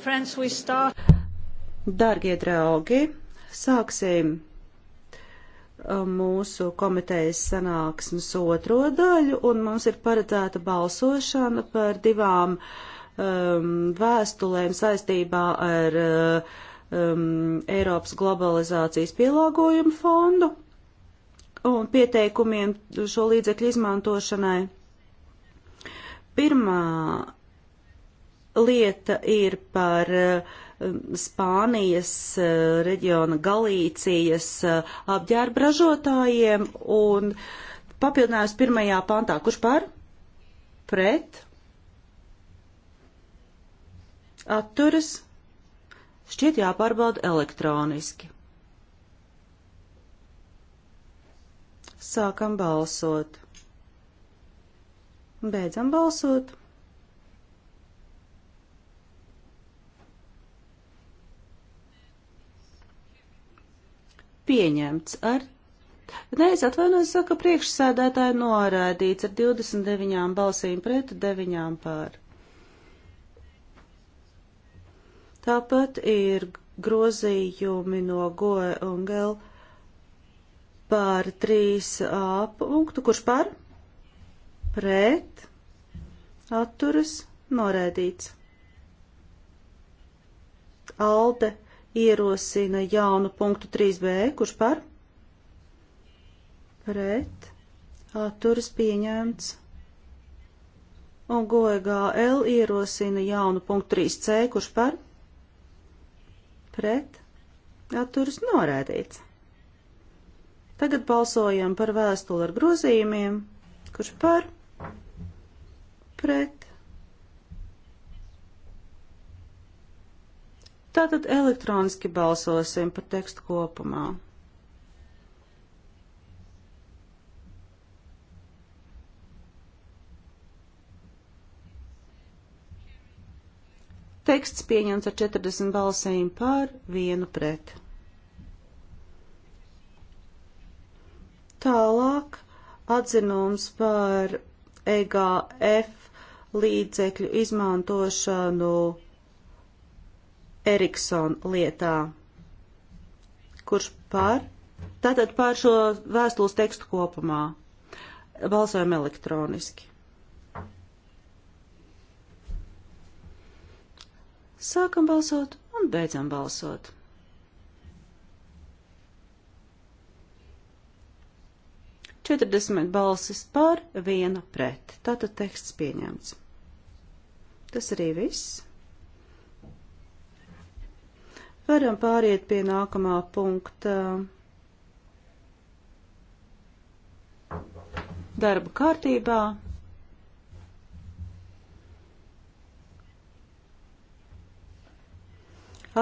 Friends, start... Dargie draugi, sāksim uh, mūsu komitejas sanāksmes otro daļu, un mums ir paredzēta balsošana par divām um, vēstulēm saistībā ar uh, um, Eiropas globalizācijas pielāgojumu fondu un pieteikumiem šo līdzekļu izmantošanai. Pirmā Lieta ir par eh, Spānijas eh, reģiona Galīcijas eh, apģērba ražotājiem un papildinājums pirmajā pantā. Kurš par? Pret? Atturas? Šķiet jāpārbauda elektroniski. Sākam balsot. Beidzam balsot. pieņemts ar. Nē, es atvainojos, saka priekšsēdētāja norādīts ar 29 balsīm pret 9 pār. Tāpat ir grozījumi no Goe un Gel par 3a punktu, kurš par pret atturas norādīts. Alde ierosina jaunu punktu 3b, kurš par? Pret. Atturas pieņemts. Un GOEGL ierosina jaunu punktu 3c, kurš par? Pret. Atturas norēdīts. Tagad balsojam par vēstuli ar grozījumiem, kurš par? Pret Tātad elektroniski balsosim par tekstu kopumā. Teksts pieņemts ar 40 balsīm par, vienu pret. Tālāk atzinums par EGF līdzekļu izmantošanu Eriksona lietā. Kurš par? Tātad pār šo vēstules tekstu kopumā. Balsojam elektroniski. Sākam balsot un beidzam balsot. Četrdesmit balsis par, viena pret. Tātad teksts pieņemts. Tas arī viss. Varam pāriet pie nākamā punkta. Darba kārtībā.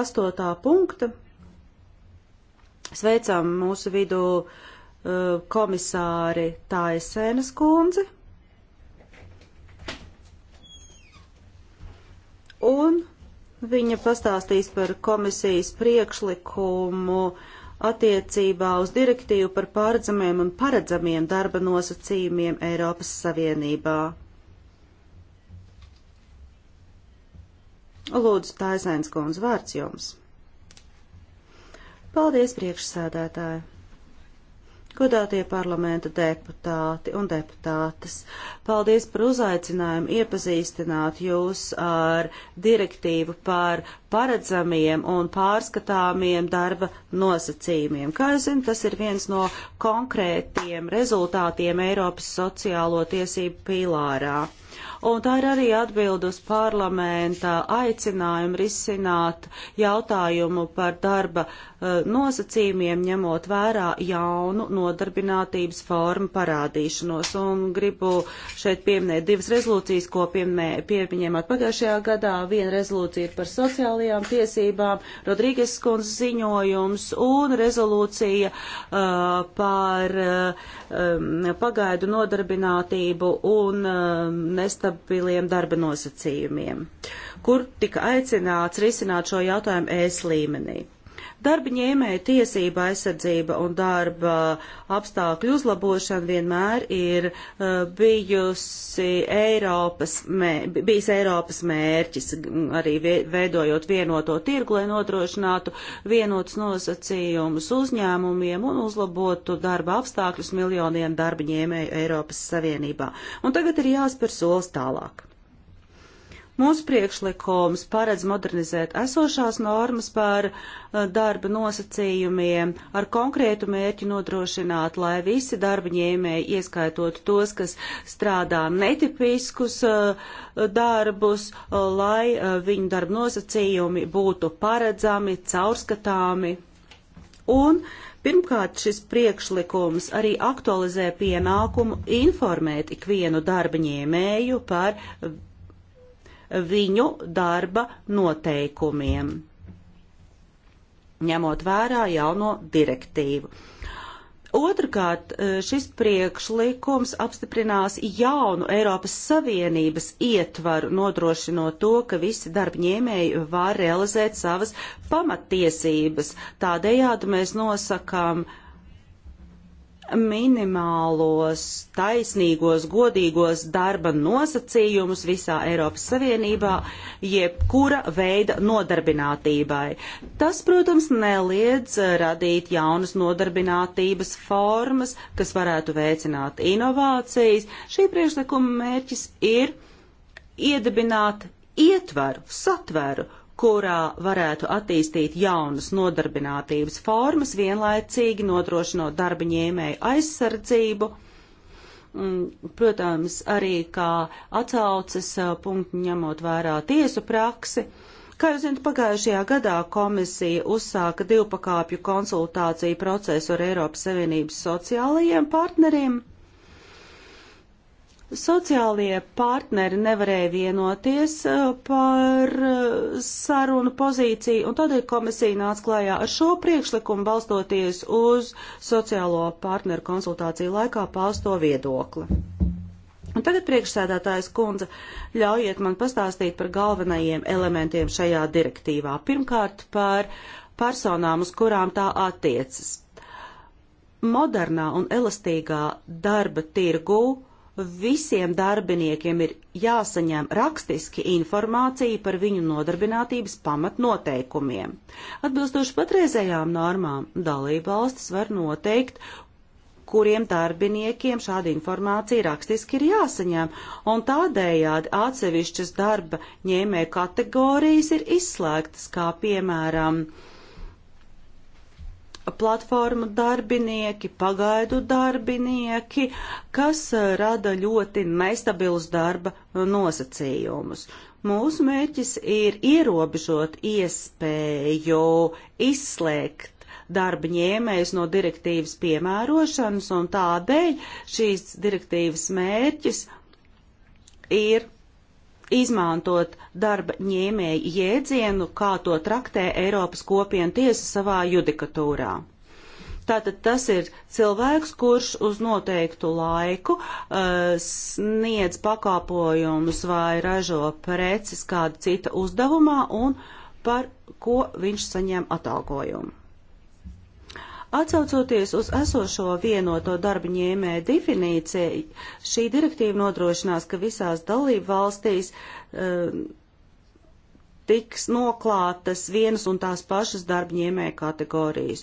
Astotā punkta. Sveicam mūsu vidū uh, komisāri Taisēnas kundzi un Viņa pastāstīs par komisijas priekšlikumu attiecībā uz direktīvu par pārredzamiem un paredzamiem darba nosacījumiem Eiropas Savienībā. Lūdzu, Taisēns kundze, vārds jums. Paldies, priekšsēdētāji! Godātie parlamenta deputāti un deputātes, paldies par uzaicinājumu iepazīstināt jūs ar direktīvu par paredzamiem un pārskatāmiem darba nosacījumiem. Kā jūs zināt, tas ir viens no konkrētiem rezultātiem Eiropas sociālo tiesību pīlārā un tā ir arī atbildus parlamenta aicinājumu risināt jautājumu par darba eh, nosacījumiem, ņemot vērā jaunu nodarbinātības formu parādīšanos. Un gribu šeit pieminēt divas rezolūcijas, ko pieņēmāt pagājušajā gadā. Viena rezolūcija par sociālajām tiesībām, Rodrīgas skundz ziņojums un rezolūcija uh, par uh, pagaidu nodarbinātību un uh, nestabilitāti stabiliem darba nosacījumiem, kur tika aicināts risināt šo jautājumu ES līmenī. Darba ņēmēja tiesība aizsardzība un darba apstākļu uzlabošana vienmēr ir uh, bijusi Eiropas, mē, bijis Eiropas mērķis, arī veidojot vienoto tirgu, lai nodrošinātu vienotus nosacījumus uzņēmumiem un uzlabotu darba apstākļus miljoniem darba ņēmēju Eiropas Savienībā. Un tagad ir jāspēr solis tālāk. Mūsu priekšlikums paredz modernizēt esošās normas par uh, darba nosacījumiem ar konkrētu mērķi nodrošināt, lai visi darba ņēmēji, ieskaitot tos, kas strādā netipiskus uh, darbus, uh, lai viņu darba nosacījumi būtu paredzami, caurskatāmi. Un Pirmkārt, šis priekšlikums arī aktualizē pienākumu informēt ikvienu darbaņēmēju par viņu darba noteikumiem, ņemot vērā jauno direktīvu. Otrakārt, eh, šis priekšlikums apstiprinās jaunu Eiropas Savienības ietvaru, nodrošinot to, ka visi darbņēmēji var realizēt savas pamatiesības. Tādējādi mēs nosakām uh, minimālos, taisnīgos, godīgos darba nosacījumus visā Eiropas Savienībā, jebkura veida nodarbinātībai. Tas, protams, neliedz radīt jaunas nodarbinātības formas, kas varētu veicināt inovācijas. Šī priekšlikuma mērķis ir iedibināt ietveru, satveru, kurā varētu attīstīt jaunas nodarbinātības formas, vienlaicīgi nodrošinot darba ņēmēju aizsardzību. Protams, arī kā atsauces punktu ņemot vērā tiesu praksi. Kā jūs zināt, pagājušajā gadā komisija uzsāka divpakāpju konsultāciju procesu ar Eiropas Savienības sociālajiem partneriem Sociālie partneri nevarēja vienoties uh, par uh, sarunu pozīciju, un tādēļ komisija nāca klājā ar šo priekšlikumu balstoties uz sociālo partneru konsultāciju laikā pausto viedokli. Un tagad priekšsēdētājs kundze ļaujiet man pastāstīt par galvenajiem elementiem šajā direktīvā. Pirmkārt par personām, uz kurām tā attiecas. Modernā un elastīgā darba tirgū visiem darbiniekiem ir jāsaņem rakstiski informācija par viņu nodarbinātības pamatnoteikumiem. Atbilstoši patreizējām normām, dalībvalstis var noteikt, kuriem darbiniekiem šāda informācija rakstiski ir jāsaņem, un tādējādi atsevišķas darba ņēmē kategorijas ir izslēgtas, kā piemēram uh, platformu darbinieki, pagaidu darbinieki, kas eh, rada ļoti nestabilus darba eh, nosacījumus. Mūsu mērķis ir ierobežot iespēju izslēgt darba ņēmējs no direktīvas piemērošanas, un tādēļ šīs direktīvas mērķis ir izmantot darba ņēmēju jēdzienu, kā to traktē Eiropas kopiena tiesa savā judikatūrā. Tātad tas ir cilvēks, kurš uz noteiktu laiku uh, sniedz pakāpojumus vai ražo preces kāda cita uzdevumā un par ko viņš saņem atalgojumu. Atcaucoties uz esošo vienoto darba ņēmē definīciju, šī direktīva nodrošinās, ka visās dalību valstīs uh, tiks noklātas vienas un tās pašas darba ņēmē kategorijas.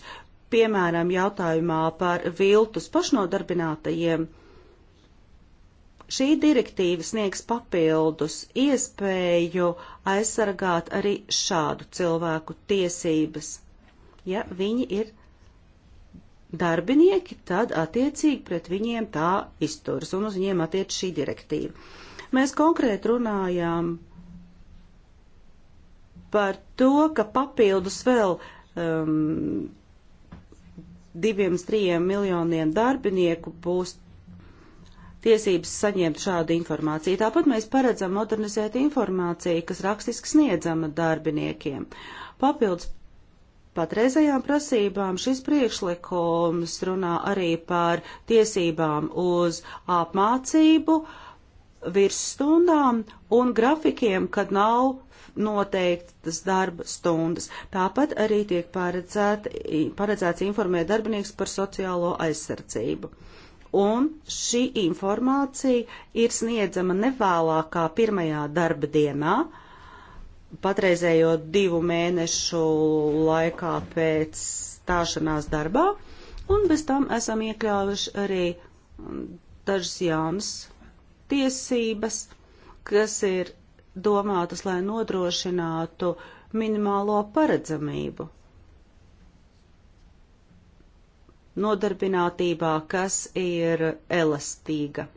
Piemēram, jautājumā par viltus pašnodarbinātajiem šī direktīva sniegs papildus iespēju aizsargāt arī šādu cilvēku tiesības, ja viņi ir darbinieki, tad attiecīgi pret viņiem tā izturas un uz viņiem attiec šī direktīva. Mēs konkrēti runājām par to, ka papildus vēl um, diviem, trijiem miljoniem darbinieku būs tiesības saņemt šādu informāciju. Tāpat mēs paredzam modernizēt informāciju, kas rakstiski sniedzama darbiniekiem. Papildus patreizajām prasībām šis priekšlikums runā arī par tiesībām uz apmācību, virsstundām un grafikiem, kad nav noteiktas darba stundas. Tāpat arī tiek paredzēt, paredzēts informēt darbinieks par sociālo aizsardzību. Un šī informācija ir sniedzama nevēlākā pirmajā darba dienā, uh, patreizējo divu mēnešu laikā pēc stāšanās darbā, un bez tam esam iekļāvuši arī mm, dažas jaunas tiesības, kas ir domātas, lai nodrošinātu minimālo paredzamību. Nodarbinātībā, kas ir elastīga.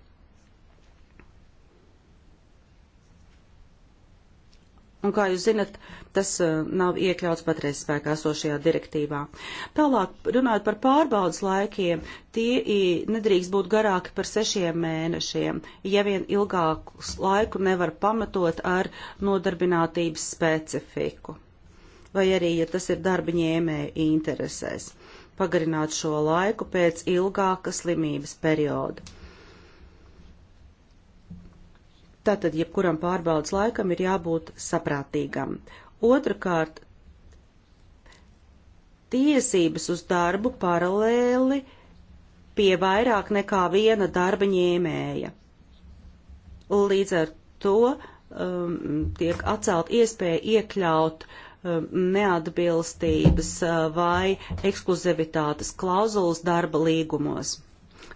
Un, kā jūs zinat, tas uh, nav iekļauts patreiz spēkā esošajā direktīvā. Tālāk, runājot par pārbaudas laikiem, tie nedrīkst būt garāki par sešiem mēnešiem, ja vien ilgāku laiku nevar pamatot ar nodarbinātības specifiku. Vai arī, ja tas ir darba ņēmēja interesēs, pagarināt šo laiku pēc ilgāka slimības perioda. Tātad, jebkuram pārbaudas laikam ir jābūt saprātīgam. Otrakārt, tiesības uz darbu paralēli pie vairāk nekā viena darba ņēmēja. Līdz ar to um, tiek atcelt iespēja iekļaut um, neatbilstības uh, vai ekskluzivitātes klauzulas darba līgumos.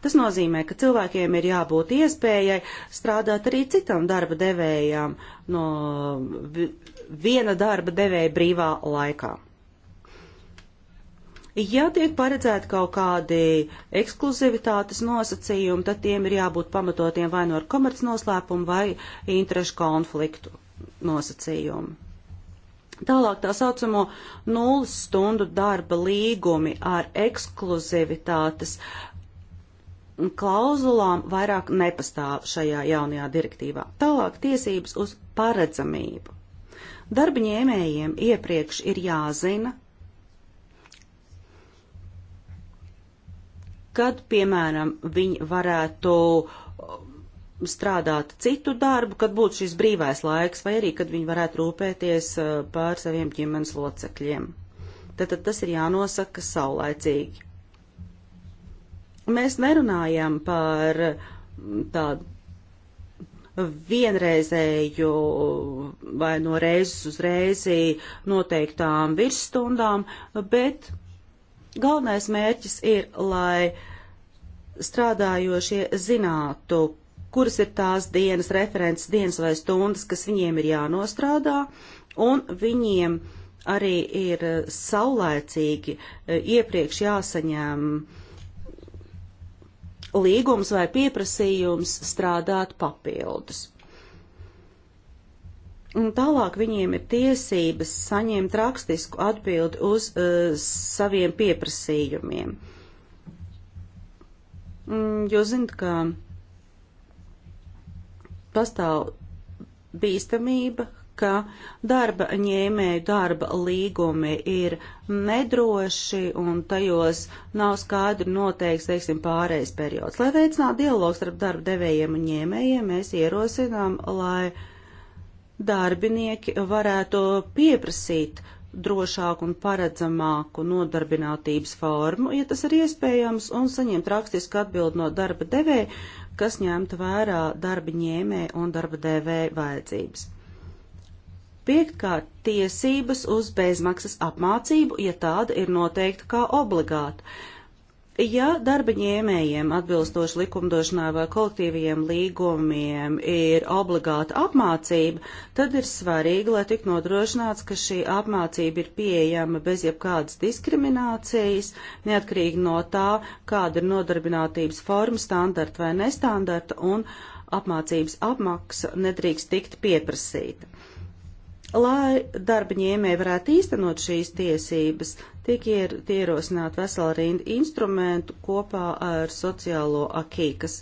Tas nozīmē, ka cilvēkiem ir jābūt iespējai strādāt arī citam darba devējām no viena darba devēja brīvā laikā. Ja tiek paredzēti kaut kādi ekskluzivitātes nosacījumi, tad tiem ir jābūt pamatotiem vai no nu ar komercnoslēpumu vai interešu konfliktu nosacījumu. Tālāk tā saucamo nulles stundu darba līgumi ar ekskluzivitātes uh, klauzulām vairāk nepastāv šajā jaunajā direktīvā. Tālāk tiesības uz paredzamību. Darba ņēmējiem iepriekš ir jāzina, kad, piemēram, viņi varētu um, strādāt citu darbu, kad būtu šis brīvais laiks, vai arī, kad viņi varētu rūpēties uh, par saviem ģimenes locekļiem. Tad, tad tas ir jānosaka saulēcīgi. Mēs nerunājam par tādu vienreizēju vai no reizes uz reizi noteiktām virsstundām, bet galvenais mērķis ir, lai strādājošie zinātu, kuras ir tās dienas, referents dienas vai stundas, kas viņiem ir jānostrādā, un viņiem arī ir saulēcīgi e, iepriekš jāsaņem uh, līgums vai pieprasījums strādāt papildus. Un tālāk viņiem ir tiesības saņemt rakstisku atbildi uz uh, saviem pieprasījumiem. Mm, jo zinu, ka pastāv bīstamība, ka darba ņēmēju darba līgumi ir nedroši un tajos nav skaidri noteikts, teiksim, pārējais periods. Lai veicinātu dialogu starp darba devējiem un ņēmējiem, mēs ierosinām, lai darbinieki varētu pieprasīt drošāku un paredzamāku nodarbinātības formu, ja tas ir iespējams, un saņemt rakstisku atbildi no darba devēja, kas ņemtu vērā darba ņēmēja un darba devēja vajadzības. Piektkārt, tiesības uz bezmaksas apmācību, ja tāda ir noteikta kā obligāta. Ja darba ņēmējiem atbilstoši likumdošanai vai kolektīviem līgumiem ir obligāta apmācība, tad ir svarīgi, lai tik nodrošināts, ka šī apmācība ir pieejama bez jebkādas diskriminācijas, neatkarīgi no tā, kāda ir nodarbinātības forma, standarta vai nestandarta, un apmācības apmaksa nedrīkst tikt pieprasīta. Lai darba ņēmēji varētu īstenot šīs tiesības, tiek ier, ierosināt vesela rinda instrumentu kopā ar sociālo akī, kas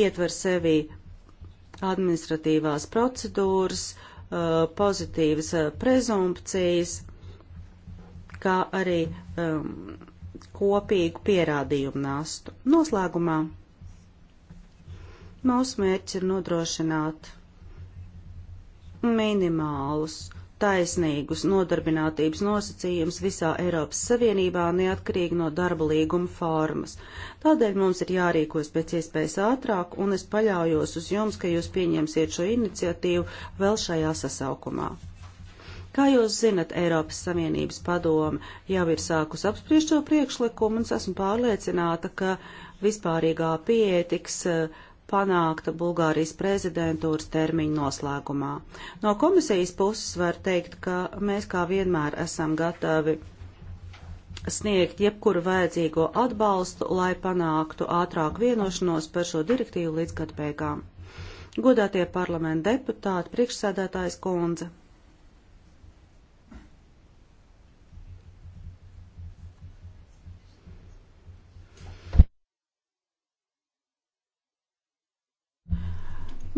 ietver sevi administratīvās procedūras, pozitīvas prezumpcijas, kā arī um, kopīgu pierādījumu nastu. Noslēgumā mūsu mērķis ir nodrošināt minimālus taisnīgus nodarbinātības nosacījums visā Eiropas Savienībā neatkarīgi no darba līguma formas. Tādēļ mums ir jārīkos pēc iespējas ātrāk, un es paļaujos uz jums, ka jūs pieņemsiet šo iniciatīvu vēl šajā sasaukumā. Kā jūs zinat, Eiropas Savienības padome jau ir sākus apspriest šo priekšlikumu, un es esmu pārliecināta, ka vispārīgā pieeja tiks uh, panākta Bulgārijas prezidentūras termiņa noslēgumā. No komisijas puses var teikt, ka mēs kā vienmēr esam gatavi sniegt jebkuru vajadzīgo atbalstu, lai panāktu ātrāku vienošanos par šo direktīvu līdz gadu beigām. Godātie parlamenta deputāti, priekšsēdētājs kundze,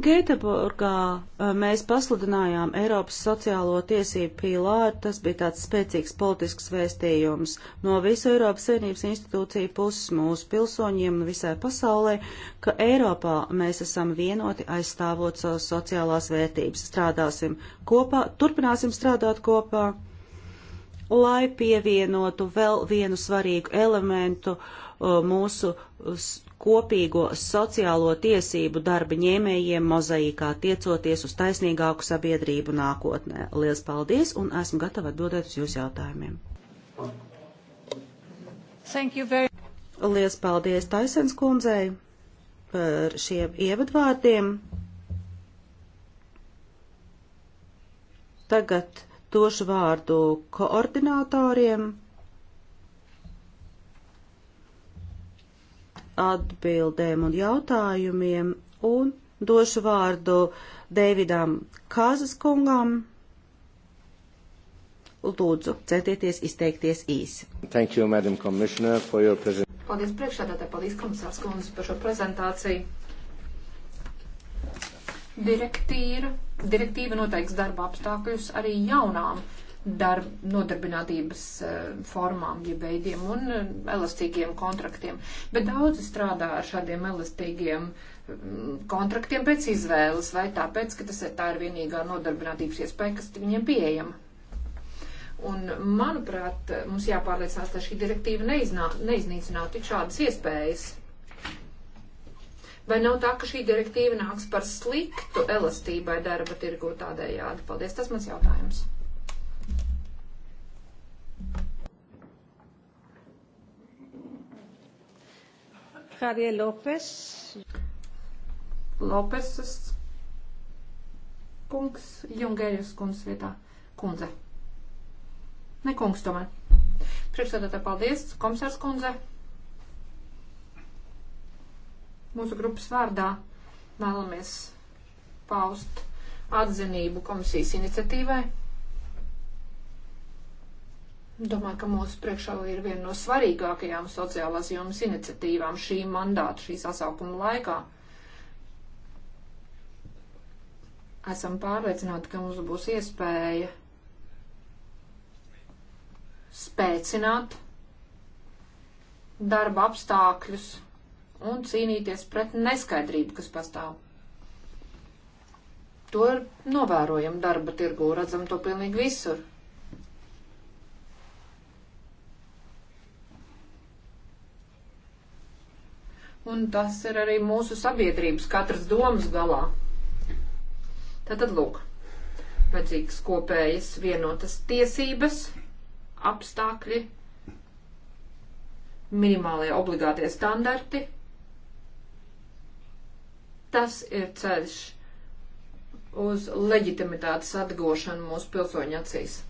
Gēteburgā eh, mēs pasludinājām Eiropas sociālo tiesību pīlāru, tas bija tāds spēcīgs politisks vēstījums no visu Eiropas Savienības institūciju puses mūsu pilsoņiem un visai pasaulē, ka Eiropā mēs esam vienoti aizstāvot savas sociālās vērtības. Strādāsim kopā, turpināsim strādāt kopā, lai pievienotu vēl vienu svarīgu elementu eh, mūsu kopīgo sociālo tiesību darba ņēmējiem mozaīkā tiecoties uz taisnīgāku sabiedrību nākotnē. Lielas paldies un esmu gatava atbildēt uz jūsu jautājumiem. Very... Lielas paldies Taisens kundzei par šiem ievadvārdiem. Tagad došu vārdu koordinātoriem. atbildēm un jautājumiem un došu vārdu Deividam Kāzas kungam. Lūdzu, centieties izteikties īsi. Thank you, Madam Commissioner, for your presentation. Paldies priekšādātāji, paldies komisārs kundze par šo prezentāciju. Direktīra, direktīva noteiks darba apstākļus arī jaunām darb, nodarbinātības e, formām, ja veidiem un e, elastīgiem kontraktiem. Bet daudzi strādā ar šādiem elastīgiem mm, kontraktiem pēc izvēles vai tāpēc, ka tas ir tā ir vienīgā nodarbinātības iespēja, kas viņiem pieejama. Un, manuprāt, mums jāpārliecinās, lai šī direktīva neiznā, neiznīcinātu šādas iespējas. Vai nav tā, ka šī direktīva nāks par sliktu elastībai darba tirgu tādējādi? Paldies, tas mans jautājums. Javier Lopes. Lopesas kungs, Jungēļas kungs vietā. Kundze. Ne kungs tomēr. Priekšsēdētāji, paldies, komisārs kundze. Mūsu grupas vārdā vēlamies paust atzinību komisijas iniciatīvai. Domāju, ka mūsu priekšā ir viena no svarīgākajām sociālās jomas iniciatīvām šī mandāta, šī sasaukuma laikā. Esam pārliecināti, ka mums būs iespēja spēcināt darba apstākļus un cīnīties pret neskaidrību, kas pastāv. To ir novērojam darba tirgū, redzam to pilnīgi visur. un tas ir arī mūsu sabiedrības katras domas galā. Tātad lūk, vajadzīgs kopējas vienotas tiesības, apstākļi, minimālie obligātie standarti. Tas ir ceļš uz leģitimitātes atgošanu mūsu pilsoņu acīs.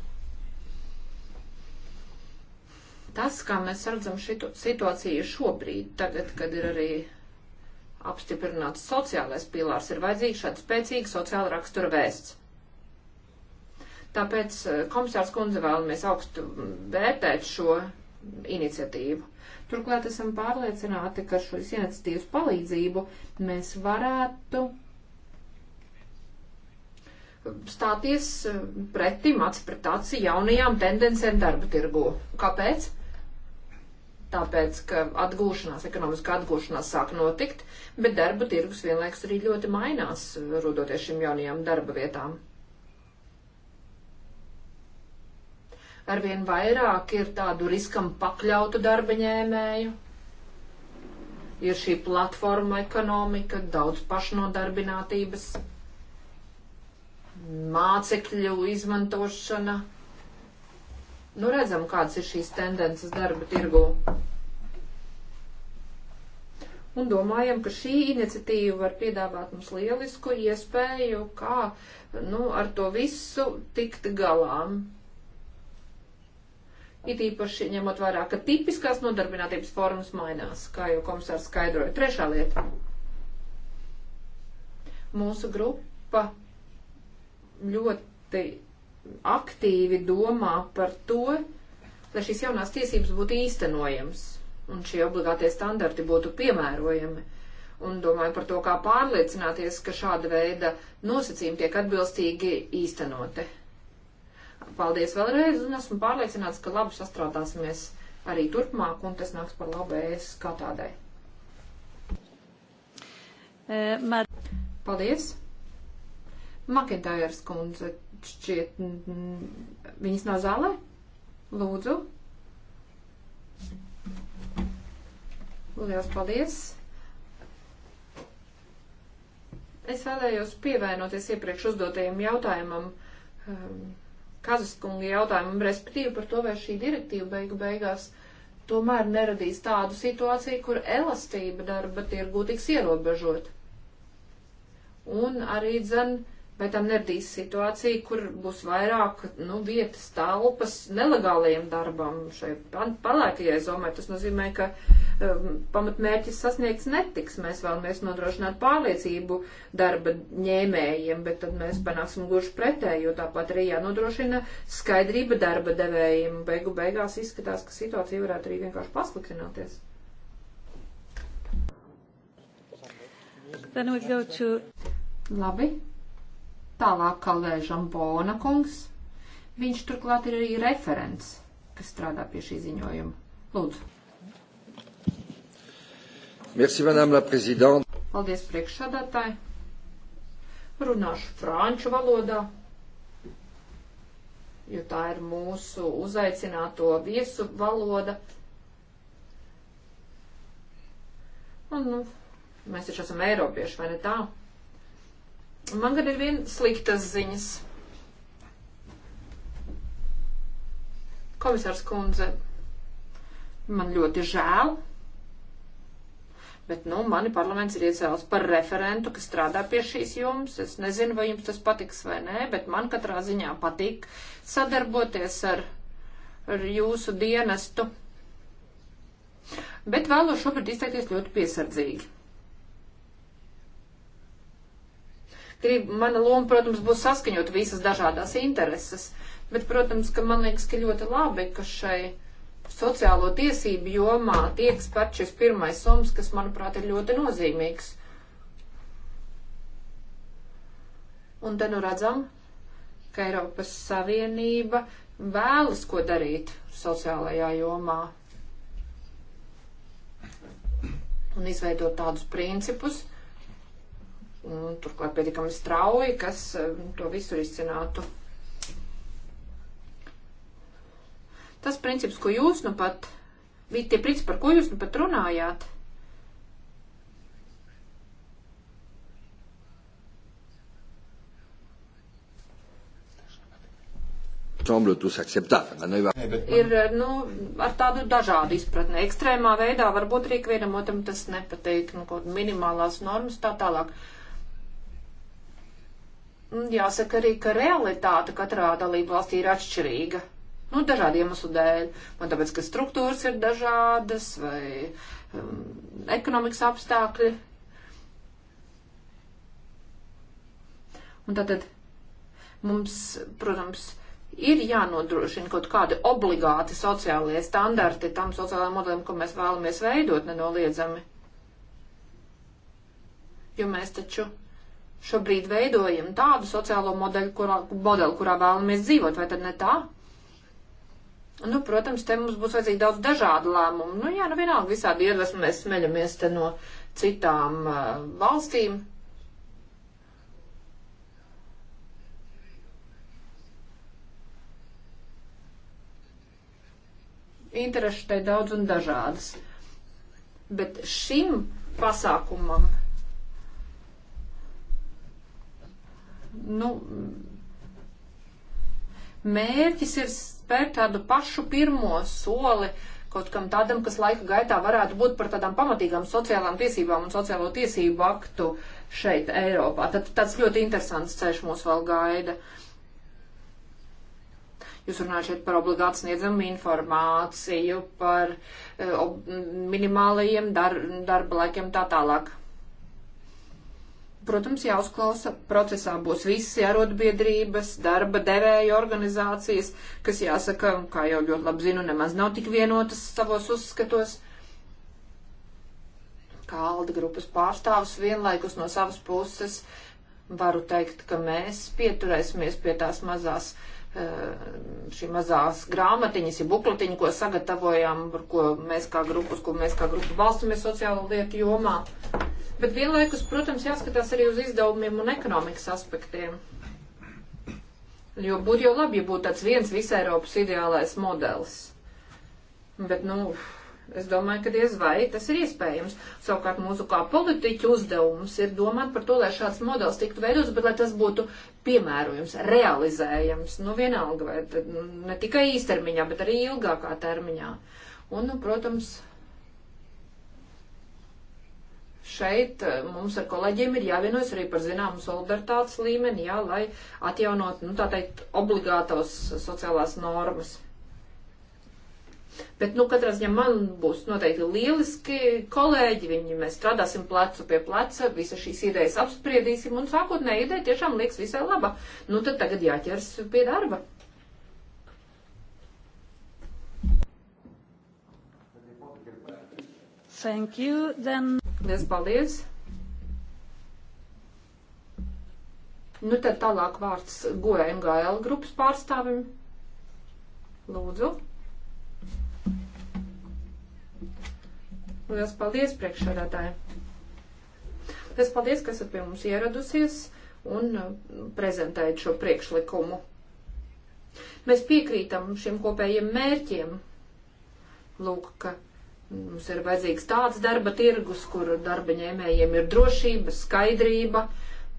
Tas, kā mēs redzam šito situāciju šobrīd, tagad, kad ir arī apstiprināts sociālais pilārs, ir vajadzīgs šāds spēcīgs sociāla rakstura vēsts. Tāpēc eh, komisārs kundze vēlamies augstu vērtēt šo iniciatīvu. Turklāt esam pārliecināti, ka šo iniciatīvas palīdzību mēs varētu stāties eh, pretim, atspratāci jaunajām tendencēm darba tirgu. Kāpēc? tāpēc, ka atgūšanās, ekonomiskā atgūšanās sāk notikt, bet darba tirgus vienlaiks arī ļoti mainās, rodoties šīm jaunajām darba vietām. Arvien vairāk ir tādu riskam pakļautu darba ņēmēju, ir šī platforma ekonomika, daudz pašnodarbinātības, mācekļu izmantošana Nu, redzam, kādas ir šīs tendences darba tirgū. Un domājam, ka šī iniciatīva var piedāvāt mums lielisku iespēju, kā nu, ar to visu tikt galām. It īpaši ņemot vērā, ka tipiskās nodarbinātības formas mainās, kā jau komisārs skaidroja. Trešā lieta. Mūsu grupa ļoti aktīvi domā par to, lai šīs jaunās tiesības būtu īstenojamas un šie obligātie standarti būtu piemērojami. Un domāju par to, kā pārliecināties, ka šāda veida nosacījumi tiek atbilstīgi īstenoti. Paldies vēlreiz, un esmu pārliecināts, ka labi sastrādāsimies arī turpmāk, un tas nāks par labu es kā tādai. Eh, Paldies! Makintājas kundze šķiet, viņas nav zālē? Lūdzu. Lielas paldies. Es vēlējos pievienoties iepriekš uzdotajam jautājumam, um, Kazaskunga jautājumam, respektīvi par to, vai šī direktīva beigu beigās tomēr neradīs tādu situāciju, kur elastība darba tirgū tiks ierobežot. Un arī, dzen, uh, vai tam neradīs situāciju, kur būs vairāk nu, vietas telpas nelegālajiem darbam šai palēkajai zomai. Tas nozīmē, ka um, pamatmērķis sasniegts netiks. Mēs vēlamies nodrošināt pārliecību darba ņēmējiem, bet tad mēs panāksim gluži pretēju, jo tāpat arī jānodrošina skaidrība darba devējiem. Beigu beigās izskatās, ka situācija varētu arī vienkārši pasliktināties. Then we go to... Labi. Tālāk kalē Žambona kungs. Viņš turklāt ir arī referents, kas strādā pie šī ziņojuma. Lūdzu. Merci, madame la présidente. Paldies, priekšsādātāji. Runāšu franču valodā, jo tā ir mūsu uzaicināto viesu valoda. Un, nu, mēs taču esam eiropieši, vai ne tā? Man gan ir viena sliktas ziņas. Komisārs kundze, man ļoti žēl, bet, nu, mani parlaments ir iecēlis par referentu, kas strādā pie šīs jums. Es nezinu, vai jums tas patiks vai nē, bet man katrā ziņā patīk sadarboties ar, ar jūsu dienestu. Bet vēlos šobrīd izteikties ļoti piesardzīgi. grib, mana loma, protams, būs saskaņot visas dažādās intereses, bet, protams, ka man liekas, ka ļoti labi, ka šai sociālo tiesību jomā tiek spērt šis pirmais soms, kas, manuprāt, ir ļoti nozīmīgs. Un te nu redzam, ka Eiropas Savienība vēlas ko darīt sociālajā jomā. Un izveidot tādus principus, un mm, turklāt pietiekami strauji, kas mm, to visu izcinātu. Tas princips, ko jūs nu pat, tie principi, par ko jūs nu pat runājāt, semble tous acceptables. Ir nu, ar tādu dažādu izpratni. Ekstrēmā veidā varbūt arī vienam otram tas nepatīk, nu, kaut minimālās normas tā tālāk. Jāsaka arī, ka realitāte katrā dalību valstī ir atšķirīga. Nu, dažādu iemeslu dēļ. Man tāpēc, ka struktūras ir dažādas vai um, ekonomikas apstākļi. Un tātad mums, protams, ir jānodrošina kaut kādi obligāti sociālie standarti tam sociālajiem modelim, ko mēs vēlamies veidot nenoliedzami. Jo mēs taču Šobrīd veidojam tādu sociālo modeļu, kurā, modeli, kurā vēlamies dzīvot, vai tad ne tā? Nu, protams, te mums būs vajadzīgi daudz dažādu lēmumu. Nu, jā, nu vienalga visādi iedvesmi mēs smeļamies te no citām uh, valstīm. Interešu te daudz un dažādas. Bet šim pasākumam nu, mērķis ir spērt tādu pašu pirmo soli kaut kam tādam, kas laika gaitā varētu būt par tādām pamatīgām sociālām tiesībām un sociālo tiesību aktu šeit Eiropā. Tad tāds ļoti interesants ceļš mūs vēl gaida. Jūs runājat šeit par obligāti sniedzamu informāciju, par uh, minimālajiem dar, darba laikiem tā tālāk protams, jāuzklausa procesā. Būs visi arotbiedrības, darba devēja organizācijas, kas jāsaka, kā jau ļoti labi zinu, nemaz nav tik vienotas savos uzskatos. Kā Alda grupas pārstāvs vienlaikus no savas puses varu teikt, ka mēs pieturēsimies pie tās mazās eh, šī mazās grāmatiņas, ja bukletiņa, ko sagatavojām, par ko mēs kā grupas, ko mēs kā grupa balstamies sociālo lietu jomā bet vienlaikus, protams, jāskatās arī uz izdevumiem un ekonomikas aspektiem. Jo būtu jau labi, ja būtu tāds viens visai Eiropas ideālais modelis. Bet, nu, es domāju, ka diez vai tas ir iespējams. Savukārt mūsu kā politiķu uzdevums ir domāt par to, lai šāds modelis tiktu veidots, bet lai tas būtu piemērojams, realizējams. Nu, vienalga, vai tad, nu, ne tikai īstermiņā, bet arī ilgākā termiņā. Un, nu, protams, šeit eh, mums ar kolēģiem ir jāvienojas arī par zināmu solidaritātes līmeni, jā, lai atjaunot, nu, tā teikt, obligātos sociālās normas. Bet, nu, katrā ziņā man būs noteikti lieliski kolēģi, viņi mēs strādāsim plecu pie pleca, visa šīs idejas apspriedīsim, un sākotnē ideja tiešām liekas visai laba. Nu, tad tagad jāķers pie darba. Thank you. Then... Liels paldies! Nu tad tālāk vārds goja MGL grupas pārstāvim. Lūdzu. Liels paldies priekšsēdētāji. Liels paldies, ka esat pie mums ieradusies un uh, prezentējat šo priekšlikumu. Mēs piekrītam šiem kopējiem mērķiem. Lūk, ka Mums ir vajadzīgs tāds darba tirgus, kur darba ņēmējiem ir drošība, skaidrība.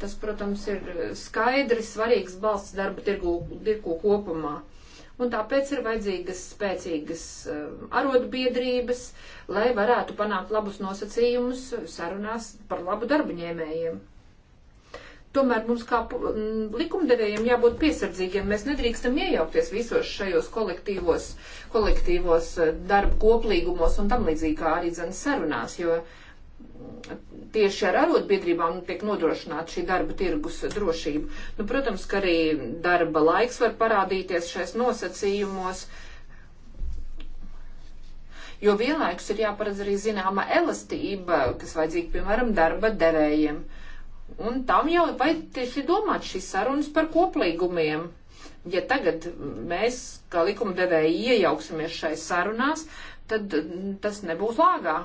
Tas, protams, ir skaidrs, svarīgs balsts darba tirgu, tirgu kopumā. Un tāpēc ir vajadzīgas spēcīgas um, arotbiedrības, lai varētu panākt labus nosacījumus sarunās par labu darba ņēmējiem. Tomēr mums kā mm, likumdevējiem jābūt piesardzīgiem. Mēs nedrīkstam iejaukties visos šajos kolektīvos, kolektīvos eh, darba koplīgumos un tam līdzīgi kā arī dzen sarunās, jo tieši ar arotbiedrībām tiek nodrošināta šī darba tirgus drošība. Nu, protams, ka arī darba laiks var parādīties šais nosacījumos. Jo vienlaikus ir jāparedz arī zināma elastība, kas vajadzīga, piemēram, darba devējiem. Uh, Un tam jau ir vajadzējuši domāt šīs sarunas par koplīgumiem. Ja tagad mēs, kā likumdevēji, iejauksimies šai sarunās, tad tas nebūs lāgā.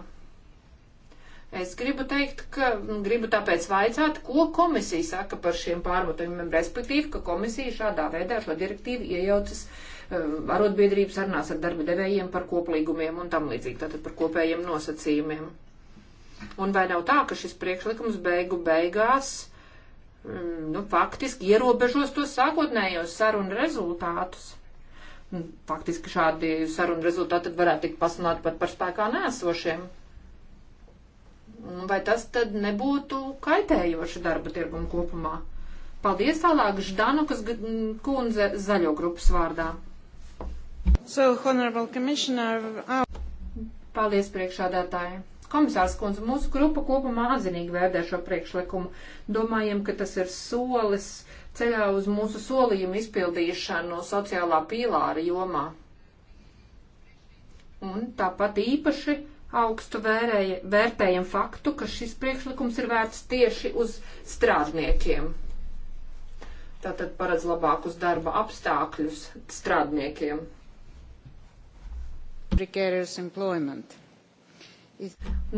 Es gribu teikt, ka gribu tāpēc vaicāt, ko komisija saka par šiem pārmetumiem, respektīvi, ka komisija šādā veidā šo direktīvu iejaucas eh, arotbiedrības sarunās ar darba devējiem par koplīgumiem un tam līdzīgi, tātad par kopējiem nosacījumiem. Un vai nav tā, ka šis priekšlikums beigu beigās, mm, nu, faktiski ierobežos tos sākotnējos sarunu rezultātus? Nu, faktiski šādi sarunu rezultāti varētu tikt pasunāti pat par spēkā nēsošiem. Vai tas tad nebūtu kaitējoši darba tirgumu kopumā? Paldies tālāk Ždanukas kundze zaļo grupas vārdā. So, honorable commissioner. Uh, Paldies priekšādātājiem. Komisārs kundze, mūsu grupa kopumā atzinīgi vērtē šo priekšlikumu. Domājam, ka tas ir solis ceļā uz mūsu solījumu izpildīšanu sociālā pīlāra jomā. Un tāpat īpaši augstu vērēja, vērtējam faktu, ka šis priekšlikums ir vērts tieši uz strādniekiem. Tātad paredz labākus darba apstākļus strādniekiem. Precarious employment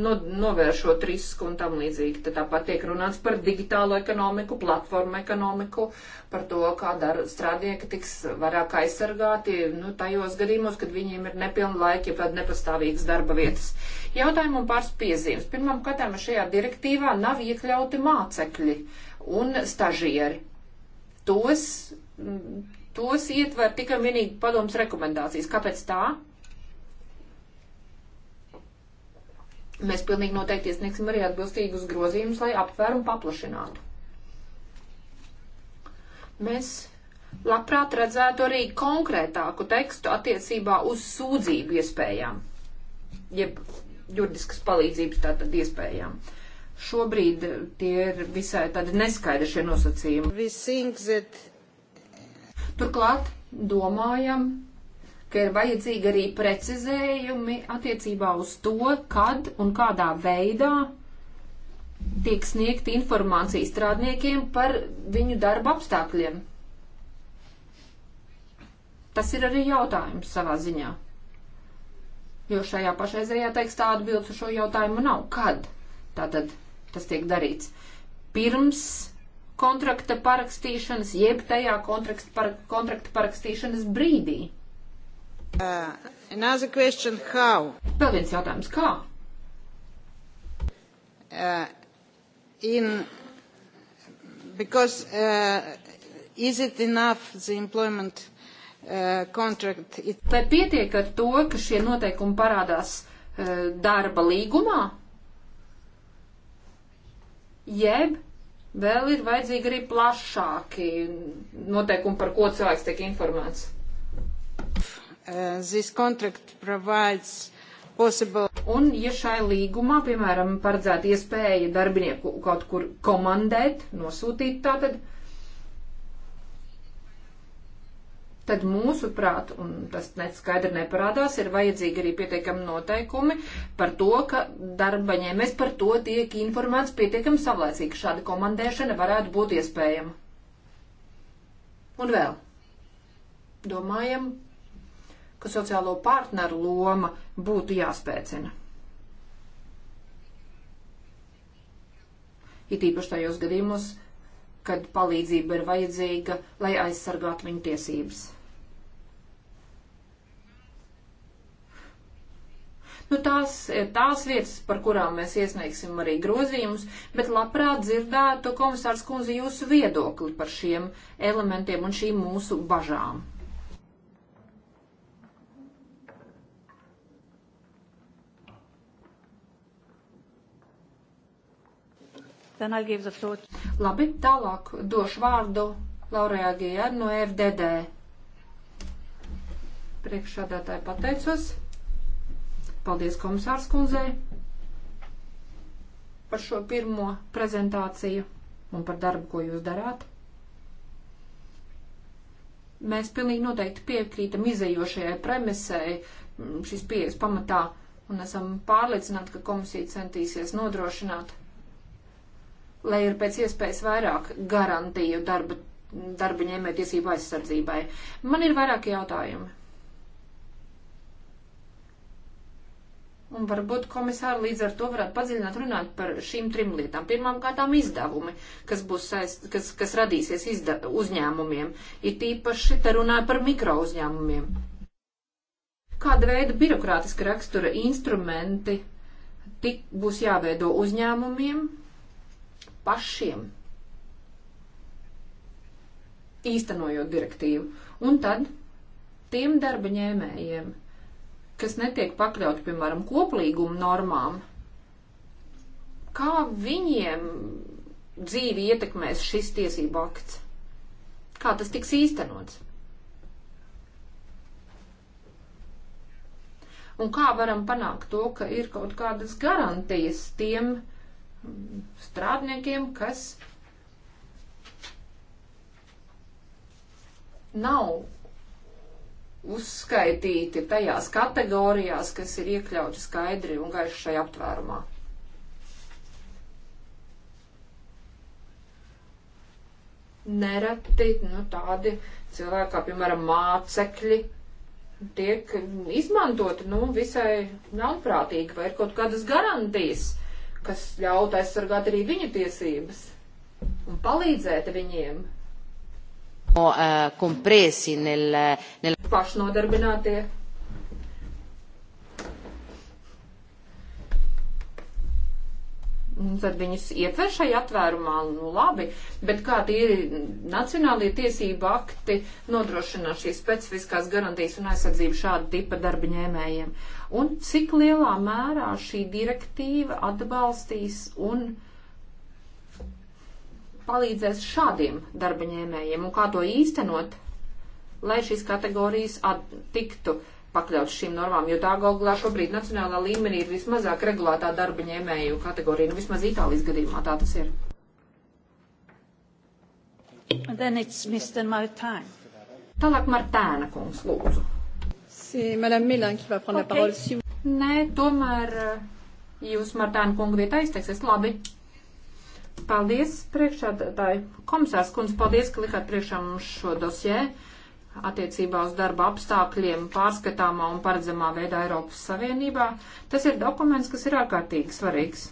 no, novēršot risku un tam līdzīgi. Tad tāpat tiek runāts par digitālo ekonomiku, platformu ekonomiku, par to, kā dar, strādnieki tiks vairāk aizsargāti nu, tajos gadījumos, kad viņiem ir nepilna laika, ja pat nepastāvīgas darba vietas. Jautājumu un pāris piezīmes. Pirmam katam šajā direktīvā nav iekļauti mācekļi un stažieri. Tos, tos ietver tikai vienīgi padoms rekomendācijas. Kāpēc tā? Mēs pilnīgi noteikti iesniegsim arī atbilstīgus grozījumus, lai aptvērumu paplašinātu. Mēs labprāt redzētu arī konkrētāku tekstu attiecībā uz sūdzību iespējām, jeb juridiskas palīdzības tātad iespējām. Šobrīd tie ir visai tādi neskaidri šie nosacījumi. Turklāt domājam, ka ir vajadzīgi arī precizējumi attiecībā uz to, kad un kādā veidā tiek sniegta informācija strādniekiem par viņu darba apstākļiem. Tas ir arī jautājums savā ziņā. Jo šajā pašreizējā tekstā atbildes uz šo jautājumu nav. Kad tātad tas tiek darīts? Pirms kontrakta parakstīšanas, jeb tajā kontrakta, par, kontrakta parakstīšanas brīdī. Uh, Vēl viens jautājums. Kā? Uh, in, because uh, is it enough the employment uh, contract? It... Vai pietiek ar to, ka šie noteikumi parādās uh, darba līgumā? Jeb vēl ir vajadzīgi arī plašāki noteikumi, par ko cilvēks tiek informēts? Uh, this contract provides possible. Un, ja šai līgumā, piemēram, paredzēta iespēja darbinieku kaut kur komandēt, nosūtīt tātad, tad mūsu prāt, un tas neskaidri neparādās, ir vajadzīgi arī pietiekami noteikumi par to, ka darba ņēmēs par to tiek informēts pietiekami savlaicīgi. Šāda komandēšana varētu būt iespējama. Un vēl. Domājam, ka sociālo partneru loma būtu jāspēcina. It īpaši tajos gadījumos, kad palīdzība ir vajadzīga, lai aizsargātu viņu tiesības. Nu, tās ir tās vietas, par kurām mēs iesniegsim arī grozījumus, bet labprāt dzirdētu komisārs kundze jūsu viedokli par šiem elementiem un šīm mūsu bažām. Labi, tālāk došu vārdu Laurējā Gijai no FDD. Priekšādātāji pateicos. Paldies komisārs kundzei par šo pirmo prezentāciju un par darbu, ko jūs darāt. Mēs pilnīgi noteikti piekrītam izējošajai premisei šīs pieejas pamatā un esam pārliecināti, ka komisija centīsies nodrošināt lai ir pēc iespējas vairāk garantiju darba, darba ņēmē tiesību aizsardzībai. Man ir vairāki jautājumi. Un varbūt komisāri līdz ar to varētu padziļināt runāt par šīm trim lietām. Pirmām kārtām izdevumi, kas, būs saist, kas, kas radīsies izda, uzņēmumiem. Ir tīpaši te runāja par mikro uzņēmumiem. Kāda veida birokrātiska rakstura instrumenti tik būs jāveido uzņēmumiem, pašiem, īstenojot direktīvu. Un tad tiem darba ņēmējiem, kas netiek pakļauti, piemēram, koplīguma normām, kā viņiem dzīvi ietekmēs šis tiesību akts? Kā tas tiks īstenots? Un kā varam panākt to, ka ir kaut kādas garantijas tiem strādniekiem, kas nav uzskaitīti tajās kategorijās, kas ir iekļauti skaidri un gaiši šajā aptvērumā. Nereti nu, tādi cilvēki, kā piemēram mācekļi, tiek izmantoti nu, visai ļaunprātīgi, vai ir kaut kādas garantijas kas ļautu aizsargāt arī viņu tiesības un palīdzēt viņiem. No, uh, eh, compresi nel, nel... Pašnodarbinātie. Un tad viņus ietver šai atvērumā, nu labi, bet kā tīri nacionālie tiesība akti nodrošinā šīs specifiskās garantijas un aizsardzību šāda tipa darba ņēmējiem un cik lielā mērā šī direktīva atbalstīs un palīdzēs šādiem darbaņēmējiem un kā to īstenot, lai šīs kategorijas tiktu pakļauts šīm normām, jo tā galu galā šobrīd nacionālā līmenī ir vismazāk regulētā darbaņēmēju kategorija, nu vismaz Itālijas gadījumā tā tas ir. Tālāk Martēna kungs, lūdzu. C'est Madame Mélin qui va prendre okay. la parole. Si... Nē, tomēr eh, jūs, Martāna kunga, vietā izteiksies labi. Paldies, priekšādātāji. Komisārs kundze, paldies, ka likāt priekšā mums šo dosjē attiecībā uz darba apstākļiem pārskatāmā un paredzamā veidā Eiropas Savienībā. Tas ir dokuments, kas ir ārkārtīgi svarīgs.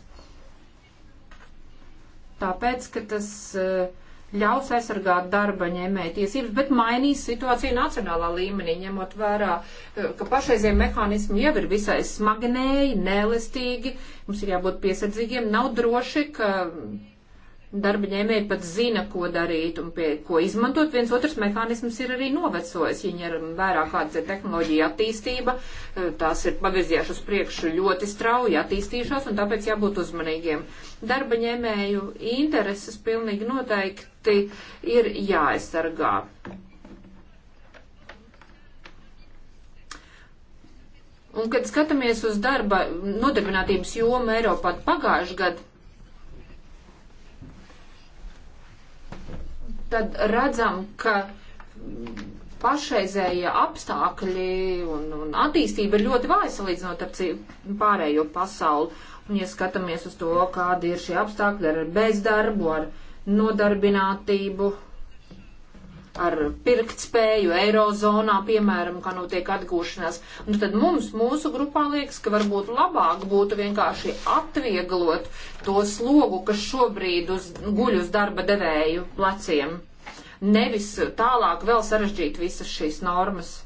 Tāpēc, ka tas uh, ļaus aizsargāt darba ņēmēja tiesības, bet mainīs situāciju nacionālā līmenī, ņemot vērā, eh, ka pašreizie mehānismi jau ir visai smagnēji, nelestīgi, mums ir jābūt piesardzīgiem, nav droši, ka darba ņēmēji pat zina, ko darīt un pie ko izmantot. Viens otrs mehānisms ir arī novecojis. Ja ņem vērā, kāda ir tehnoloģija attīstība, tās ir pavirzījušas uz priekšu ļoti strauji attīstījušās un tāpēc jābūt uzmanīgiem. Darba ņēmēju intereses pilnīgi noteikti ir jāaizsargā. Un, kad skatāmies uz darba nodarbinātības jomu Eiropā pagājušajā gadā, tad redzam, ka pašreizējie apstākļi un, un attīstība ir ļoti vāja salīdzinot ar pārējo pasauli. Un, ja skatāmies uz to, kādi ir šie apstākļi ar bezdarbu, ar nodarbinātību, ar pirkt spēju eirozonā, piemēram, kā notiek atgūšanās. Un nu, tad mums, mūsu grupā liekas, ka varbūt labāk būtu vienkārši atvieglot to slogu, kas šobrīd uz, guļ uz darba devēju pleciem. Nevis tālāk vēl sarežģīt visas šīs normas.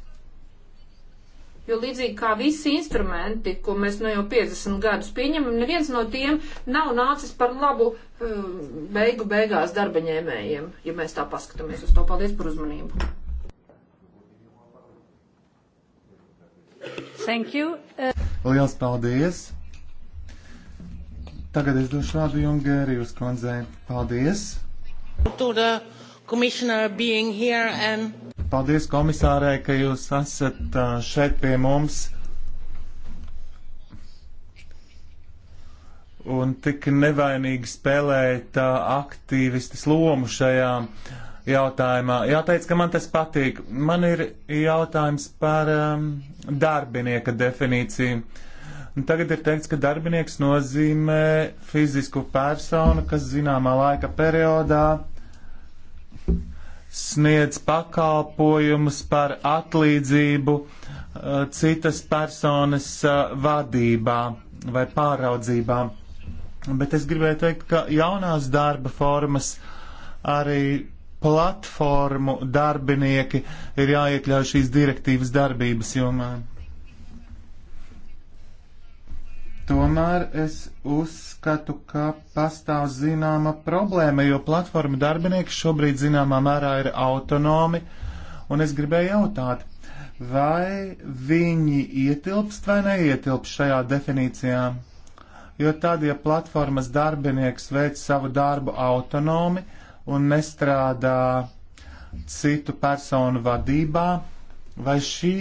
Jo līdzīgi kā visi instrumenti, ko mēs nu jau 50 gadus pieņemam, neviens no tiem nav nācis par labu eh, beigu beigās darba ņēmējiem, ja mēs tā paskatāmies uz to. Paldies par uzmanību. Thank you. Uh, Liels paldies. Tagad es došu vārdu Jungērijus kundzei. Paldies. To the commissioner being here and Paldies komisārē, ka jūs esat šeit pie mums. Un tik nevainīgi spēlēt aktīvistas lomu šajā jautājumā. Jāteic, ka man tas patīk. Man ir jautājums par um, darbinieka definīciju. Un tagad ir teikts, ka darbinieks nozīmē fizisku personu, kas zināmā laika periodā sniedz pakalpojumus par atlīdzību eh, citas personas eh, vadībā vai pāraudzībā. Bet es gribēju teikt, ka jaunās darba formas arī platformu darbinieki ir jāiekļauj šīs direktīvas darbības jomā. Tomēr es uzskatu, ka pastāv zināma problēma, jo platforma darbinieki šobrīd zināmā mērā ir autonomi, un es gribēju jautāt, vai viņi ietilpst vai neietilpst šajā definīcijā? Jo tad, ja platformas darbinieks veic savu darbu autonomi un nestrādā citu personu vadībā, vai šī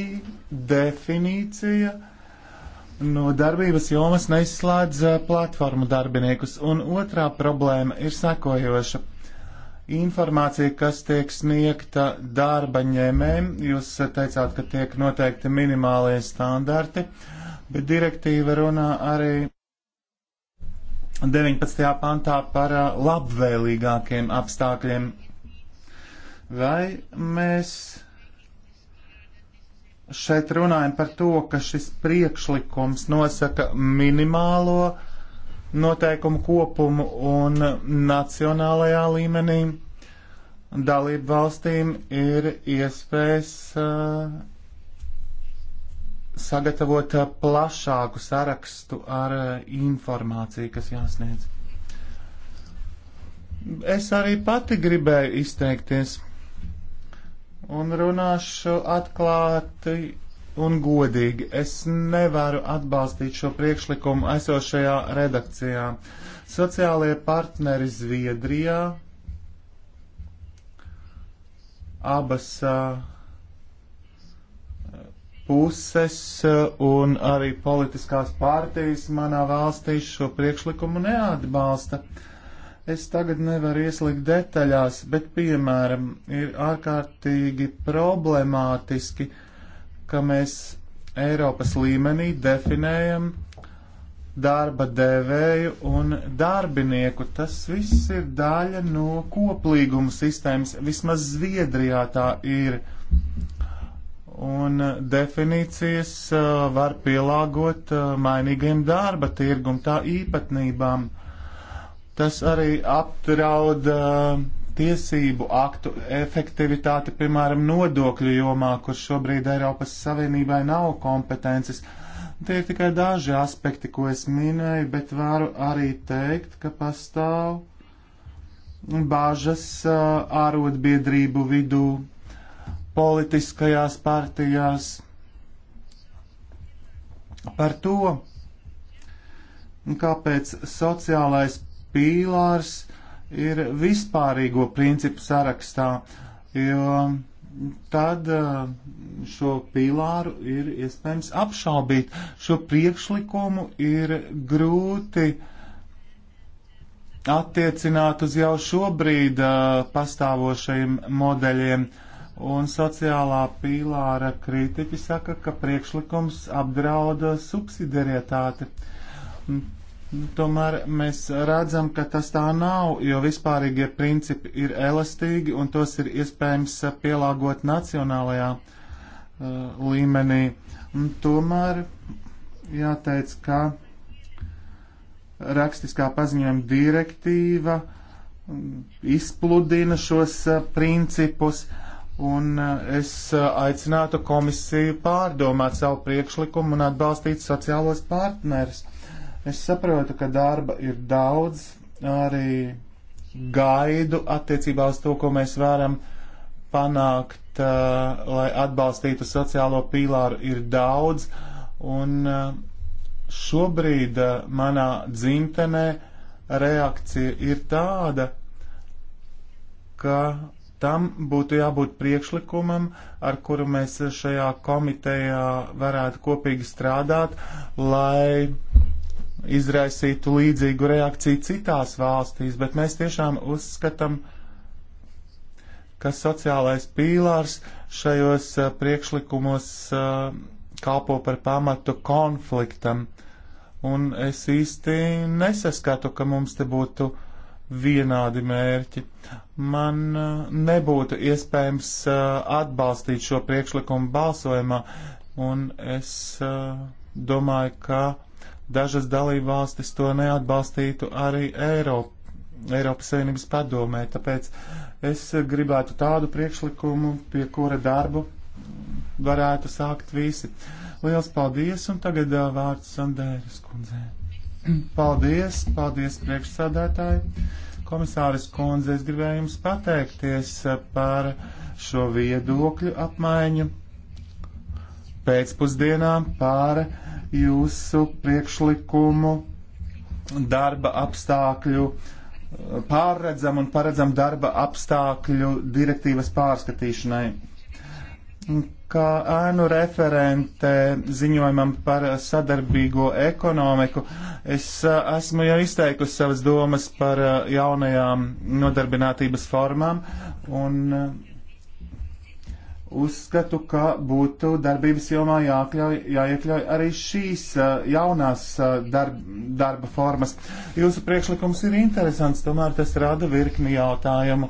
definīcija no darbības jomas neizslēdz eh, platformu darbiniekus. Un otrā problēma ir sekojoša. Informācija, kas tiek sniegta darba ņēmējiem, jūs teicāt, ka tiek noteikti minimālie standarti, bet direktīva runā arī 19. pantā par eh, labvēlīgākiem apstākļiem. Vai mēs šeit runājam par to, ka šis priekšlikums nosaka minimālo noteikumu kopumu un nacionālajā līmenī dalību valstīm ir iespējas uh, sagatavot uh, plašāku sarakstu ar uh, informāciju, kas jāsniedz. Es arī pati gribēju izteikties un runāšu atklāti un godīgi. Es nevaru atbalstīt šo priekšlikumu esošajā redakcijā. Sociālie partneri Zviedrijā abas uh, puses eh, un arī politiskās pārtīs manā valstī šo priekšlikumu neatbalsta. Uh, Es tagad nevaru ieslīgt detaļās, bet, piemēram, ir ārkārtīgi problemātiski, ka mēs Eiropas līmenī definējam darba devēju un darbinieku. Tas viss ir daļa no koplīguma sistēmas. Vismaz Zviedrijā tā ir. Un definīcijas uh, var pielāgot uh, mainīgiem darba tirgum tā īpatnībām. Uh, Tas arī apdraud uh, tiesību aktu efektivitāti, piemēram, nodokļu jomā, kur šobrīd Eiropas Savienībai nav kompetences. Tie ir tikai daži aspekti, ko es minēju, bet varu arī teikt, ka pastāv bāžas uh, ārotbiedrību vidū, politiskajās partijās par to, kāpēc sociālais pīlārs ir vispārīgo principu sarakstā, jo tad eh, šo pīlāru ir iespējams apšaubīt. Šo priekšlikumu ir grūti attiecināt uz jau šobrīd eh, pastāvošajiem modeļiem. Un sociālā pīlāra kritiķi saka, ka priekšlikums apdrauda subsidiarietāti Tomēr mēs redzam, ka tas tā nav, jo vispārīgie principi ir elastīgi un tos ir iespējams pielāgot nacionālajā uh, līmenī. Un tomēr jāteic, ka rakstiskā paziņojuma direktīva um, izpludina šos uh, principus, un uh, es uh, aicinātu komisiju pārdomāt savu priekšlikumu un atbalstīt sociālos partnerus. Es saprotu, ka darba ir daudz, arī gaidu attiecībā uz to, ko mēs varam panākt, uh, lai atbalstītu sociālo pīlāru, ir daudz. Un uh, šobrīd uh, manā dzimtenē reakcija ir tāda, ka tam būtu jābūt priekšlikumam, ar kuru mēs šajā komitejā varētu kopīgi strādāt, lai izraisītu līdzīgu reakciju citās valstīs, bet mēs tiešām uzskatām, ka sociālais pīlārs šajos eh, priekšlikumos eh, kalpo par pamatu konfliktam. Un es īsti nesaskatu, ka mums te būtu vienādi mērķi. Man eh, nebūtu iespējams atbalstīt šo priekšlikumu balsojumā, un es domāju, ka Dažas dalībvalstis to neatbalstītu arī Eiropa, Eiropas Savienības padomē, tāpēc es gribētu tādu priekšlikumu, pie kura darbu varētu sākt visi. Liels paldies, un tagad uh, vārds Sandēras kundzē. Paldies, paldies priekšsādātāji. Komisāris kundze, es gribēju jums pateikties uh, par šo viedokļu apmaiņu pēcpusdienām par uh, jūsu priekšlikumu darba apstākļu pārredzam un paredzam darba apstākļu direktīvas pārskatīšanai. Kā ēnu referente ziņojumam par sadarbīgo ekonomiku, es esmu jau izteikusi savas domas par jaunajām nodarbinātības formām un uzskatu, ka būtu darbības jomā jākļauj, jāiekļauj arī šīs jaunās darb, darba formas. Jūsu priekšlikums ir interesants, tomēr tas rada virkni jautājumu.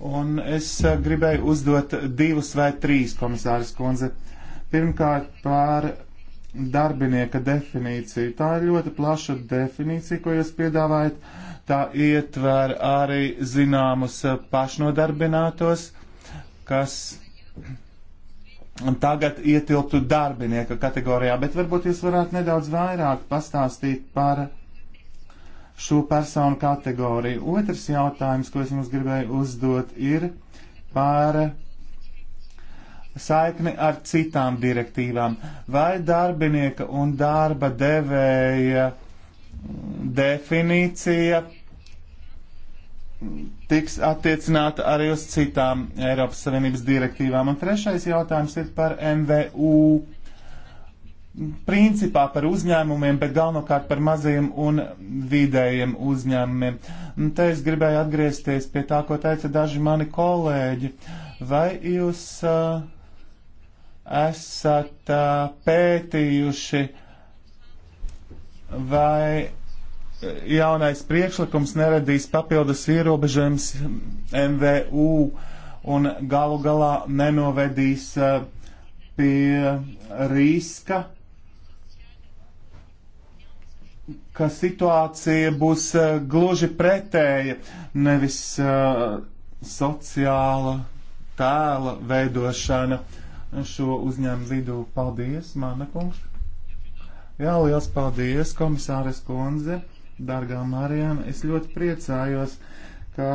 Un es gribēju uzdot divus vai trīs komisāras kundze. Pirmkārt, par darbinieka definīciju. Tā ir ļoti plaša definīcija, ko jūs piedāvājat. Tā ietver arī zināmus pašnodarbinātos, kas tagad ietilptu darbinieka kategorijā, bet varbūt jūs varētu nedaudz vairāk pastāstīt par šo personu kategoriju. Otrs jautājums, ko es jums gribēju uzdot, ir par saikni ar citām direktīvām. Vai darbinieka un darba devēja definīcija tiks attiecināta arī uz citām Eiropas Savienības direktīvām. Un trešais jautājums ir par MVU principā par uzņēmumiem, bet galvenokārt par mazajiem un vidējiem uzņēmumiem. Un te es gribēju atgriezties pie tā, ko teica daži mani kolēģi. Vai jūs uh, esat uh, pētījuši, vai jaunais priekšlikums neradīs papildus ierobežojums MVU un galu galā nenovedīs e, pie riska, ka situācija būs e, gluži pretēja, nevis e, sociāla tēla veidošana šo uzņēmumu vidū. Paldies, Mana kungs! Jā, liels paldies, komisāres kundze! Dārgā Marijana, es ļoti priecājos, ka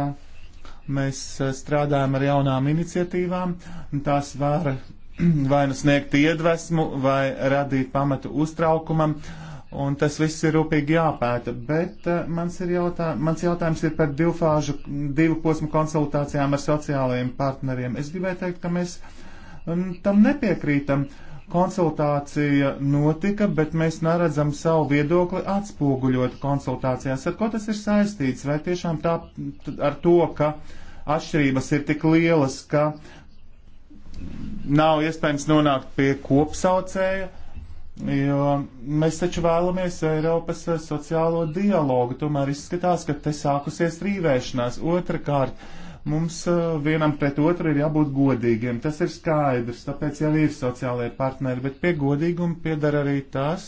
mēs eh, strādājam ar jaunām iniciatīvām, un tās var vai nu sniegt iedvesmu, vai radīt pamatu uztraukumam, un tas viss ir rūpīgi jāpēta. Bet eh, mans, ir jautā, mans jautājums ir par divfāžu, divu posmu konsultācijām ar sociālajiem partneriem. Es gribēju teikt, ka mēs tam nepiekrītam. Uh, konsultācija notika, bet mēs neredzam savu viedokli atspoguļot konsultācijās. Ar ko tas ir saistīts? Vai tiešām tā ar to, ka atšķirības ir tik lielas, ka nav iespējams nonākt pie kopsaucēja? Jo mēs taču vēlamies Eiropas sociālo dialogu, tomēr izskatās, ka te sākusies rīvēšanās. Otrakārt, Mums eh, vienam pret otru ir jābūt godīgiem. Tas ir skaidrs, tāpēc jau ir sociālajie partneri, bet pie godīguma piedara arī tas,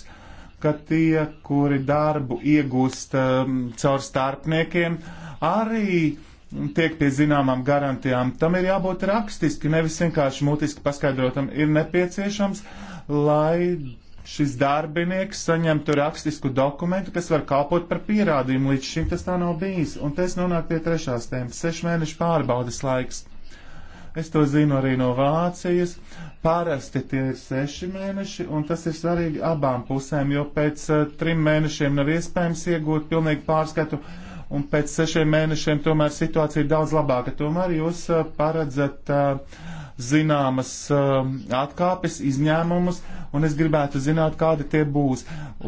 ka tie, kuri darbu iegūst um, caur starpniekiem, arī tiek pie zināmām garantijām. Tam ir jābūt rakstiski, nevis vienkārši mutiski paskaidrotam. Ir nepieciešams, lai šis darbinieks saņemtu rakstisku dokumentu, kas var kalpot par pierādījumu. Līdz šim tas tā nav bijis. Un tas nonāk pie trešās tēmas - sešu mēnešu pārbaudas laiks. Es to zinu arī no Vācijas. Parasti tie ir seši mēneši, un tas ir svarīgi abām pusēm, jo pēc uh, trim mēnešiem nav iespējams iegūt pilnīgu pārskatu, un pēc sešiem mēnešiem tomēr situācija ir daudz labāka. Tomēr jūs uh, paredzat uh, zināmas um, atkāpes, izņēmumus, un es gribētu zināt, kādi tie būs.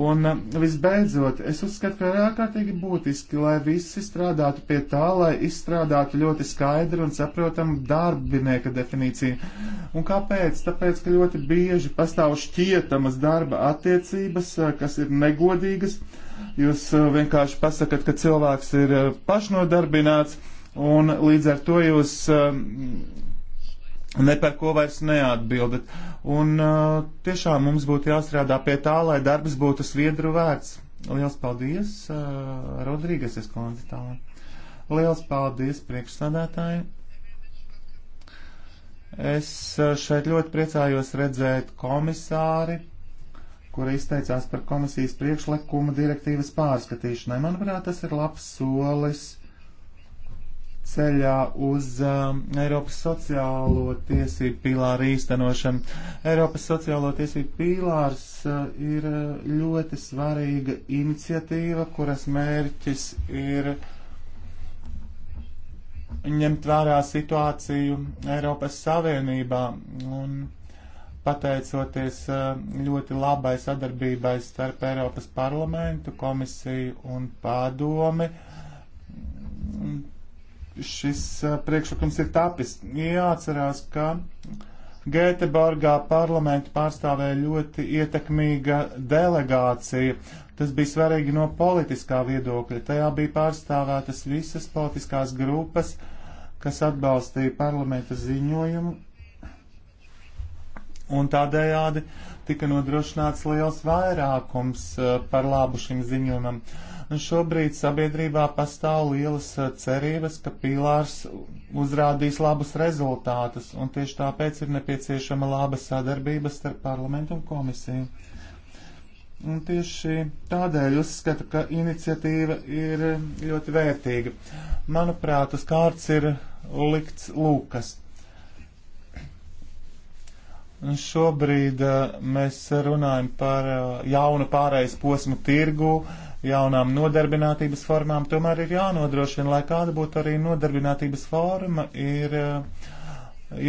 Un um, visbeidzot, es uzskatu, ka ir ārkārtīgi būtiski, lai visi strādātu pie tā, lai izstrādātu ļoti skaidru un saprotamu darbinieka definīciju. Un kāpēc? Tāpēc, ka ļoti bieži pastāv šķietamas darba attiecības, uh, kas ir negodīgas. Jūs uh, vienkārši pasakat, ka cilvēks ir uh, pašnodarbināts un līdz ar to jūs um, ne par ko vairs neatbildat. Un uh, tiešām mums būtu jāstrādā pie tā, lai darbs būtu sviedru vērts. Liels paldies, uh, Rodrīgas Eskundze tālāk. Liels paldies priekšsādātāji. Es uh, šeit ļoti priecājos redzēt komisāri, kura izteicās par komisijas priekšlikuma direktīvas pārskatīšanai. Manuprāt, tas ir labs solis ceļā uz um, Eiropas sociālo tiesību pīlāru īstenošanu. Eiropas sociālo tiesību pīlārs uh, ir uh, ļoti svarīga iniciatīva, kuras mērķis ir ņemt vērā situāciju Eiropas Savienībā. Un, Pateicoties uh, ļoti labai sadarbībai starp Eiropas parlamentu, komisiju un padomi, šis eh, priekšlikums ir tapis. Jāatcerās, ka Gēteborgā parlamentu pārstāvēja ļoti ietekmīga delegācija. Tas bija svarīgi no politiskā viedokļa. Tajā bija pārstāvētas visas politiskās grupas, kas atbalstīja parlamenta ziņojumu, un tādējādi tika nodrošināts liels vairākums eh, par labu šim ziņojumam. Uh, Šobrīd sabiedrībā pastāv lielas eh, cerības, ka pīlārs uzrādīs labus rezultātus, un tieši tāpēc ir nepieciešama laba sadarbība starp parlamentu un komisiju. Un tieši tādēļ uzskatu, ka iniciatīva ir ļoti vērtīga. Manuprāt, uz kārts ir likts Lūkas. Un šobrīd uh, mēs runājam par uh, jaunu pārējais posmu tirgu, uh, jaunām nodarbinātības formām, tomēr ir jānodrošina, lai kāda būtu arī nodarbinātības forma, ir eh,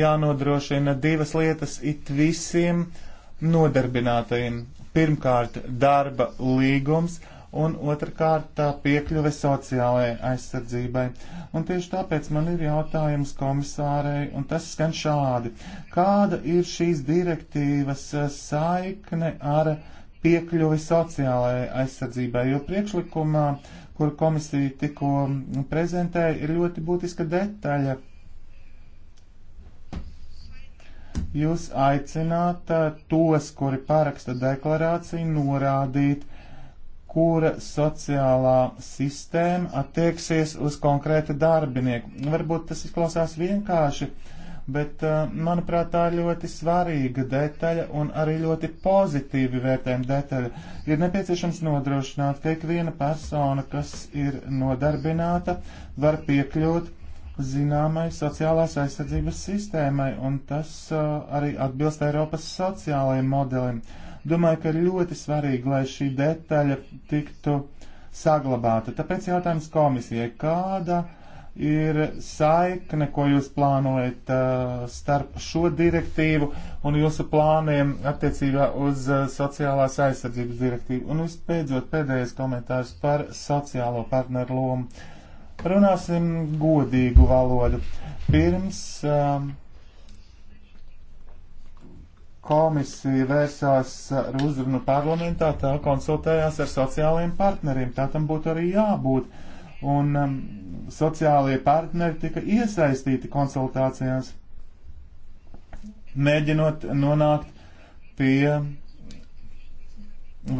jānodrošina divas lietas it visiem nodarbinātajiem. Pirmkārt, darba līgums. Un otrkārt, tā piekļuve sociālajai aizsardzībai. Un tieši tāpēc man ir jautājums komisārei, un tas skan šādi. Kāda ir šīs direktīvas eh, saikne ar uh, piekļuvi sociālajai aizsardzībai, jo priekšlikumā, kur komisija tikko prezentēja, ir ļoti būtiska detaļa. Jūs aicināt eh, tos, kuri paraksta deklarāciju, norādīt, kura sociālā sistēma attieksies uz konkrētu darbinieku. Varbūt tas izklausās vienkārši bet, uh, manuprāt, tā ir ļoti svarīga detaļa un arī ļoti pozitīvi vērtējuma detaļa. Ir nepieciešams nodrošināt, ka ikviena persona, kas ir nodarbināta, var piekļūt zināmai sociālās aizsardzības sistēmai, un tas uh, arī atbilst Eiropas sociālajiem modelim. Domāju, ka ir ļoti svarīgi, lai šī detaļa tiktu saglabāta. Tāpēc jautājums komisijai, kāda uh, ir saikne, ko jūs plānojat uh, starp šo direktīvu un jūsu plāniem attiecībā uz uh, sociālās aizsardzības direktīvu. Un vispēdzot pēdējais komentārs par sociālo partneru lomu. Runāsim godīgu valodu. Pirms um, komisija vērsās ar uzrunu parlamentā, tā konsultējās ar sociālajiem partneriem. Tā tam būtu arī jābūt. Uh, un um, sociālie partneri tika iesaistīti konsultācijās, mēģinot nonākt pie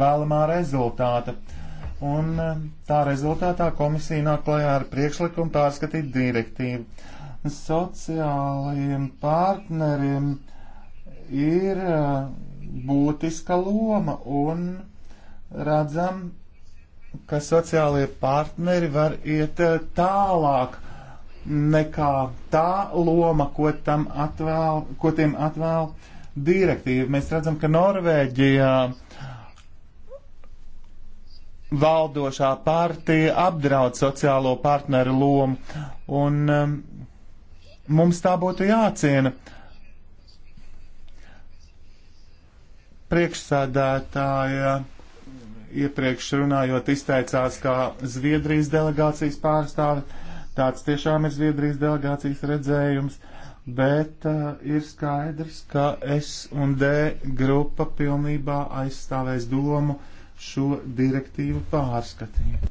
vēlamā rezultāta. Un um, tā rezultātā komisija nāk klajā ar priekšlikumu pārskatīt direktīvu. Sociālajiem partneriem ir uh, būtiska loma un redzam, ka sociālie partneri var iet eh, tālāk nekā tā loma, ko, tam atvēl, ko tiem atvēl direktīva. Mēs redzam, ka Norvēģijā valdošā partija apdraud sociālo partneru lomu, un um, mums tā būtu jāciena. Priekšsādātāja. Uh, iepriekš runājot izteicās kā Zviedrijas delegācijas pārstāve. Tāds tiešām ir Zviedrijas delegācijas redzējums, bet uh, ir skaidrs, ka S un D grupa pilnībā aizstāvēs domu šo direktīvu pārskatīt.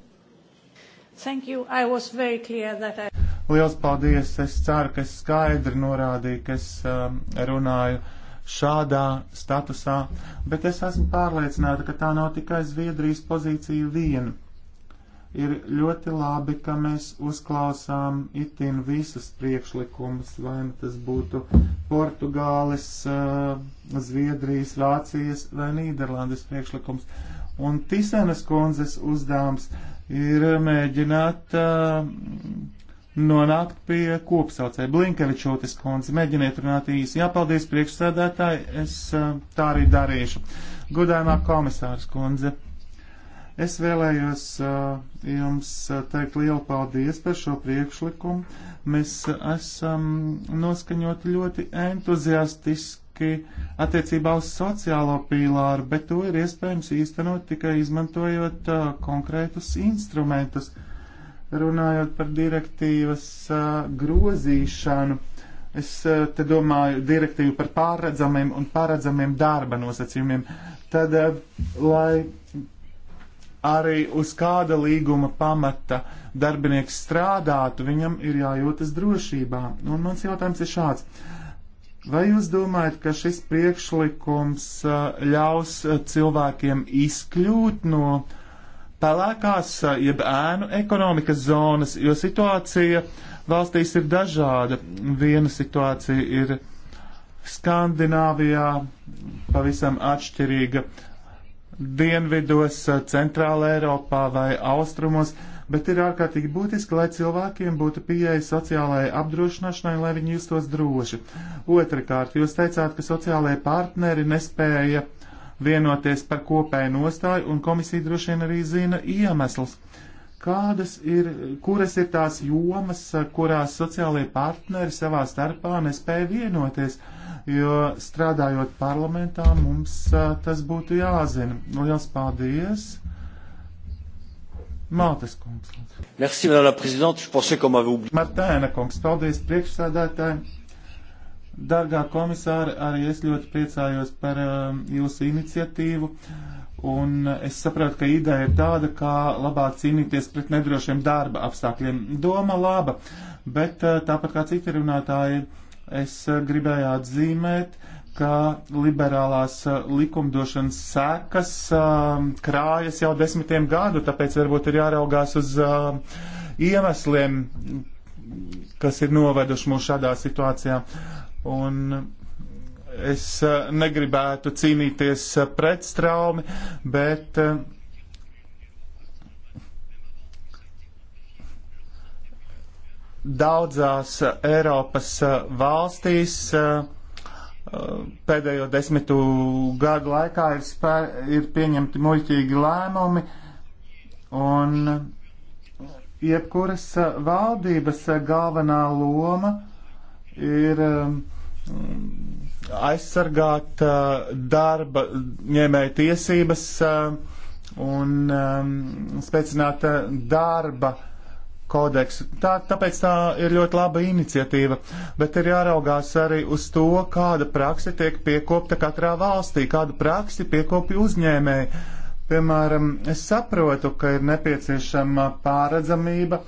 Thank you. I was very clear that I... Liels paldies! Es ceru, ka es skaidri norādīju, ka es um, runāju uh, šādā statusā, bet es esmu pārliecināta, ka tā nav tikai Zviedrijas pozīcija viena. Ir ļoti labi, ka mēs uzklausām itin visus priekšlikumus, vai nu tas būtu Portugāles, uh, Zviedrijas, Vācijas vai Nīderlandes priekšlikums. Un Tisenes kundzes uzdevums ir mēģināt uh, nonākt pie kopsaucēja. Blinkevičotis kundze, mēģiniet runāt īsi. Jāpaldies priekšsēdētāji, es tā arī darīšu. Gudājumā komisārs kundze. Es vēlējos jums teikt lielu paldies par šo priekšlikumu. Mēs esam noskaņoti ļoti entuziastiski attiecībā uz sociālo pīlāru, bet to ir iespējams īstenot tikai izmantojot konkrētus instrumentus. Uh, runājot par direktīvas uh, grozīšanu, es uh, te domāju direktīvu par pārredzamiem un pārredzamiem darba nosacījumiem, tad uh, lai arī uz kāda līguma pamata darbinieks strādātu, viņam ir jājūtas drošībā. Un mans jautājums ir šāds. Vai jūs domājat, ka šis priekšlikums ļaus cilvēkiem izkļūt no uh, pelēkās, jeb ēnu ekonomikas zonas, jo situācija valstīs ir dažāda. Viena situācija ir Skandināvijā, pavisam atšķirīga dienvidos, centrāla Eiropā vai austrumos, bet ir ārkārtīgi būtiski, lai cilvēkiem būtu pieeja sociālajai apdrošināšanai, lai viņi justos droši. Otrakārt, jūs teicāt, ka sociālajie partneri nespēja uh, vienoties par kopēju nostāju, un komisija droši vien arī zina iemeslus. Kādas ir, kuras ir tās jomas, kurās sociālie partneri savā starpā nespēja vienoties, jo strādājot parlamentā mums tas būtu jāzina. Lielas paldies! Maltes kungs. Merci, madame la présidente. Je pensais qu'on m'avait oublié. Martēna kungs, paldies priekšsādātāji. Dārgā komisāra, arī es ļoti priecājos par uh, jūsu iniciatīvu, un uh, es saprotu, ka ideja ir tāda, kā labāk cīnīties pret nedrošiem darba apstākļiem. Doma laba, bet uh, tāpat kā citi runātāji, es uh, gribēju atzīmēt, ka liberālās uh, likumdošanas sekas uh, um, krājas jau desmitiem gadu, tāpēc varbūt ir jāraugās uz uh, iemesliem, kas ir noveduši mūs šādā situācijā. Uh, un es eh, negribētu cīnīties eh, pret straumi, bet eh, daudzās Eiropas valstīs pēdējo desmitu gadu laikā ir, spēr, ir pieņemti muļķīgi lēmumi, un jebkuras valdības galvenā loma ir um, aizsargāt uh, darba ņēmēja tiesības uh, un um, spēcināt uh, darba kodeksu. Tā, tāpēc tā ir ļoti laba iniciatīva, bet ir jāraugās arī uz to, kāda praksa tiek piekopta katrā valstī, kādu praksi piekopja uzņēmēji. Piemēram, es saprotu, ka ir nepieciešama pāredzamība,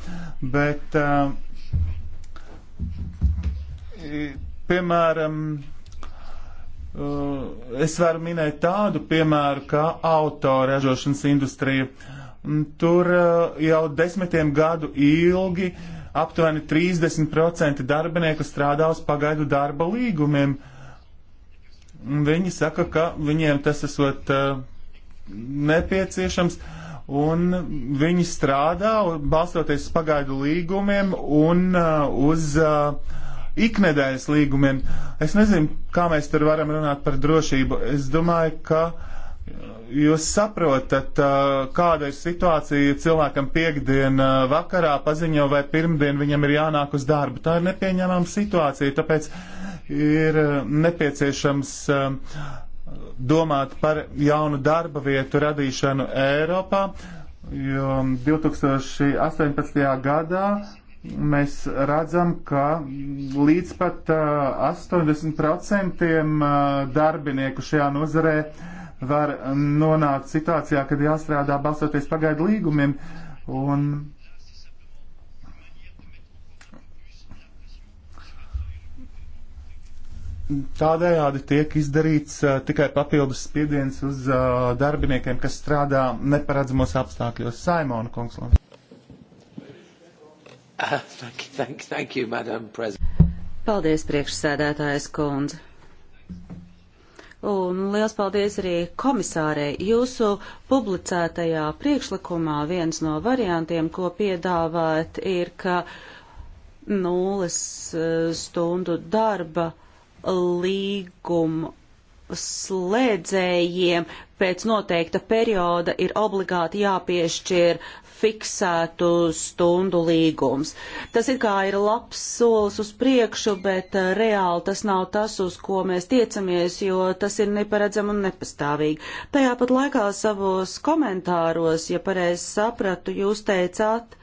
bet uh, Piemēram, eh, es varu minēt tādu piemēru kā autoražošanas industrija. Tur eh, jau desmitiem gadu ilgi aptuveni 30% darbinieku strādā uz pagaidu darba līgumiem. Viņi saka, ka viņiem tas esot eh, nepieciešams, un viņi strādā balstoties uz pagaidu līgumiem un uz uh, iknedēļas līgumiem. Es nezinu, kā mēs tur varam runāt par drošību. Es domāju, ka uh, jūs saprotat, uh, kāda ir situācija cilvēkam piekdien uh, vakarā paziņo vai pirmdien viņam ir jānāk uz darbu. Tā ir nepieņemama situācija, tāpēc ir nepieciešams domāt par jaunu darba vietu radīšanu Eiropā jo 2018. Um, gadā mēs redzam, ka līdz pat 80% darbinieku šajā nozarē var nonākt situācijā, kad jāstrādā balstoties pagaidu līgumiem. Un Tādējādi tiek izdarīts uh, tikai papildus spiediens uz uh, darbiniekiem, kas strādā neparedzamos apstākļos. Saimona Kungslava. Uh, thank, thank, thank you, Madam President. Paldies, priekšsēdētājas kundze. Un liels paldies arī komisārei. Jūsu publicētajā priekšlikumā viens no variantiem, ko piedāvājat, ir, ka nulles eh, stundu darba līgumu slēdzējiem pēc noteikta perioda ir obligāti jāpiešķir fiksētu stundu līgums. Tas it kā ir labs solis uz priekšu, bet eh, reāli tas nav tas, uz ko mēs tiecamies, jo tas ir neparedzam un nepastāvīgi. Tajā pat laikā savos komentāros, ja pareizi sapratu, jūs teicāt,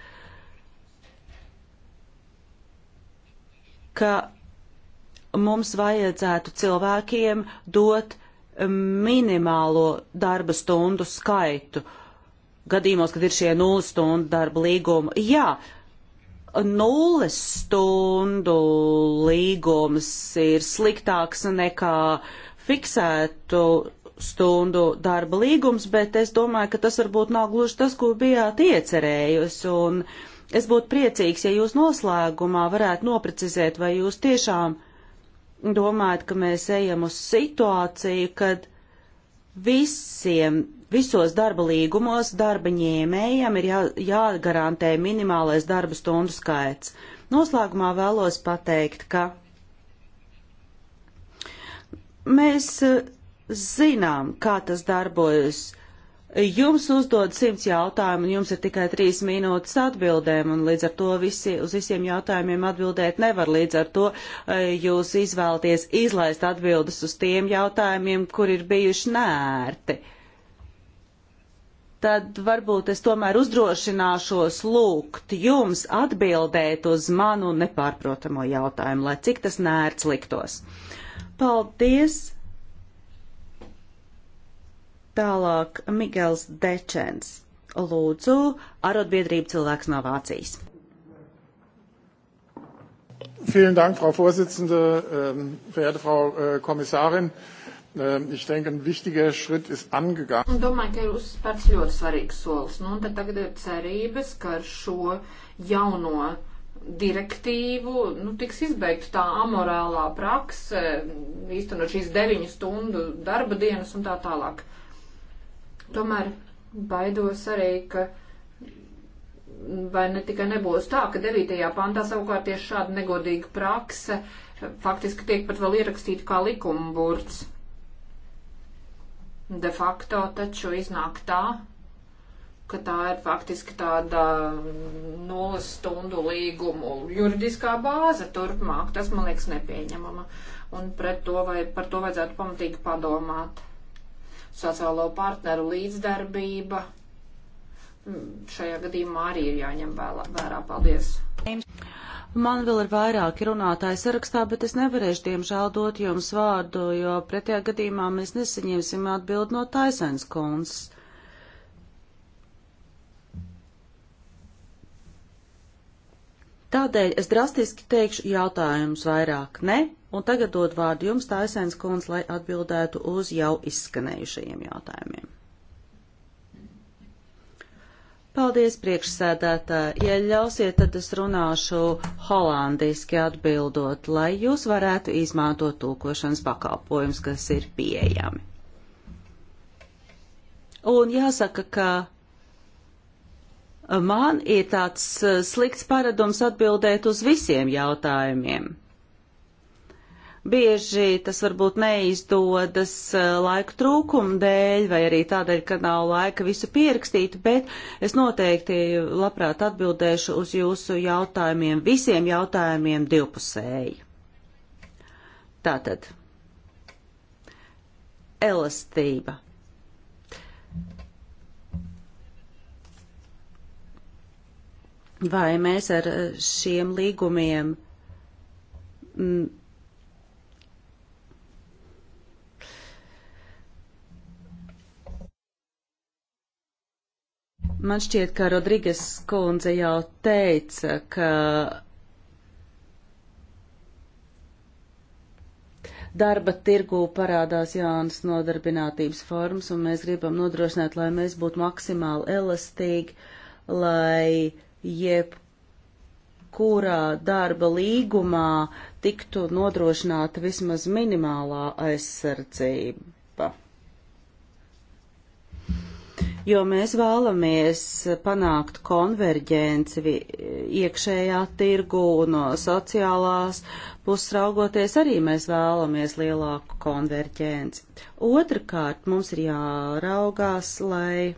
ka mums vajadzētu cilvēkiem dot minimālo darba stundu skaitu, gadījumos, kad ir šie nulles stundu darba līgumi. Jā, nulles stundu līgums ir sliktāks nekā fiksētu stundu darba līgums, bet es domāju, ka tas varbūt nav gluži tas, ko bijāt iecerējusi. Un es būtu priecīgs, ja jūs noslēgumā varētu noprecizēt, vai jūs tiešām domājat, ka mēs ejam uz situāciju, kad visiem Visos darba līgumos darba ņēmējiem ir jā, jāgarantē minimālais darba stundu skaits. Noslēgumā vēlos pateikt, ka mēs eh, zinām, kā tas darbojas. Jums uzdod simts jautājumu, un jums ir tikai trīs minūtes atbildēm, un līdz ar to visi, uz visiem jautājumiem atbildēt nevar. Līdz ar to eh, jūs izvēlaties izlaist atbildes uz tiem jautājumiem, kur ir bijuši nērti. Uh, tad varbūt es tomēr uzdrošināšos lūgt jums atbildēt uz manu nepārprotamo jautājumu, lai cik tas nērts liktos. Paldies! Tālāk Migels Dečens. Lūdzu, arotbiedrība cilvēks no Vācijas. Vielen Dank, Frau Vorsitzende, ähm, verehrte Frau äh, Kommissarin. Uh, Ähm, ich denke, ein wichtiger Schritt ist angegangen. Un domāju, ka ir uzspērts ļoti svarīgs solis. Nu, un tad tagad ir cerības, ka ar šo jauno direktīvu nu, tiks izbeigta tā amorālā prakse, īstenot šīs deviņu stundu darba dienas un tā tālāk. Tomēr baidos arī, ka vai ne tikai nebūs tā, ka 9. pantā savukārt tieši šāda negodīga prakse faktiski tiek pat vēl ierakstīta kā likuma burts. De facto taču iznāk tā, ka tā ir faktiski tāda nulles stundu līgumu juridiskā bāze turpmāk. Tas man liekas nepieņemama. Un pret to vai par to vajadzētu pamatīgi padomāt. Sociālo partneru līdzdarbība mm, šajā gadījumā arī ir jāņem vērā. Paldies! Man vēl ir vairāki runātāji sarakstā, bet es nevarēšu, diemžēl, dot jums vārdu, jo pretējā gadījumā mēs nesaņemsim atbildi no Taisens kundzes. Tādēļ es drastiski teikšu jautājumus vairāk ne, un tagad dod vārdu jums, Taisens kundze, lai atbildētu uz jau izskanējušajiem jautājumiem. Paldies, priekšsēdētāji. Ja ļausiet, tad es runāšu holandiski atbildot, lai jūs varētu izmantot tulkošanas pakalpojums, kas ir pieejami. Un jāsaka, ka man ir tāds eh, slikts paradums atbildēt uz visiem jautājumiem. Bieži tas varbūt neizdodas eh, laika trūkuma dēļ vai arī tādēļ, ka nav laika visu pierakstīt, bet es noteikti labprāt atbildēšu uz jūsu jautājumiem, visiem jautājumiem divpusēji. Tātad. Elastība. Vai mēs ar eh, šiem līgumiem m, Man šķiet, ka Rodrīgas kundze jau teica, ka darba tirgū parādās jaunas nodarbinātības formas, un mēs gribam nodrošināt, lai mēs būtu maksimāli elastīgi, lai jebkurā darba līgumā tiktu nodrošināta vismaz minimālā aizsardzība. jo mēs vēlamies panākt konverģenci iekšējā tirgu no sociālās puses raugoties, arī mēs vēlamies lielāku konverģenci. Otrakārt, mums ir jāraugās, lai.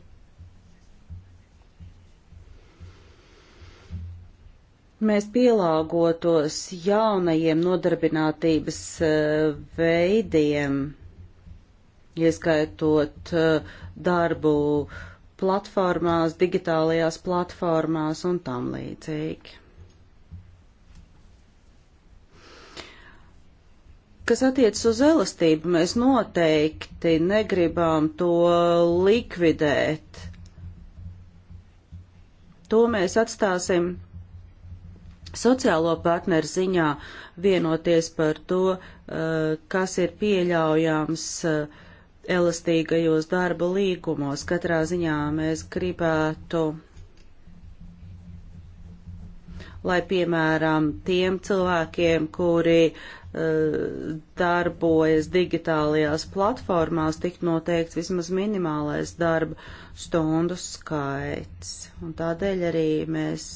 mēs pielāgotos jaunajiem nodarbinātības eh, veidiem ieskaitot eh, darbu platformās, digitālajās platformās un tam līdzīgi. Kas attiecas uz elastību, mēs noteikti negribam to likvidēt. To mēs atstāsim sociālo partneru ziņā vienoties par to, eh, kas ir pieļaujams uh, elastīgajos darba līgumos. Katrā ziņā mēs gribētu, lai piemēram tiem cilvēkiem, kuri uh, darbojas digitālajās platformās, tik noteikts vismaz minimālais darba stundu skaits. Un tādēļ arī mēs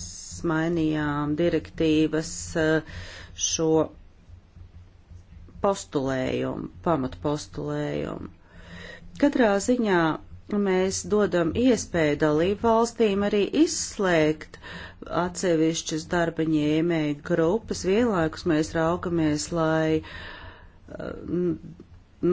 mainījām direktīvas uh, šo postulējumu, pamatpostulējumu. Katrā ziņā mēs dodam iespēju dalību valstīm arī izslēgt atsevišķas darba ņēmēju grupas. Vienlaikus mēs raugamies, lai uh,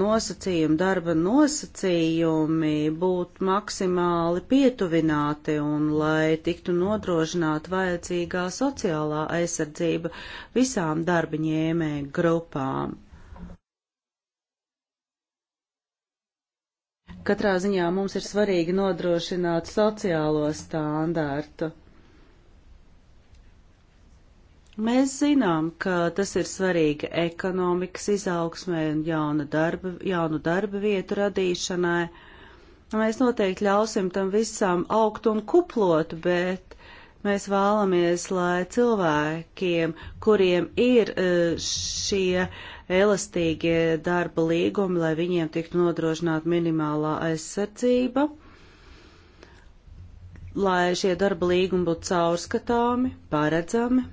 nosacījumi, darba nosacījumi būtu maksimāli pietuvināti un lai tiktu nodrošināta vajadzīgā sociālā aizsardzība visām darba ņēmēju grupām. Katrā ziņā mums ir svarīgi nodrošināt sociālo standārtu. Mēs zinām, ka tas ir svarīgi ekonomikas izaugsmē un jauna darba, jaunu darba vietu radīšanai. Mēs noteikti ļausim tam visam augt un kuplot, bet mēs vēlamies, lai cilvēkiem, kuriem ir eh, šie uh, elastīgie darba līgumi, lai viņiem tiktu nodrošināta minimālā aizsardzība, lai šie darba līgumi būtu caurskatāmi, paredzami.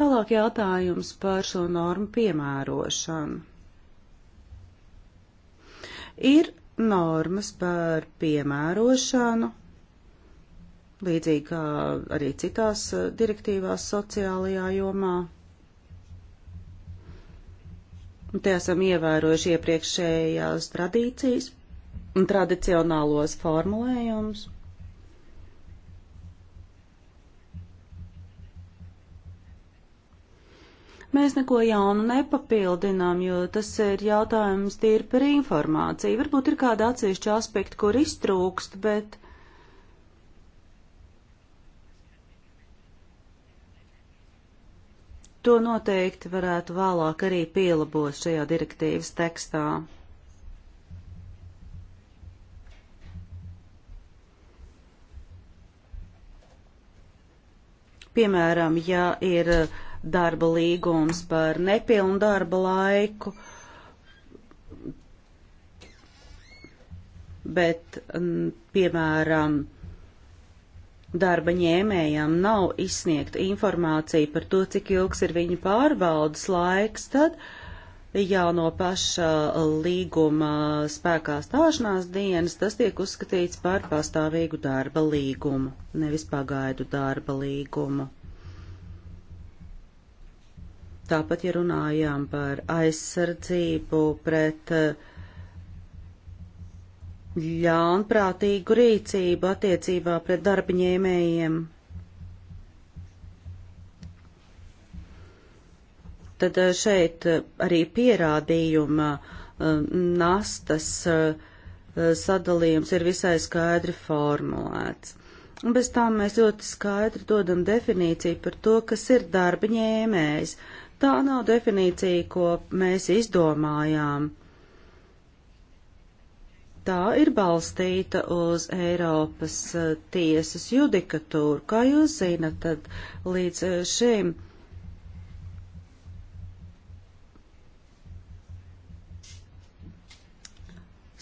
Tālāk jautājums par šo normu piemērošanu. Ir normas par piemērošanu, līdzīgi kā arī citās eh, direktīvās sociālajā jomā. Un te esam ievērojuši iepriekšējās tradīcijas un tradicionālos formulējumus. Mēs neko jaunu nepapildinām, jo tas ir jautājums tīri par informāciju. Varbūt ir kāda atsevišķa aspekta, kur iztrūkst, bet uh, To noteikti varētu vēlāk arī pielabot šajā direktīvas tekstā. Piemēram, ja ir darba līgums par nepilnu darba laiku, bet, piemēram, darba ņēmējam nav izsniegta informācija par to, cik ilgs ir viņa pārbaudas laiks, tad jau no paša līguma spēkā stāšanās dienas tas tiek uzskatīts par pastāvīgu darba līgumu, nevis pagaidu darba līgumu. Tāpat, ja runājām par aizsardzību pret uh, ļaunprātīgu rīcību attiecībā pret darbiņēmējiem. Tad eh, šeit eh, arī pierādījuma eh, nastas sadalījums ir visai skaidri formulēts. Un bez tām mēs ļoti skaidri dodam definīciju par to, kas ir darbiņēmējs. Tā nav definīcija, ko mēs izdomājām tā ir balstīta uz Eiropas eh, tiesas judikatūru. Kā jūs zinat, tad līdz eh, šim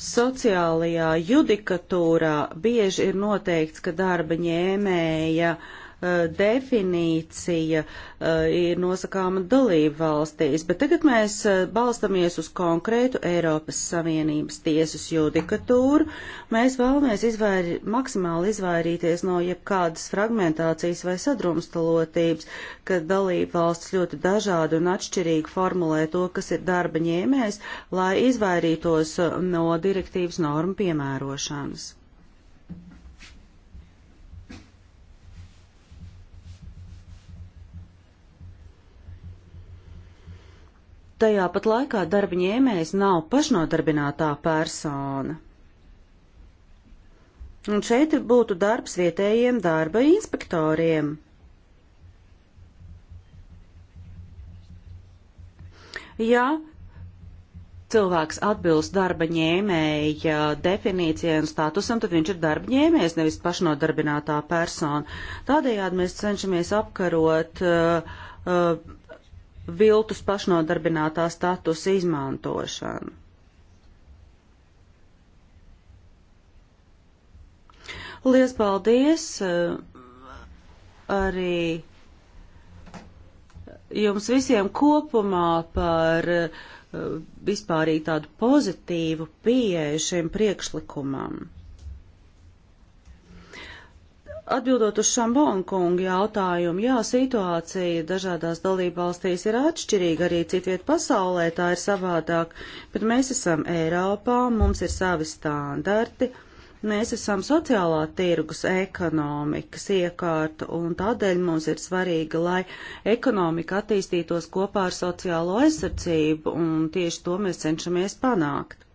sociālajā judikatūrā bieži ir noteikts, ka darba ņēmēja uh, Eh, definīcija eh, ir nosakāma dalību valstīs, bet tagad mēs eh, balstamies uz konkrētu Eiropas Savienības tiesas judikatūru. Mēs vēlamies izvair, maksimāli izvairīties no jebkādas fragmentācijas vai sadrumstalotības, kad dalību valsts ļoti dažādi un atšķirīgi formulē to, kas ir darba ņēmējs, lai izvairītos no direktīvas normu piemērošanas. tajā pat laikā darba ņēmējs nav pašnodarbinātā persona. Un šeit būtu darbs vietējiem darba inspektoriem. Ja cilvēks atbilst darba ņēmēja definīcijai un statusam, tad viņš ir darba ņēmējs, nevis pašnodarbinātā persona. Tādējādi mēs cenšamies apkarot uh, uh, viltus pašnodarbinātā statusa izmantošanu. Lies paldies eh, arī jums visiem kopumā par eh, vispārīgi tādu pozitīvu pieeju šiem priekšlikumam. Atbildot uz Šambonkungu jautājumu, jā, situācija dažādās dalībvalstīs ir atšķirīga, arī citviet pasaulē tā ir savādāk, bet mēs esam Eiropā, mums ir savi standarti, mēs esam sociālā tirgus ekonomikas iekārta, un tādēļ mums ir svarīgi, lai ekonomika attīstītos kopā ar sociālo aizsardzību, un tieši to mēs cenšamies panākt.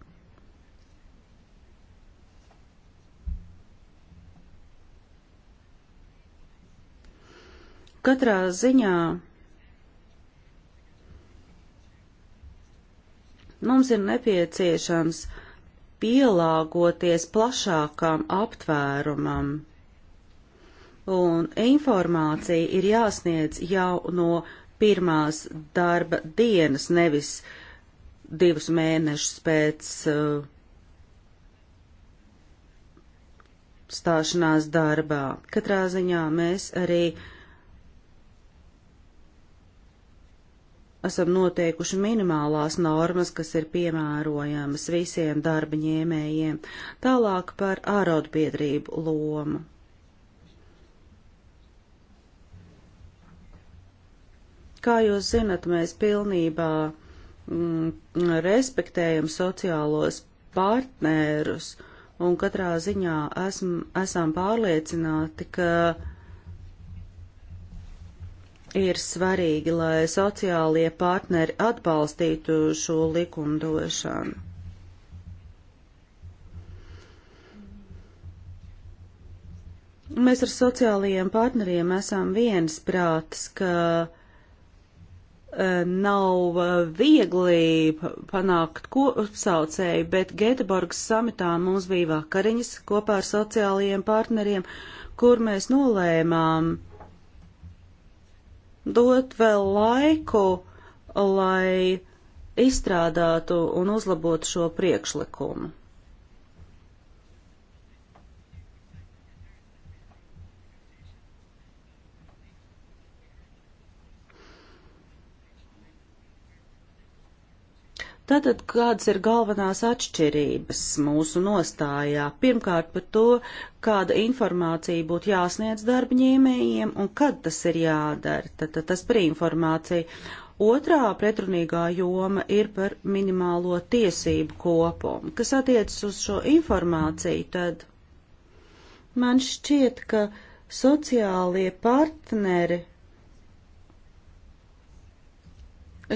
Katrā ziņā mums ir nepieciešams pielāgoties plašākam aptvērumam, un informācija ir jāsniedz jau no pirmās darba dienas, nevis divus mēnešus pēc uh, stāšanās darbā. Katrā ziņā mēs arī uh, esam noteikuši minimālās normas, kas ir piemērojamas visiem darba ņēmējiem, tālāk par ārodbiedrību lomu. Kā jūs zinat, mēs pilnībā mm, respektējam sociālos partnerus un katrā ziņā esam, esam pārliecināti, ka uh, ir svarīgi, lai sociālie partneri atbalstītu šo likumdošanu. Mēs ar sociālajiem partneriem esam viens prāts, ka eh, nav eh, viegli panākt kopsaucēju, bet Geteborgas samitā mums bija vakariņas kopā ar sociālajiem partneriem, kur mēs nolēmām uh, dot vēl laiku, lai izstrādātu un uzlabotu šo priekšlikumu. Tātad, kādas ir galvenās atšķirības mūsu nostājā? Pirmkārt par to, kāda informācija būtu jāsniedz darbņēmējiem un kad tas ir jādara. Tātad tas par informāciju. Otrā pretrunīgā joma ir par minimālo tiesību kopumu. Kas attiecas uz šo informāciju, tad man šķiet, ka sociālie partneri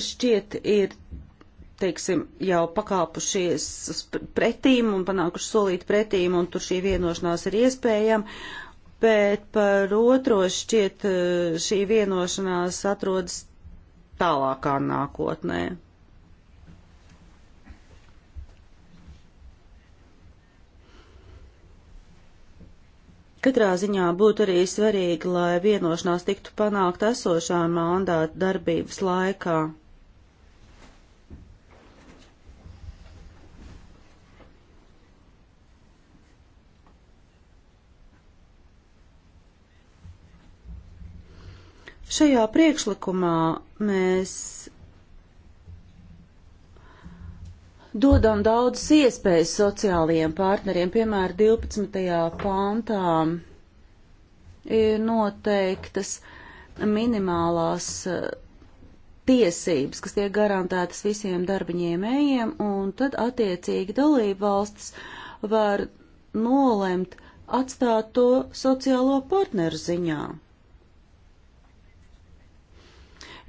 šķiet ir teiksim, jau pakāpušies pretīm un panākuši solīt pretīm, un tur šī vienošanās ir iespējama, bet par otro šķiet eh, šī vienošanās atrodas tālākā nākotnē. Katrā ziņā būtu arī svarīgi, lai vienošanās tiktu panākt esošā mandāta darbības laikā. Šajā priekšlikumā mēs dodam daudzas iespējas sociālajiem partneriem, piemēram, 12. pāntā ir noteiktas minimālās eh, tiesības, kas tiek garantētas visiem darbaņēmējiem, un tad attiecīgi dalība valstis var nolemt atstāt to sociālo partneru ziņā.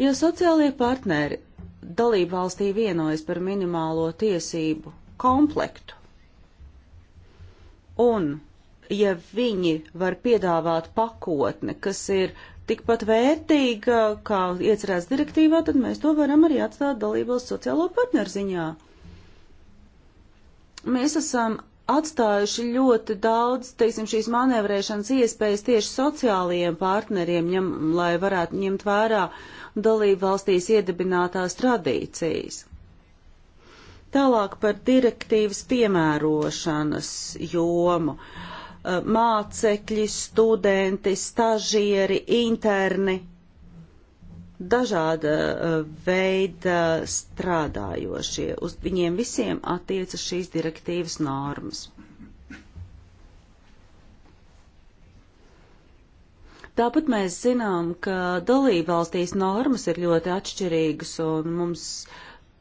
Jo sociālie partneri dalību valstī vienojas par minimālo tiesību komplektu. Un, ja viņi var piedāvāt pakotni, kas ir tikpat vērtīga, kā iecerēts direktīvā, tad mēs to varam arī atstāt dalībvalsts sociālo partneru ziņā. Mēs esam atstājuši ļoti daudz, teiksim, šīs manevrēšanas iespējas tieši sociālajiem partneriem, ņem, lai varētu ņemt vērā dalību valstīs iedibinātās tradīcijas. Tālāk par direktīvas piemērošanas jomu. Mācekļi, studenti, stažieri, interni dažāda eh, veida strādājošie. Uz viņiem visiem attiecas šīs direktīvas normas. Tāpat mēs zinām, ka dalībvalstīs normas ir ļoti atšķirīgas, un mums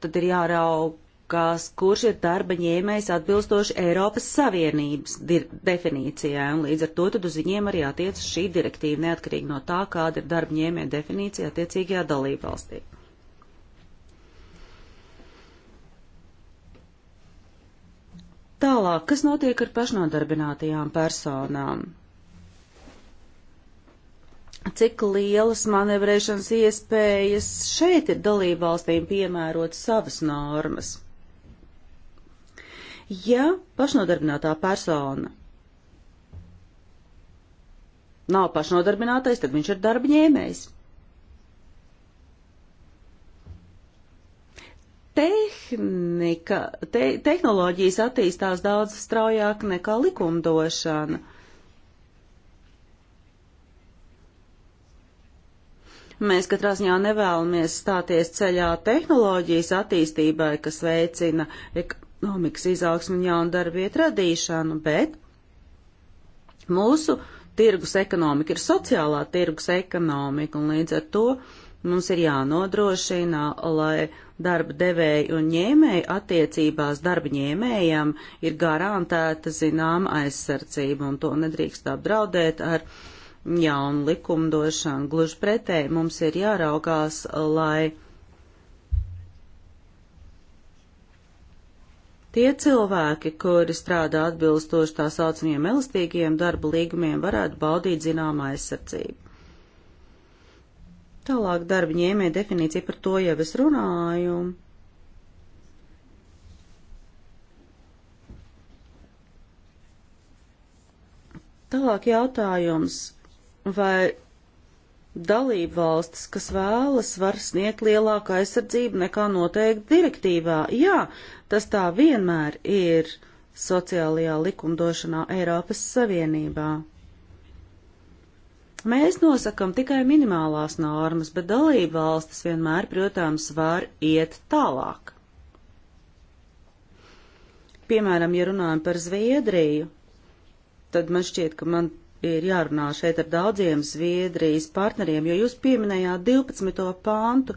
tad ir jāraug kas, kurš ir darba ņēmējs atbilstoši Eiropas Savienības definīcijai, un līdz ar to tad uz viņiem arī attiecas šī direktīva neatkarīgi no tā, kāda ir darba ņēmēja definīcija attiecīgajā dalība valstī. Tālāk, kas notiek ar pašnodarbinātajām personām? Cik lielas manevrēšanas iespējas šeit ir dalībvalstīm piemērot savas normas? Ja pašnodarbinātā persona nav pašnodarbinātais, tad viņš ir darba ņēmējs. Tehnika, te, tehnoloģijas attīstās daudz straujāk nekā likumdošana. Mēs katrā ziņā nevēlamies stāties ceļā tehnoloģijas attīstībai, kas veicina ek ekonomikas izaugsmu un jaunu darbvietu radīšanu, bet mūsu tirgus ekonomika ir sociālā tirgus ekonomika, un līdz ar to mums ir jānodrošina, lai darba devēji un ņēmēji attiecībās darba ņēmējam ir garantēta zināma aizsardzība, un to nedrīkst apdraudēt ar jaunu likumdošanu. Gluži pretēji mums ir jāraugās, lai Tie cilvēki, kuri strādā atbilstoši tā saucamiem elastīgiem darba līgumiem, varētu baudīt zināmā aizsardzību. Tālāk darba ņēmē definīcija par to jau es runāju. Tālāk jautājums, vai dalību valstis, kas vēlas, var sniegt lielāku aizsardzību nekā noteikti direktīvā. Jā, tas tā vienmēr ir sociālajā likumdošanā Eiropas Savienībā. Mēs nosakam tikai minimālās normas, bet dalību valstis vienmēr, protams, var iet tālāk. Piemēram, ja runājam par Zviedriju, tad man šķiet, ka man ir jārunā šeit ar daudziem Zviedrijas partneriem, jo jūs pieminējāt 12. pāntu.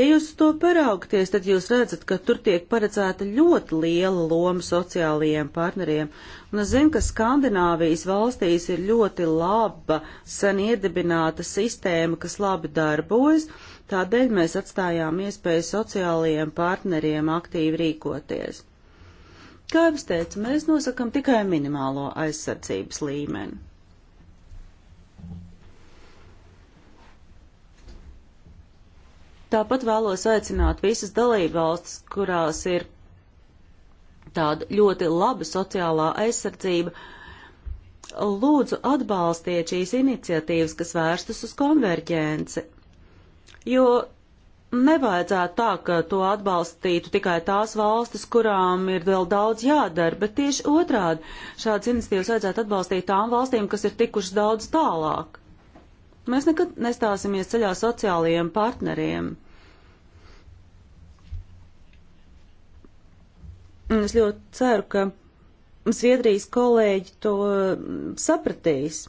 Ja jūs to paraugties, tad jūs redzat, ka tur tiek paredzēta ļoti liela loma sociālajiem partneriem. Un es zinu, ka Skandināvijas valstīs ir ļoti laba, sen iedibināta sistēma, kas labi darbojas, tādēļ mēs atstājām iespēju sociālajiem partneriem aktīvi rīkoties. Kā jau es teicu, mēs nosakam tikai minimālo aizsardzības līmeni. Tāpat vēlos aicināt visas dalībvalstis, kurās ir tāda ļoti laba sociālā aizsardzība, lūdzu atbalstiet šīs iniciatīvas, kas vērstas uz konverģenci. Jo nevajadzētu tā, ka to atbalstītu tikai tās valstis, kurām ir vēl daudz jādara, bet tieši otrādi šādas iniciatīvas vajadzētu atbalstīt tām valstīm, kas ir tikušas daudz tālāk. Mēs nekad nestāsimies ceļā sociālajiem partneriem. Un es ļoti ceru, ka Zviedrijas kolēģi to mm, sapratīs.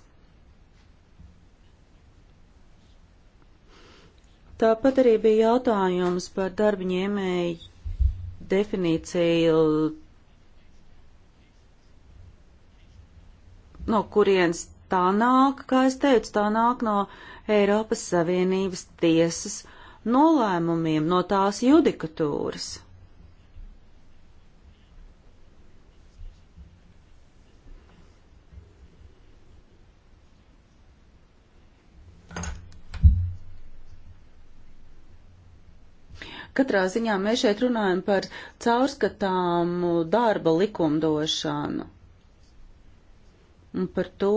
Tāpat arī bija jautājums par darba ņēmēju definīciju, no kurienes tā nāk, kā es teicu, tā nāk no Eiropas Savienības tiesas nolēmumiem, no tās judikatūras. Katrā ziņā mēs šeit runājam par caurskatāmu darba likumdošanu un par to,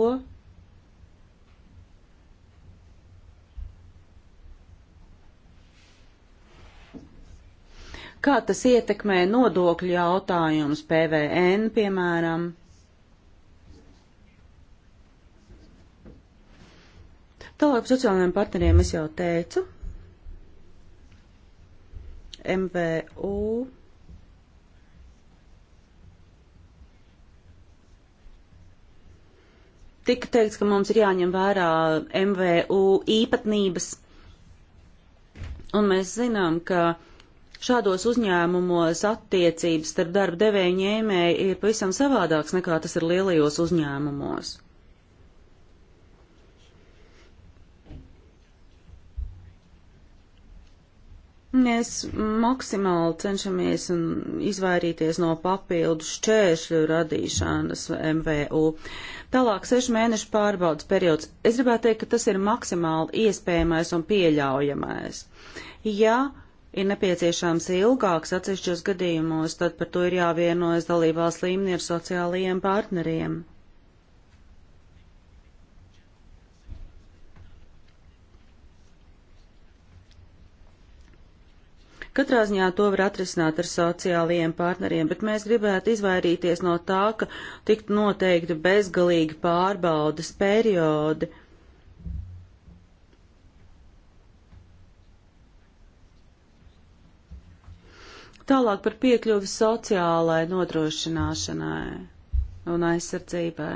kā tas ietekmē nodokļu jautājumus, PVN, piemēram. Tālāk sociālajiem partneriem es jau teicu. MVU. Tika teikts, ka mums ir jāņem vērā MVU īpatnības, un mēs zinām, ka Šādos uzņēmumos attiecības starp darba devēja ņēmēji ir pavisam savādāks nekā tas ir lielajos uzņēmumos. Mēs maksimāli cenšamies izvairīties no papildus šķēršļu radīšanas MVU. Tālāk sešu mēnešu pārbaudas periods. Es gribētu teikt, ka tas ir maksimāli iespējamais un pieļaujamais. Ja ir nepieciešams ilgāks atsevišķos gadījumos, tad par to ir jāvienojas dalībās līmenī ar sociālajiem partneriem. Katrā ziņā to var atrisināt ar sociālajiem partneriem, bet mēs gribētu izvairīties no tā, ka tiktu noteikti bezgalīgi pārbaudas periodi. Uh, Tālāk par piekļuvi sociālai nodrošināšanai un aizsardzībai.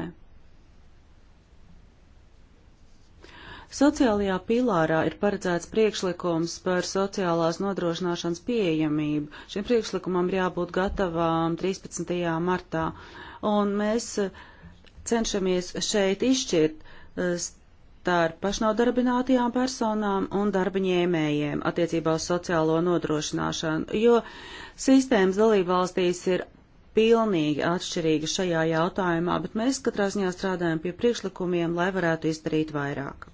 Sociālajā pilārā ir paredzēts priekšlikums par sociālās nodrošināšanas pieejamību. Šim priekšlikumam ir jābūt gatavām 13. martā, un mēs cenšamies šeit izšķirt eh, starp pašnodarbinātajām personām un darbaņēmējiem attiecībā uz sociālo nodrošināšanu, jo sistēmas dalībvalstīs ir pilnīgi atšķirīga šajā jautājumā, bet mēs katrā ziņā strādājam pie priekšlikumiem, lai varētu izdarīt vairāk.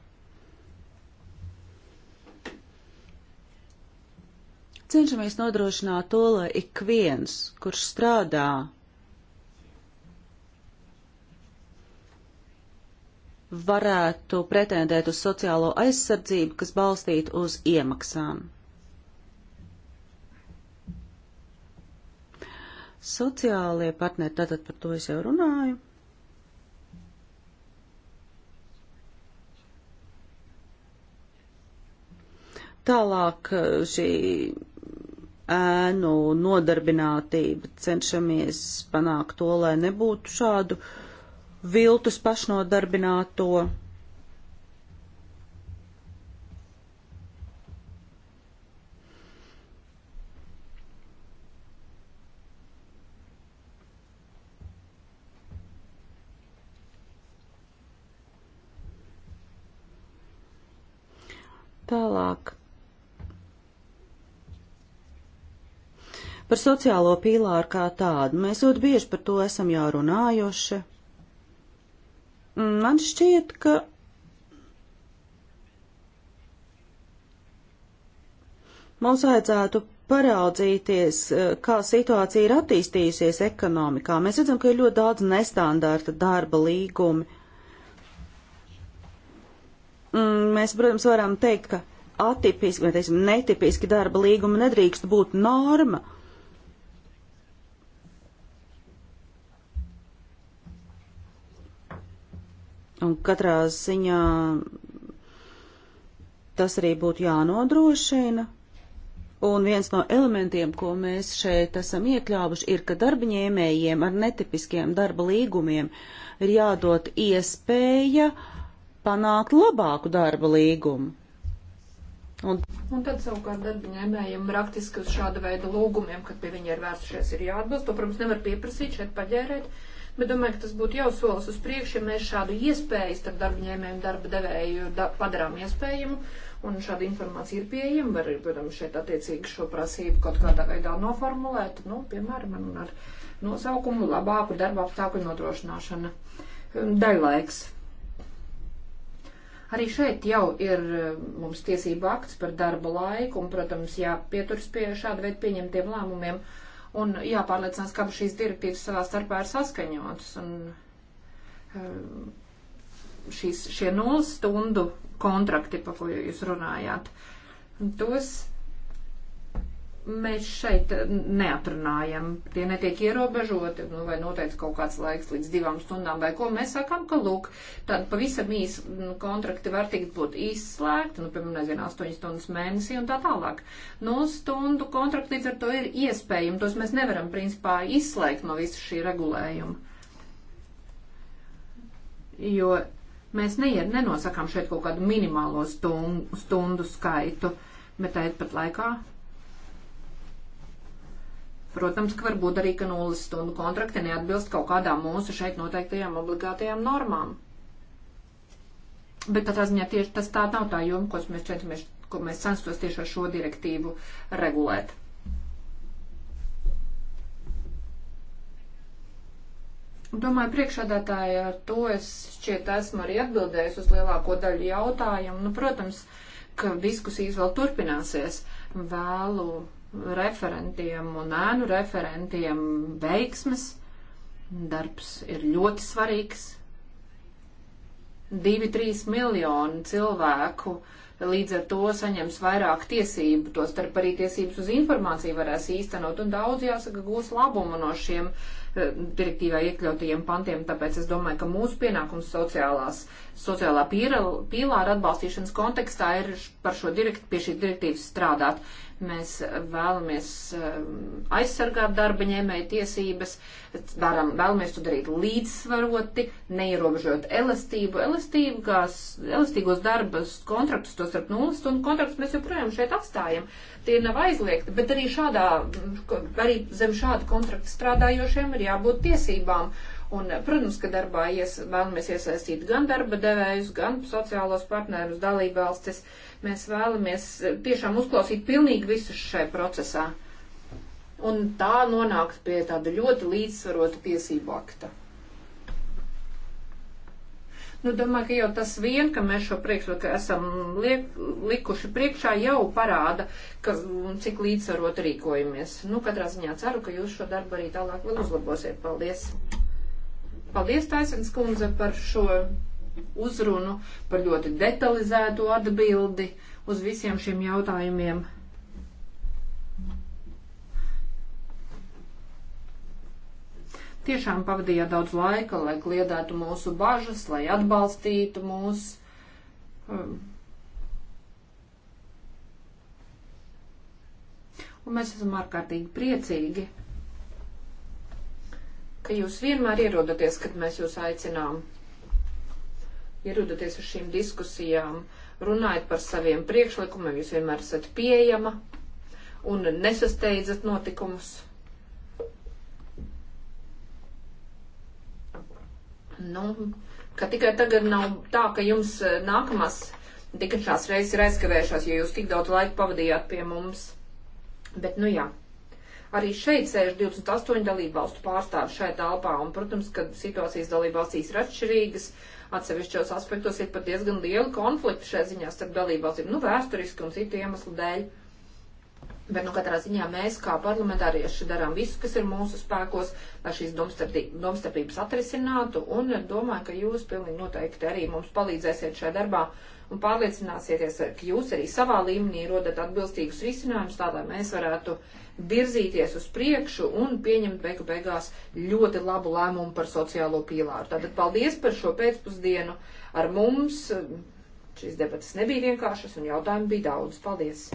Cenšamies nodrošināt to, lai ik viens, kurš strādā varētu pretendēt uz sociālo aizsardzību, kas balstītu uz iemaksām. Sociālie partneri, tātad par to es jau runāju. Tālāk eh, šī ēnu nodarbinātība cenšamies panākt to, lai nebūtu šādu uh, viltus pašnodarbināto. Tālāk. Par sociālo pīlāru kā tādu mēs ļoti bieži par to esam jau runājuši. Man šķiet, ka mums vajadzētu paraudzīties, eh, kā situācija ir attīstījusies ekonomikā. Mēs redzam, ka ir ļoti daudz nestandarta darba līgumi. Mm, mēs, protams, varam teikt, ka atipiski vai, teiksim, netipiski darba līguma nedrīkst būt norma. Un katrā ziņā tas arī būtu jānodrošina. Un viens no elementiem, ko mēs šeit esam iekļāvuši, ir, ka darbaņēmējiem ar netipiskiem darba līgumiem ir jādod iespēja panākt labāku darba līgumu. Un, un tad savukārt darbaņēmējiem praktiski uz šāda veida lūgumiem, kad pie viņiem ir vērsušies, ir jāatbilst. To, protams, nevar pieprasīt šeit paģērēt bet domāju, ka tas būtu jau solis uz priekšu, ja mēs šādu iespēju starp darbaņēmēju un darba devēju da padarām iespējumu, un šāda informācija ir pieejama, var, protams, šeit attiecīgi šo prasību kaut kādā veidā noformulēt, nu, piemēram, ar nosaukumu labāku darba apstākļu nodrošināšana. Daļlaiks. Arī šeit jau ir um, mums tiesība akts par darba laiku, un, protams, jāpieturas pie šāda veida pieņemtiem lēmumiem. Uh, un jāpārliecinās, ka šīs direktīvas savā starpā ir saskaņotas. Un eh, šīs, šie nulles stundu kontrakti, pa ko jūs runājāt, tos mēs šeit neatrunājam, tie netiek ierobežoti, nu, vai noteikti kaut kāds laiks līdz divām stundām, vai ko mēs sakām, ka, lūk, tad pavisam īsi nu, kontrakti var tikt būt izslēgti, nu, piemēram, nezinu, 8 stundas mēnesī un tā tālāk. Nu, stundu kontrakti līdz ar to ir iespējami, tos mēs nevaram, principā, izslēgt no visu šī regulējuma. Jo mēs neier, nenosakām šeit kaut kādu minimālo stundu, stundu skaitu, bet tāpat laikā Protams, ka varbūt arī, ka nulles stundu kontrakti neatbilst kaut kādām mūsu šeit noteiktajām obligātajām normām. Bet katrā ziņā tieši tas tā nav tā joma, ko mēs centamies, ko mēs censtos tieši ar šo direktīvu regulēt. Domāju, priekšādātāji, ar to es šķiet esmu arī atbildējis uz lielāko daļu jautājumu. Nu, protams, ka diskusijas vēl turpināsies. Vēlu referentiem un ēnu referentiem veiksmes. Darbs ir ļoti svarīgs. 2-3 miljoni cilvēku līdz ar to saņems vairāk tiesību, to starp arī tiesības uz informāciju varēs īstenot, un daudz jāsaka gūs labumu no šiem eh, direktīvā iekļautajiem pantiem, tāpēc es domāju, ka mūsu pienākums sociālās, sociālā pīlāra atbalstīšanas kontekstā ir par šo direkt, pie šīs direktīvas strādāt. Mēs eh, vēlamies eh, aizsargāt darba ņēmēju tiesības, varam, vēlamies to darīt līdzsvaroti, neierobežot elastību. Elastīgās, elastīgos darbas kontraktus, tos starp nulles stundu kontraktus mēs joprojām šeit atstājam. Tie nav aizliegti, bet arī šādā, arī zem šāda kontrakta strādājošiem ir jābūt tiesībām. Un, protams, ka darbā ies, vēlamies iesaistīt gan darba devējus, gan sociālos partnerus dalībvalstis. Mēs vēlamies eh, tiešām uzklausīt pilnīgi visus šai procesā. Un tā nonākt pie tāda ļoti līdzsvarota tiesību akta. Nu, domāju, ka jau tas vien, ka mēs šo priekšliku esam liek, likuši priekšā, jau parāda, ka, cik līdzsvarot rīkojamies. Nu, katrā ziņā ceru, ka jūs šo darbu arī tālāk vēl uzlabosiet. Paldies! Paldies, Taisens kundze, par šo uzrunu, par ļoti detalizētu atbildi uz visiem šiem jautājumiem. Tiešām pavadījāt daudz laika, lai kliedētu mūsu bažas, lai atbalstītu mūs. Um, Un mēs esam ārkārtīgi priecīgi, ka jūs vienmēr ierodaties, kad mēs jūs aicinām ieradoties uz šīm diskusijām, runājat par saviem priekšlikumiem, jūs vienmēr esat pieejama un nesasteidzat notikumus. Nu, ka tikai tagad nav tā, ka jums eh, nākamās tikšanās reizes ir aizkavējušās, jo jūs tik daudz laika pavadījāt pie mums. Bet, nu jā, arī šeit sēž 28 dalībvalstu pārstāvi šai telpā, un, protams, ka situācijas dalībvalstīs ir atšķirīgas. Uh, Atsevišķos aspektos ir pat diezgan liela konflikta šai ziņā starp dalībvalstīm, nu, vēsturiski un citu iemeslu dēļ. Bet, nu, katrā ziņā mēs, kā parlamentārieši, darām visu, kas ir mūsu spēkos, lai šīs domstarpības atrisinātu, un domāju, ka jūs pilnīgi noteikti arī mums palīdzēsiet šajā darbā un pārliecināsieties, ka jūs arī savā līmenī rodat atbilstīgus risinājumus, tā lai mēs varētu uh, virzīties uz priekšu un pieņemt beigu beigās ļoti labu lēmumu par sociālo pīlāru. Tātad paldies par šo pēcpusdienu ar mums. Šīs debatas nebija vienkāršas un jautājumu bija daudz. Paldies!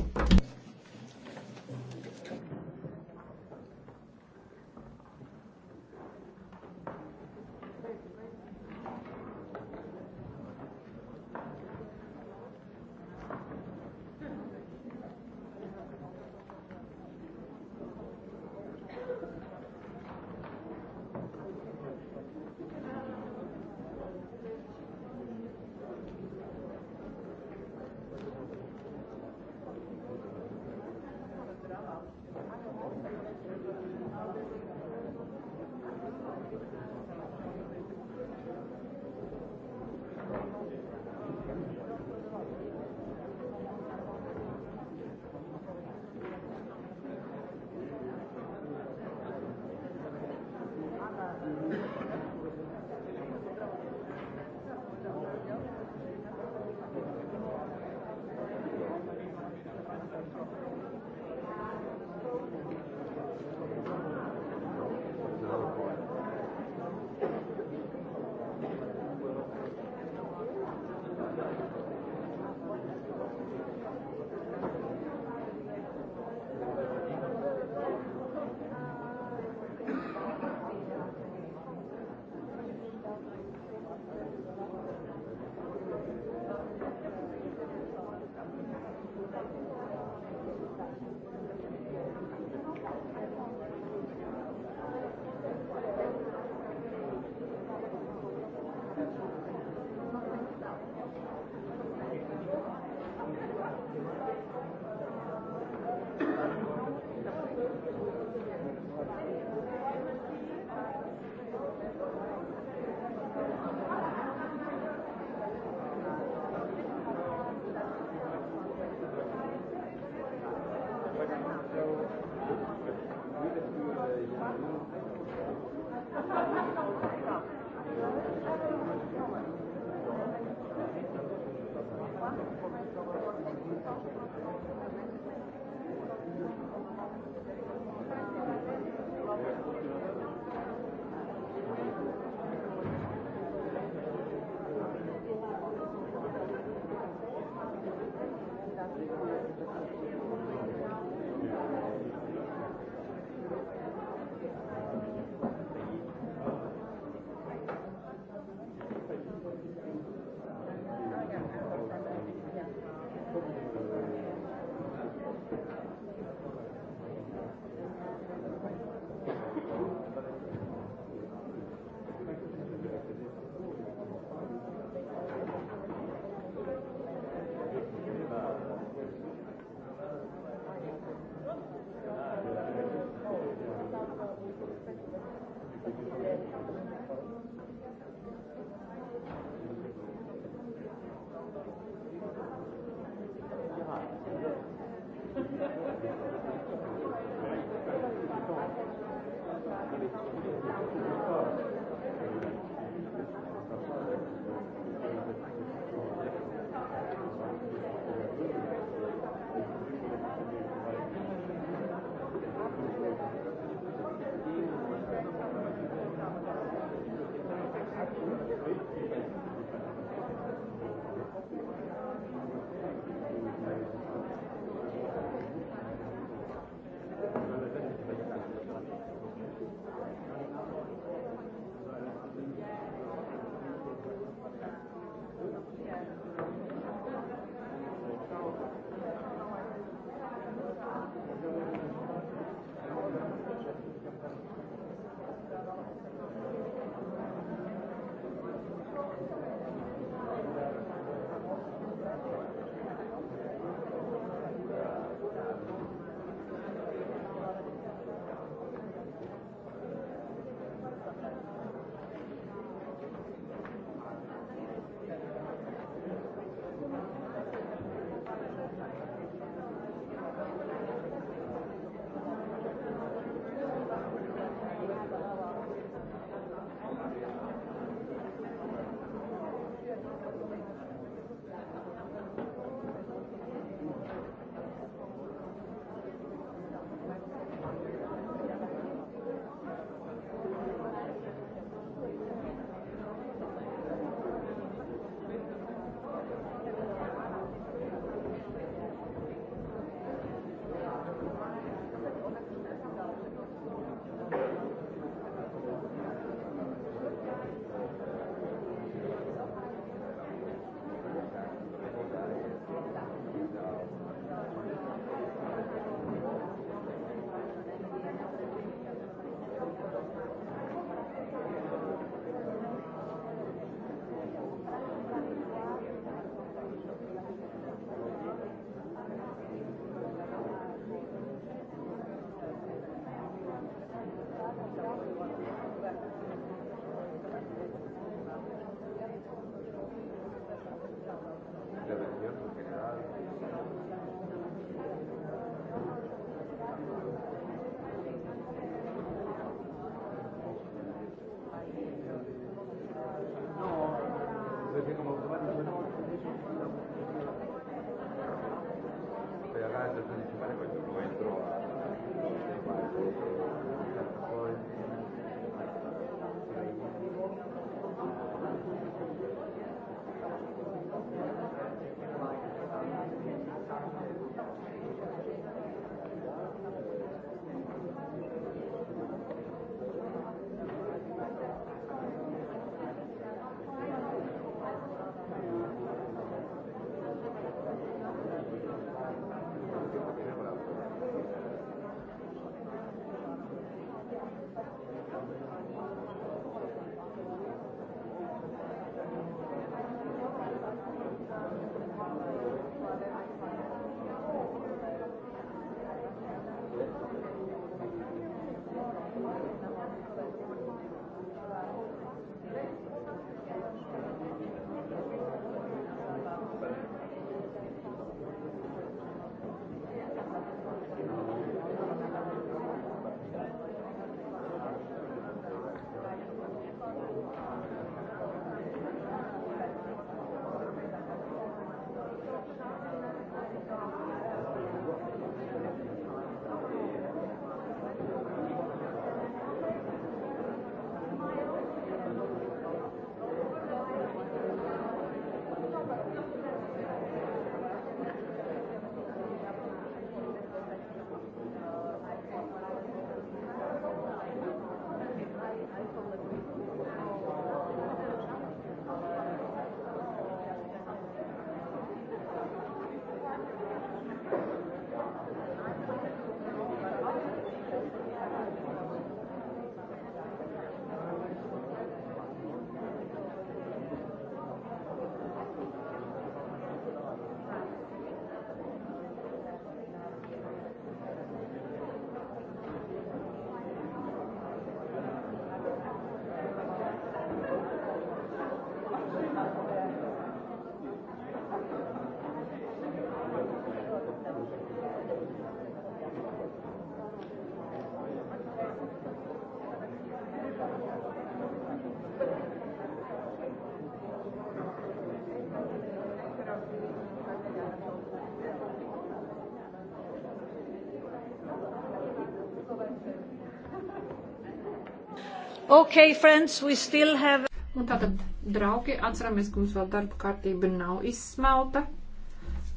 Okay, friends, we still have. Un tātad, draugi, atceramies, ka mums vēl darba kārtība nav izsmelta.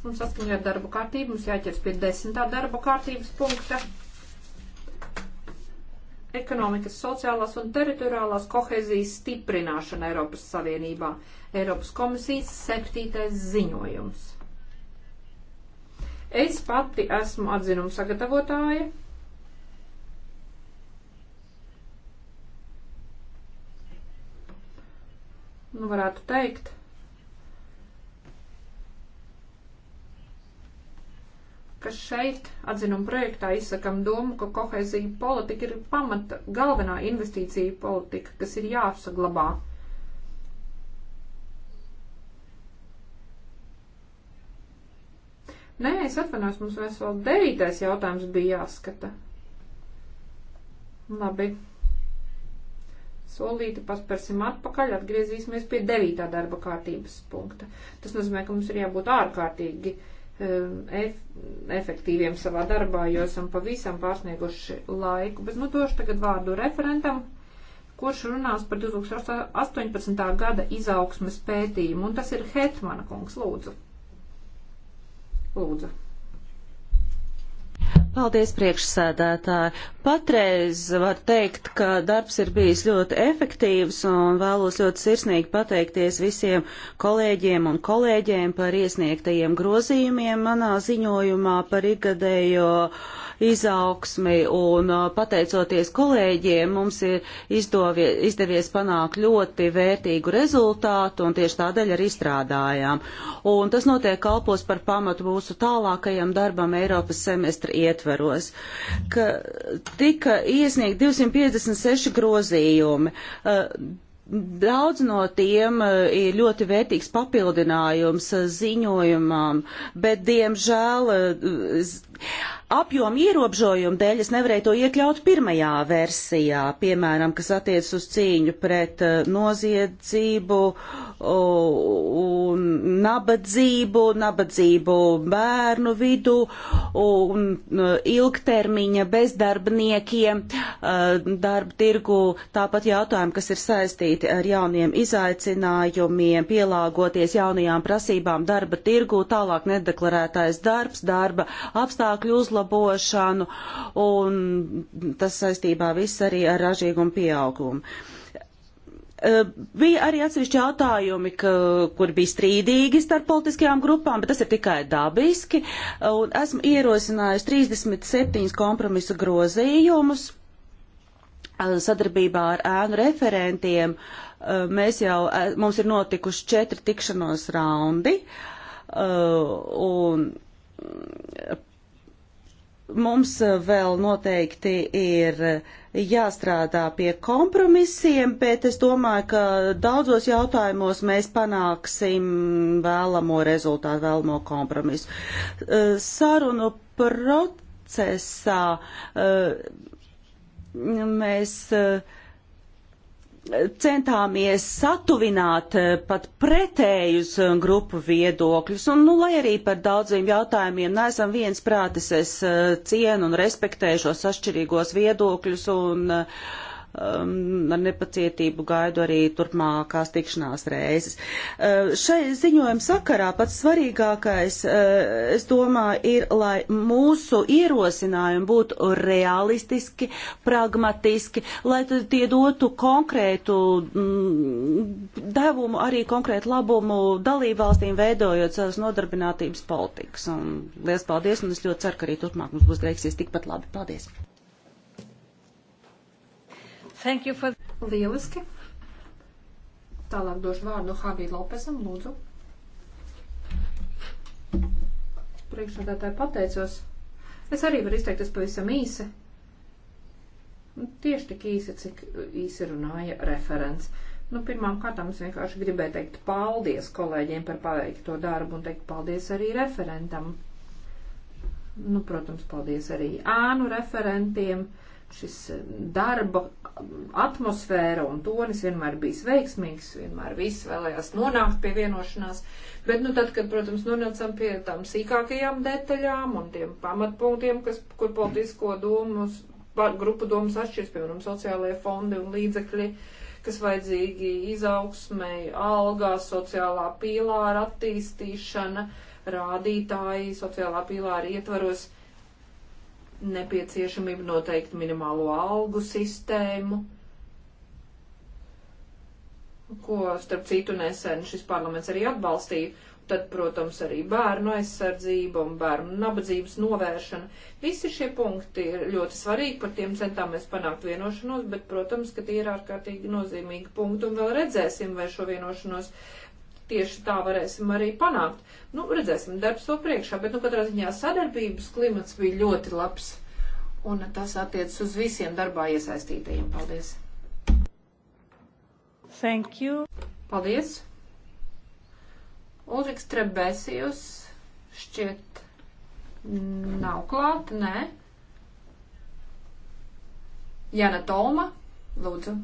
Mums atskaņā darba kārtība, mums jāķers pie desmitā darba kārtības punkta. Ekonomikas, sociālās un teritoriālās kohezijas stiprināšana Eiropas Savienībā. Eiropas komisijas septītais ziņojums. Es pati esmu atzinuma sagatavotāja šeit atzinuma projektā izsakam domu, ka kohēzija politika ir pamata galvenā investīcija politika, kas ir jāsaglabā. Nē, es atvainojos, mums vēl devītais jautājums bija jāskata. Labi. Solīti paspērsim atpakaļ, atgriezīsimies pie devītā darba kārtības punkta. Tas nozīmē, ka mums ir jābūt ārkārtīgi uh, Eh, efektīviem savā darbā, jo esam pavisam pārsnieguši laiku. Bet nu došu tagad vārdu referentam, kurš runās par 2018. gada izaugsmes pētījumu, un tas ir Hetmana kungs, lūdzu. Lūdzu. Paldies, priekšsēdētāji. Patreiz var teikt, ka darbs ir bijis ļoti efektīvs un vēlos ļoti sirsnīgi pateikties visiem kolēģiem un kolēģiem par iesniegtajiem grozījumiem manā ziņojumā par ikgadējo uh, izaugsmi un pateicoties kolēģiem mums ir izdovie, izdevies panākt ļoti vērtīgu rezultātu un tieši tādēļ arī strādājām. Un tas notiek kalpos par pamatu mūsu tālākajam darbam Eiropas semestra ietveros, ka tika iesniegt 256 grozījumi. Daudz no tiem ir ļoti vērtīgs papildinājums ziņojumam, bet, diemžēl, Apjoma ierobežojumu dēļ es nevarēju to iekļaut pirmajā versijā, piemēram, kas attiec uz cīņu pret eh, noziedzību un nabadzību, nabadzību bērnu vidu un eh, ilgtermiņa bezdarbniekiem, eh, darba tirgu, tāpat jautājumi, kas ir saistīti ar jauniem izaicinājumiem, pielāgoties jaunajām prasībām darba tirgu, tālāk nedeklarētais darbs, darba apstākļi apstākļu uzlabošanu, un tas saistībā viss arī ar ražīgumu pieaugumu. E, bija arī atsevišķi jautājumi, ka, kur bija strīdīgi starp politiskajām grupām, bet tas ir tikai dabiski. Un esmu ierosinājusi 37 kompromisu grozījumus e, sadarbībā ar ēnu referentiem. E, mēs jau, mums ir notikuši četri tikšanos raundi. Un mums eh, vēl noteikti ir jāstrādā pie kompromisiem, bet es domāju, ka daudzos jautājumos mēs panāksim vēlamo rezultātu, vēlamo kompromisu. Eh, sarunu procesā eh, mēs centāmies satuvināt eh, pat pretējus eh, grupu viedokļus, un, nu, lai arī par daudziem jautājumiem neesam viens prātis, es eh, cienu un respektēju šos atšķirīgos viedokļus, un uh, um, ar nepacietību gaidu arī turpmākās tikšanās reizes. Uh, šai ziņojuma sakarā pats svarīgākais, uh, es domāju, ir, lai mūsu ierosinājumi būtu realistiski, pragmatiski, lai tie dotu konkrētu mm, devumu, arī konkrētu labumu dalībvalstīm veidojot savas nodarbinātības politikas. Un liels paldies, un es ļoti ceru, ka arī turpmāk mums būs grēksies tikpat labi. Paldies! Thank you for... Lieliski. Tālāk došu vārdu Havī Lopezam, lūdzu. Priekšādātāji pateicos. Es arī varu izteikties pavisam īsi. Nu, tieši tik īsi, cik īsi runāja referents. Nu, pirmām kārtām es vienkārši gribēju teikt paldies kolēģiem par paveikto darbu un teikt paldies arī referentam. Nu, protams, paldies arī ānu referentiem. Šis darba atmosfēra un tonis vienmēr bijis veiksmīgs, vienmēr viss vēlējās nonākt pie vienošanās, bet, nu, tad, kad, protams, nonācām pie tām sīkākajām detaļām un tiem pamatpunktiem, kas, kur politisko domus, grupu domas atšķirs, piemēram, sociālajie fondi un līdzekļi, kas vajadzīgi izaugsmai, algā, sociālā pīlāra attīstīšana, rādītāji sociālā pīlāra ietvaros. Uh, nepieciešamību noteikt minimālo algu sistēmu, ko, starp citu, nesen šis parlaments arī atbalstīja. Tad, protams, arī bērnu aizsardzība un bērnu nabadzības novēršana. Visi šie punkti ir ļoti svarīgi, par tiem centāmies panākt vienošanos, bet, protams, ka tie ir ārkārtīgi nozīmīgi punkti un vēl redzēsim, vai šo vienošanos tieši tā varēsim arī panākt. Nu, redzēsim, darbs to priekšā, bet, nu, katrā ziņā sadarbības klimats bija ļoti labs, un tas attiec uz visiem darbā iesaistītajiem. Paldies! Thank you! Paldies! Ulriks Trebesijus šķiet nav klāt, nē. Jana Tolma, lūdzu.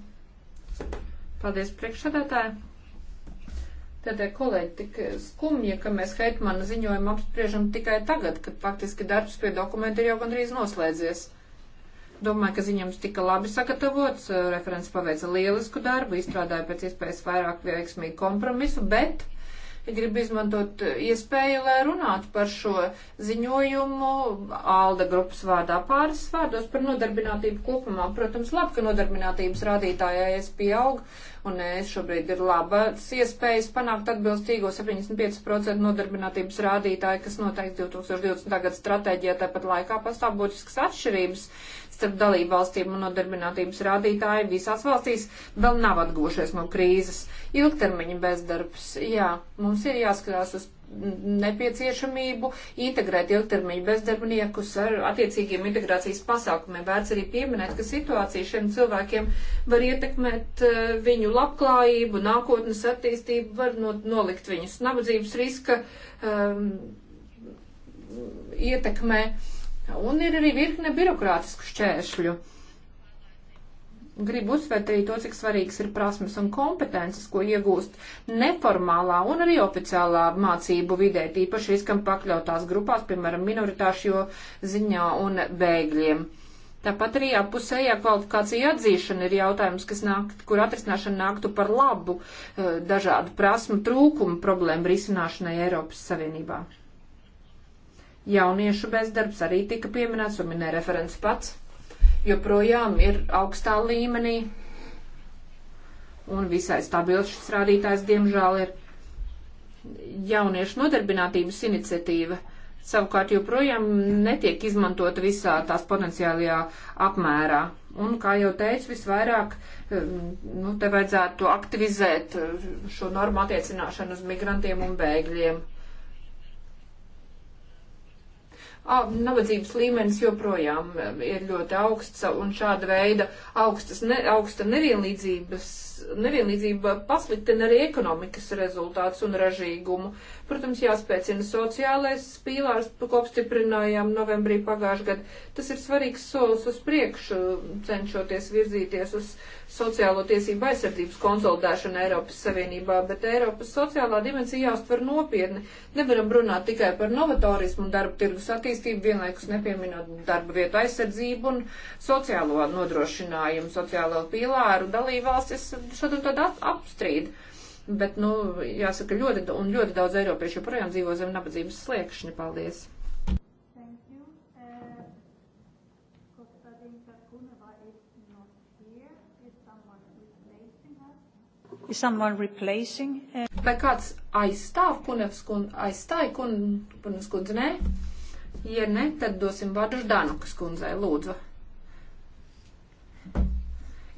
Paldies priekšsēdētāji. Tādēļ, kolēģi, tik skumji, ka mēs Heitmana ziņojumu apspriežam tikai tagad, kad faktiski darbs pie dokumenta ir jau gandrīz noslēdzies. Domāju, ka ziņojums tika labi sagatavots, referents paveica lielisku darbu, izstrādāja pēc iespējas vairāk veiksmīgu kompromisu, bet Gribu izmantot uh, iespēju, lai runātu par šo ziņojumu ALDE grupas vārdā pāris vārdos par nodarbinātību kopumā. Protams, labi, ka nodarbinātības rādītājā es pieaug, un es šobrīd ir labas iespējas panākt atbilstīgo 75% nodarbinātības rādītāju, kas noteikti 2020. gada stratēģijā tāpat laikā pastāv būtiskas atšķirības starp dalību valstīm un nodarbinātības rādītāji visās valstīs vēl nav atguvušies no krīzes. Ilgtermiņa bezdarbs, jā, mums ir jāskatās uz nepieciešamību integrēt ilgtermiņu bezdarbniekus ar attiecīgiem integrācijas pasākumiem. Vērts arī pieminēt, ka situācija šiem cilvēkiem var ietekmēt eh, viņu labklājību, nākotnes attīstību, var no, nolikt viņus nabadzības riska um, ietekmē. Uh, Un ir arī virkne birokrātisku šķēršļu. Gribu uzsvērt arī to, cik svarīgs ir prasmes un kompetences, ko iegūst neformālā un arī oficiālā mācību vidē, tīpaši riskam pakļautās grupās, piemēram, minoritāšu ziņā un bēgļiem. Tāpat arī apusējā kvalifikācija atzīšana ir jautājums, kas nāk, kur atrisināšana nāktu par labu eh, dažādu prasmu trūkumu problēmu risināšanai Eiropas Savienībā. Jauniešu bezdarbs arī tika pieminēts un minē referents pats, joprojām ir augstā līmenī un visai stabils šis rādītājs, diemžēl, ir jauniešu nodarbinātības iniciatīva. Savukārt joprojām netiek izmantota visā tās potenciālajā apmērā. Un, kā jau teicu, visvairāk eh, nu, te vajadzētu aktivizēt eh, šo normu attiecināšanu uz migrantiem un bēgļiem nabadzības līmenis joprojām eh, ir ļoti augsts, un šāda veida augstas, ne, augsta nevienlīdzības nevienlīdzība pasliktina arī ekonomikas rezultātus un ražīgumu. Protams, jāspēcina sociālais pīlārs, ko apstiprinājām novembrī pagājušajā gadā. Tas ir svarīgs solis uz priekšu, cenšoties virzīties uz sociālo tiesību aizsardzības konsolidēšanu Eiropas Savienībā, bet Eiropas sociālā dimensija jāuztver nopietni. Nevaram runāt tikai par novatorismu un darba tirgus attīstību, vienlaikus nepieminot darba vietu aizsardzību un sociālo nodrošinājumu, sociālo pīlāru dalībvalstis šodien to apstrīd. Bet, nu, jāsaka, ļoti, un ļoti daudz eiropiešu joprojām dzīvo zem nabadzības sliekšņa. Paldies! Eh? Vai kāds aizstāv Kunevs kundzi, aizstāja Kunevs kundzi, nē? Ja ne, tad dosim vārdu Ždanukas kundzei, lūdzu.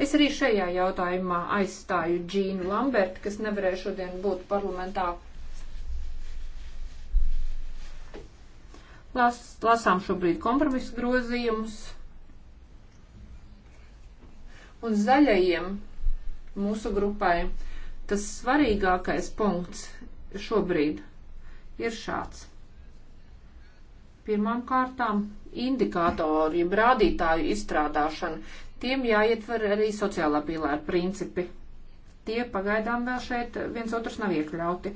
Es arī šajā jautājumā aizstāju Džīnu Lambertu, kas nevarēja šodien būt parlamentā. Las, lasām šobrīd kompromisu grozījumus. Un zaļajiem mūsu grupai tas svarīgākais punkts šobrīd ir šāds. Pirmām kārtām indikātori, jeb rādītāju izstrādāšana. Tiem jāietver arī sociālā pilāra principi. Tie pagaidām vēl šeit viens otrs nav iekļauti.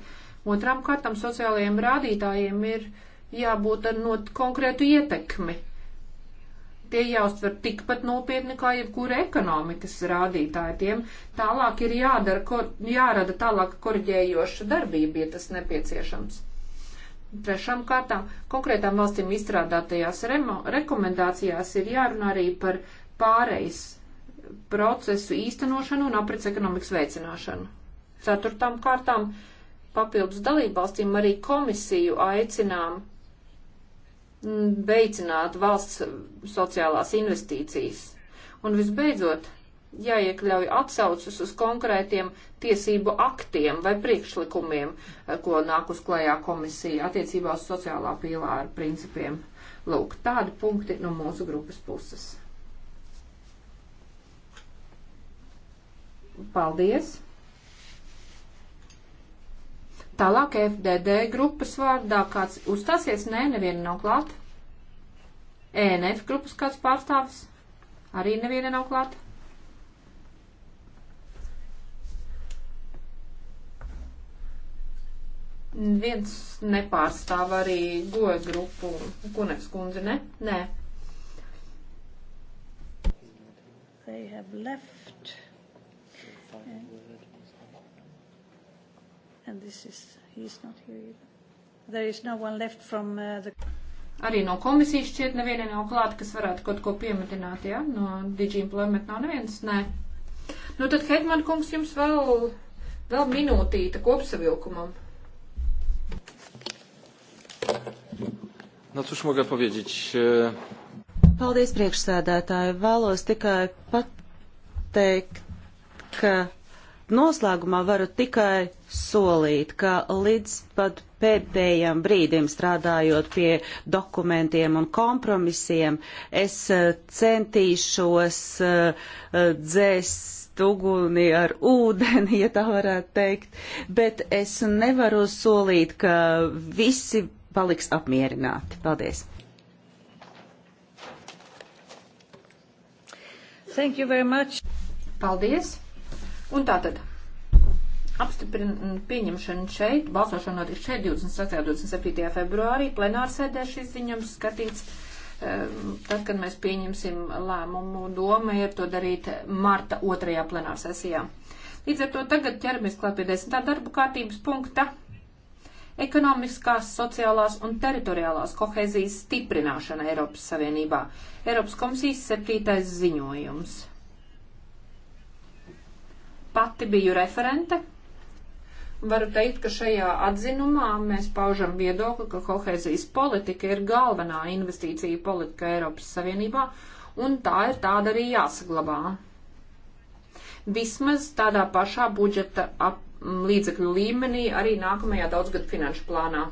Otrām kārtām sociālajiem rādītājiem ir jābūt ar not konkrētu ietekmi. Tie jāuztver tikpat nopietni kā jebkura ekonomikas rādītāja. Tiem tālāk ir jādara, ko, jārada tālāk korģējoša darbība, ja tas nepieciešams. Trešām kārtām konkrētām valstīm izstrādātajās remo, rekomendācijās ir jārunā arī par pārejas procesu īstenošanu un aprits ekonomikas veicināšanu. Ceturtām kārtām papildus dalībvalstīm arī komisiju aicinām mm, veicināt valsts sociālās investīcijas. Un visbeidzot, jāiekļauj atsaucas uz konkrētiem tiesību aktiem vai priekšlikumiem, ko nāk uz klajā komisija attiecībā uz sociālā pīlāra principiem. Lūk, tādi punkti no mūsu grupas puses. Paldies! Tālāk FDD grupas vārdā kāds uzstāsies? Nē, neviena nav klāt. ENF grupas kāds pārstāvis? Arī neviena nav klāt. Viens nepārstāv arī goja grupu. Kuneks kundze, ne? Nē. They have left. and this is, he is not here either. There is no one left from uh, the... Arī no komisijas šķiet neviena nav klāta, kas varētu kaut ko piemetināt, jā? Ja? No DigiEmployment nav neviens? Nē. Nu tad, Hetman kungs, jums vēl, vēl minūtīta kopsavilkumam. No cóż mogę powiedzieć? E, Paldies, priekšsēdētāji. Vēlos tikai pateikt, ka Noslēgumā varu tikai solīt, ka līdz pat pēdējiem brīdim strādājot pie dokumentiem un kompromisiem, es eh, centīšos eh, dzēst uguni ar ūdeni, ja tā varētu teikt, bet es nevaru solīt, ka visi paliks apmierināti. Paldies! Thank you very much. Paldies! Un tātad apstiprina mm, pieņemšanu šeit, balsošana notiks šeit 26. un 27. februārī, plenārsēdē šis ziņojums skatīts. Ehm, tad, kad mēs pieņemsim lēmumu, doma ir to darīt marta otrajā plenārsesijā. Līdz ar to tagad ķeramies klāt pie desmitā darba kārtības punkta - ekonomiskās, sociālās un teritoriālās kohēzijas stiprināšana Eiropas Savienībā. Eiropas komisijas septītais ziņojums pati biju referente. Varu teikt, ka šajā atzinumā mēs paužam viedokli, ka kohēzijas politika ir galvenā investīcija politika Eiropas Savienībā, un tā ir tāda arī jāsaglabā. Vismaz tādā pašā budžeta ap, līdzekļu līmenī arī nākamajā daudzgadu finanšu plānā.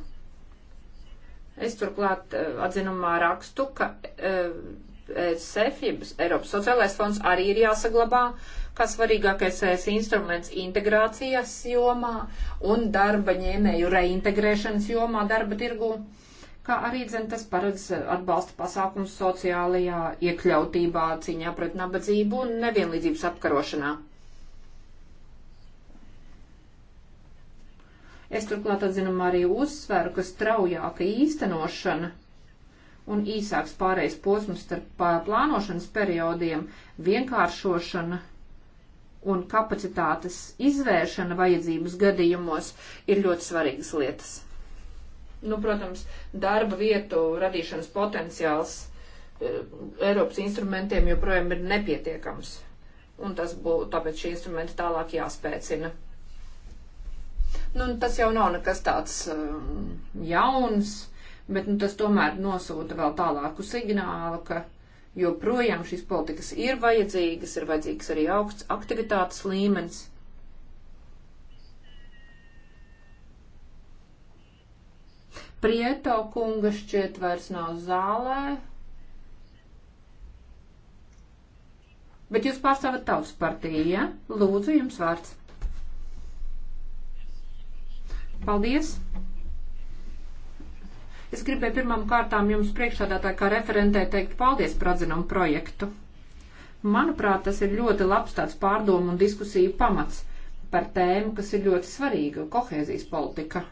Es turklāt eh, atzinumā rakstu, ka. Uh, SEFIBS, Eiropas sociālais fonds, arī ir jāsaglabā, kā svarīgākais ES instruments integrācijas jomā un darba ņēmēju reintegrēšanas jomā darba tirgu, kā arī dzen tas paredz eh, atbalsta pasākums sociālajā iekļautībā, cīņā pret nabadzību un nevienlīdzības apkarošanā. Es turklāt atzinumā arī uzsveru, ka straujāka īstenošana un īsāks pārējais posms starp plānošanas periodiem, vienkāršošana un kapacitātes izvēršana vajadzības gadījumos ir ļoti svarīgas lietas. Nu, protams, darba vietu radīšanas potenciāls e, Eiropas instrumentiem joprojām ir nepietiekams. Un tas būtu, tāpēc šie instrumenti tālāk jāspēcina. Nu, tas jau nav nekas tāds um, jauns bet nu, tas tomēr nosūta vēl tālāku signālu, ka joprojām šīs politikas ir vajadzīgas, ir vajadzīgs arī augsts aktivitātes līmenis. Prieto kunga šķiet vairs nav zālē. Bet jūs pārstāvat tautas partiju, ja? Lūdzu, jums vārds. Paldies! Es gribēju pirmām kārtām jums priekšsādātāji kā referentē teikt paldies par atzinumu projektu. Manuprāt, tas ir ļoti labs tāds pārdomu un diskusiju pamats par tēmu, kas ir ļoti svarīga - kohēzijas politika.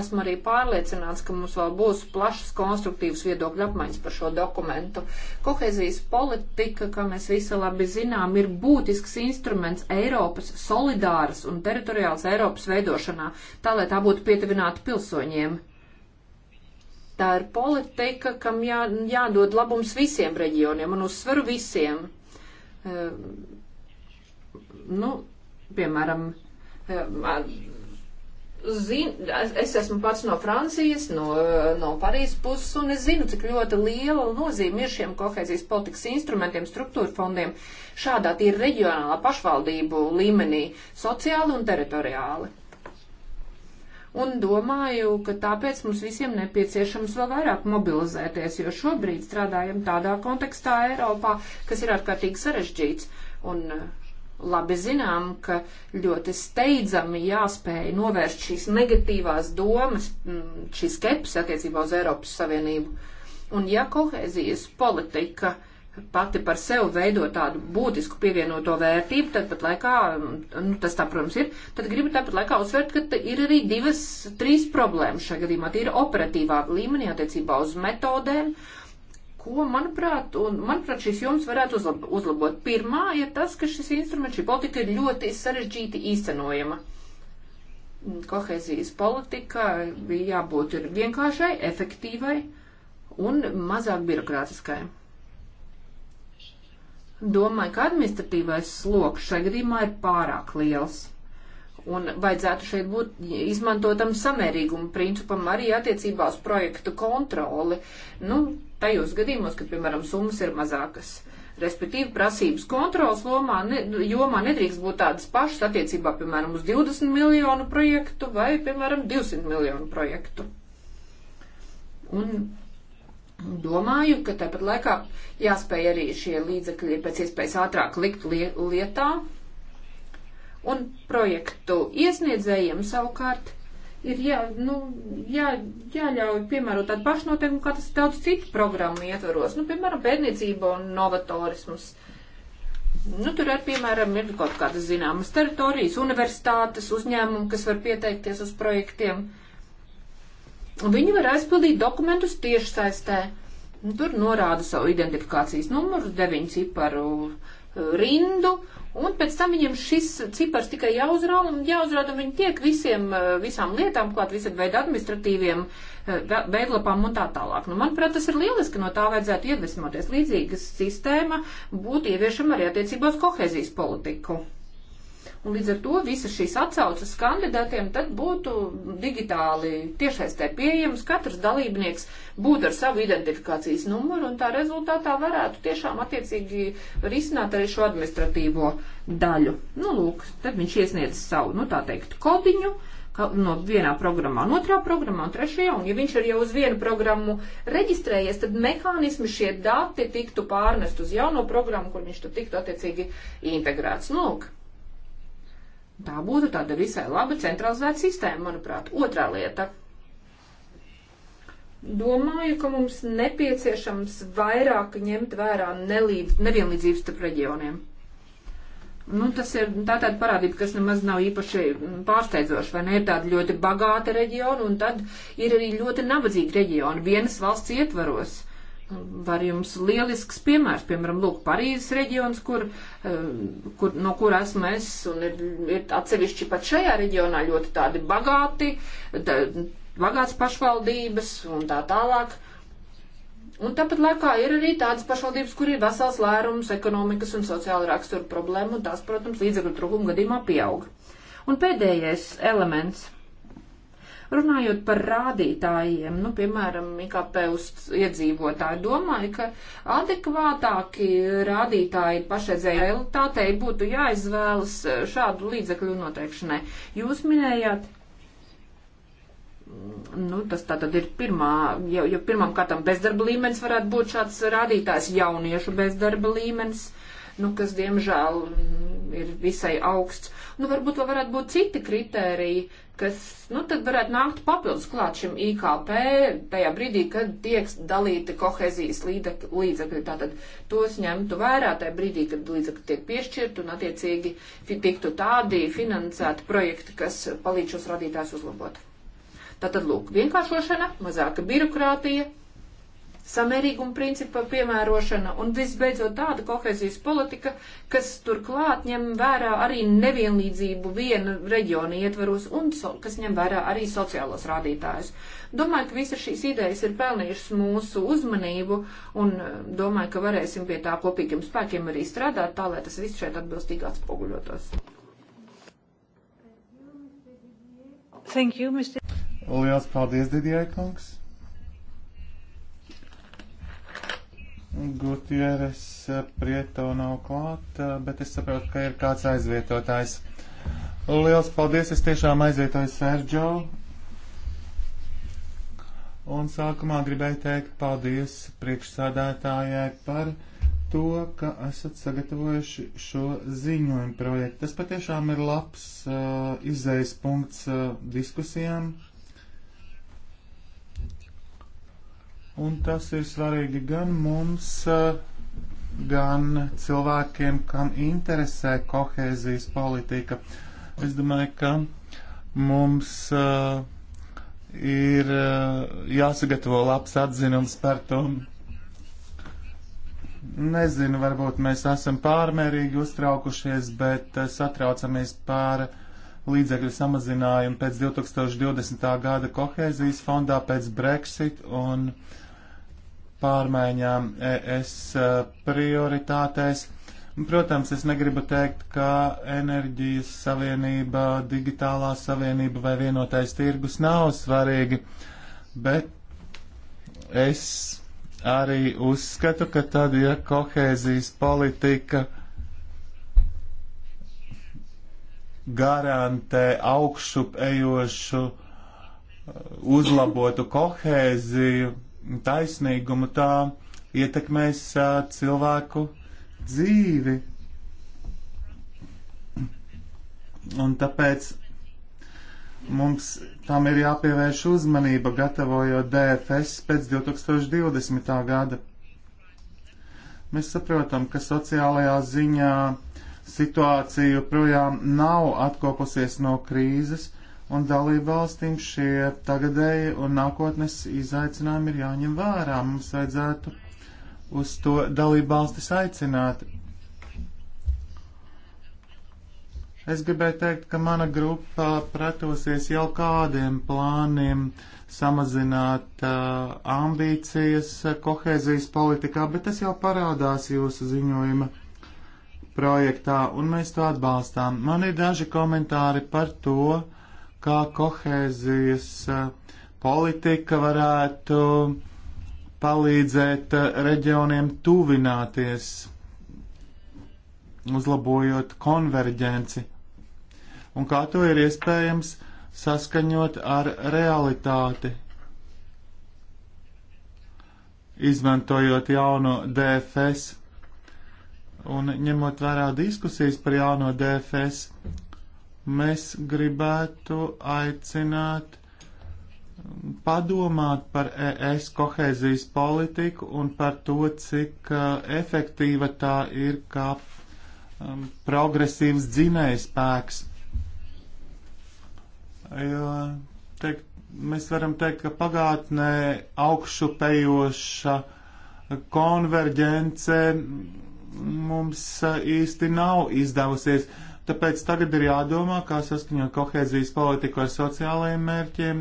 Esmu arī pārliecināts, ka mums vēl būs plašas konstruktīvas viedokļa apmaiņas par šo dokumentu. Kohezijas politika, kā mēs visi labi zinām, ir būtisks instruments Eiropas solidāras un teritoriālas Eiropas veidošanā, tā lai tā būtu pietuvināta pilsoņiem. Tā ir politika, kam jā, jādod labums visiem reģioniem un uzsveru visiem. E, nu, piemēram, e, zin, es esmu pats no Francijas, no, no Parīzes puses, un es zinu, cik ļoti liela nozīme ir šiem kohēzijas politikas instrumentiem, struktūra fondiem šādā tīri reģionālā pašvaldību līmenī, sociāli un teritoriāli un domāju, ka tāpēc mums visiem nepieciešams vēl vairāk mobilizēties, jo šobrīd strādājam tādā kontekstā Eiropā, kas ir ārkārtīgi sarežģīts. Un eh, labi zinām, ka ļoti steidzami jāspēj novērst šīs negatīvās domas, mm, šī skepse attiecībā uz Eiropas Savienību. Un ja kohēzijas politika uh, pati par sevi veido tādu būtisku pievienoto vērtību, tad pat laikā, nu, tas tā, protams, ir, tad gribu tāpat laikā uzsvērt, ka ir arī divas, trīs problēmas šajā gadījumā. Tie ir operatīvā līmenī attiecībā uz metodēm, ko, manuprāt, un, manuprāt, šīs joms varētu uzlab uzlabot. Pirmā ir tas, ka šis instruments, šī politika ir ļoti sarežģīti īstenojama. Kohēzijas politika bija jābūt ir vienkāršai, efektīvai un mazāk birokrātiskai domāju, ka administratīvais sloks šai gadījumā ir pārāk liels. Un vajadzētu šeit būt izmantotam samērīgumu principam arī attiecībā uz projektu kontroli. Nu, tajos gadījumos, kad, piemēram, summas ir mazākas. Respektīvi, prasības kontrolas lomā, ne, jomā nedrīkst būt tādas pašas attiecībā, piemēram, uz 20 miljonu projektu vai, piemēram, 200 miljonu projektu. Un Domāju, ka tāpat laikā jāspēj arī šie līdzekļi pēc iespējas ātrāk likt lietā. Un projektu iesniedzējiem savukārt ir jā, nu, jā, jāļauj piemērot tādu pašnoteikumu, kā tas daudz citu programmu ietvaros. Nu, piemēram, bērniecība un novatorismus. Nu, tur arī, piemēram, ir kaut kādas zināmas teritorijas, universitātes, uzņēmumi, kas var pieteikties uz projektiem. Uh, Viņi var aizpildīt dokumentus tiešsaistē. Tur norāda savu identifikācijas numuru, deviņu ciparu uh, rindu, un pēc tam viņiem šis cipars tikai jāuzrāda, un jāuzrāda, un viņi tiek visiem, uh, visām lietām, klāt visam veidu administratīviem uh, veidlapām un tā tālāk. Nu, manuprāt, tas ir lieliski, no tā vajadzētu iedvesmoties. Līdzīga sistēma būtu ieviešama arī attiecībā uz kohēzijas politiku. Un līdz ar to visas šīs atsaucas kandidātiem tad būtu digitāli tiešaistē pieejams. Katrs dalībnieks būtu ar savu identifikācijas numuru un tā rezultātā varētu tiešām attiecīgi risināt arī šo administratīvo daļu. Nu, lūk, tad viņš iesniedz savu, nu, tā teikt, kodiņu no vienā programmā, no otrā programmā, un trešajā, un ja viņš ir jau uz vienu programmu reģistrējies, tad mehānismi šie dati tiktu pārnest uz jauno programmu, kur viņš tad tiktu attiecīgi integrēts. Nu, lūk, Tā būtu tāda visai laba centralizēta sistēma, manuprāt. Otrā lieta. Domāju, ka mums nepieciešams vairāk ņemt vērā nelīdz, nevienlīdzības starp reģioniem. Nu, tas ir tā tāda parādība, kas nemaz nav īpaši mm, pārsteidzoša, vai ne? Ir tāda ļoti bagāta reģiona, un tad ir arī ļoti nabadzīga reģiona vienas valsts ietvaros. Uh, var jums lielisks piemērs, piemēram, lūk, Parīzes reģions, kur, eh, kur, no kur esmu es, un ir, ir atsevišķi pat šajā reģionā ļoti tādi bagāti, tā, bagāts pašvaldības un tā tālāk. Un tāpat laikā ir arī tādas pašvaldības, kur ir vesels lērums ekonomikas un sociāla rakstura problēma, un tās, protams, līdzekļu trūkuma gadījumā pieaug. Un pēdējais elements Runājot par rādītājiem, nu, piemēram, IKP uz iedzīvotāju, domāju, ka adekvātāki rādītāji pašreizēji realitātei būtu jāizvēlas šādu līdzekļu noteikšanai. Jūs minējāt nu, tas tā tad ir pirmā, jau, jau pirmām kārtām bezdarba līmenis varētu būt šāds rādītājs, jauniešu bezdarba līmenis, nu, kas diemžēl ir visai augsts. Nu, varbūt vēl varētu būt citi kritēriji, kas, nu, tad varētu nākt papildus klāt šim IKP tajā brīdī, kad tiek dalīti kohezijas līdzekļi. Tātad tos ņemtu vērā tajā brīdī, kad līdzekļi tiek piešķirt un, attiecīgi, tiktu tādi finansēti projekti, kas palīdz šos radītājus uzlabot. Tātad, lūk, vienkāršošana, mazāka birokrātija samērīguma principa piemērošana un visbeidzot tāda kohezijas politika, kas turklāt ņem vērā arī nevienlīdzību viena reģiona ietvaros un so, kas ņem vērā arī sociālos rādītājus. Domāju, ka visas šīs idejas ir pelnījušas mūsu uzmanību un eh, domāju, ka varēsim pie tā kopīgiem spēkiem arī strādāt tā, lai tas viss šeit atbilstīgi atspoguļotos. Thank you, Mr. Lielas paldies, Didijai kungs! Gutieres eh, Prieto nav klāt, eh, bet es saprotu, ka ir kāds aizvietotājs. Liels paldies, es tiešām aizvietoju Sergio. Un sākumā gribēju teikt paldies priekšsādātājai par to, ka esat sagatavojuši šo ziņojumu projektu. Tas patiešām ir labs uh, izējas punkts uh, diskusijām Un tas ir svarīgi gan mums, gan cilvēkiem, kam interesē kohēzijas politika. Es domāju, ka mums uh, ir uh, jāsagatavo labs atzinums par to. Nezinu, varbūt mēs esam pārmērīgi uztraukušies, bet uh, satraucamies par līdzekļu samazinājumu pēc 2020. gada kohēzijas fondā, pēc Brexit un uh, pārmaiņām ES eh, prioritātēs. Protams, es negribu teikt, ka enerģijas savienība, digitālā savienība vai vienotais tirgus nav svarīgi, bet es arī uzskatu, ka tad, ja kohēzijas politika garantē augšup ejošu eh, uzlabotu kohēziju, taisnīgumu, tā ietekmēs uh, cilvēku dzīvi. Un tāpēc mums tam ir jāpievērš uzmanība, gatavojot DFS pēc 2020. gada. Mēs saprotam, ka sociālajā ziņā situācija joprojām nav atkopusies no krīzes, un dalību valstīm šie tagadēji un nākotnes izaicinājumi ir jāņem vērā. Mums vajadzētu uz to dalību valstis aicināt. Es gribēju teikt, ka mana grupa pretosies jau kādiem plāniem samazināt uh, ambīcijas kohēzijas politikā, bet tas jau parādās jūsu ziņojuma projektā, un mēs to atbalstām. Man ir daži komentāri par to, kā kohēzijas politika varētu palīdzēt reģioniem tuvināties, uzlabojot konverģenci, un kā to ir iespējams saskaņot ar realitāti, izmantojot jauno DFS un ņemot vērā diskusijas par jauno DFS, mēs gribētu aicināt um, padomāt par ES kohēzijas politiku un par to, cik uh, efektīva tā ir kā um, progresīvs dzinējspēks. Jo, teikt, mēs varam teikt, ka pagātnē augšupejoša konverģence mums uh, īsti nav izdevusies. Uh, Tāpēc tagad ir jādomā, kā saskaņot kohēzijas politiku ar sociālajiem mērķiem,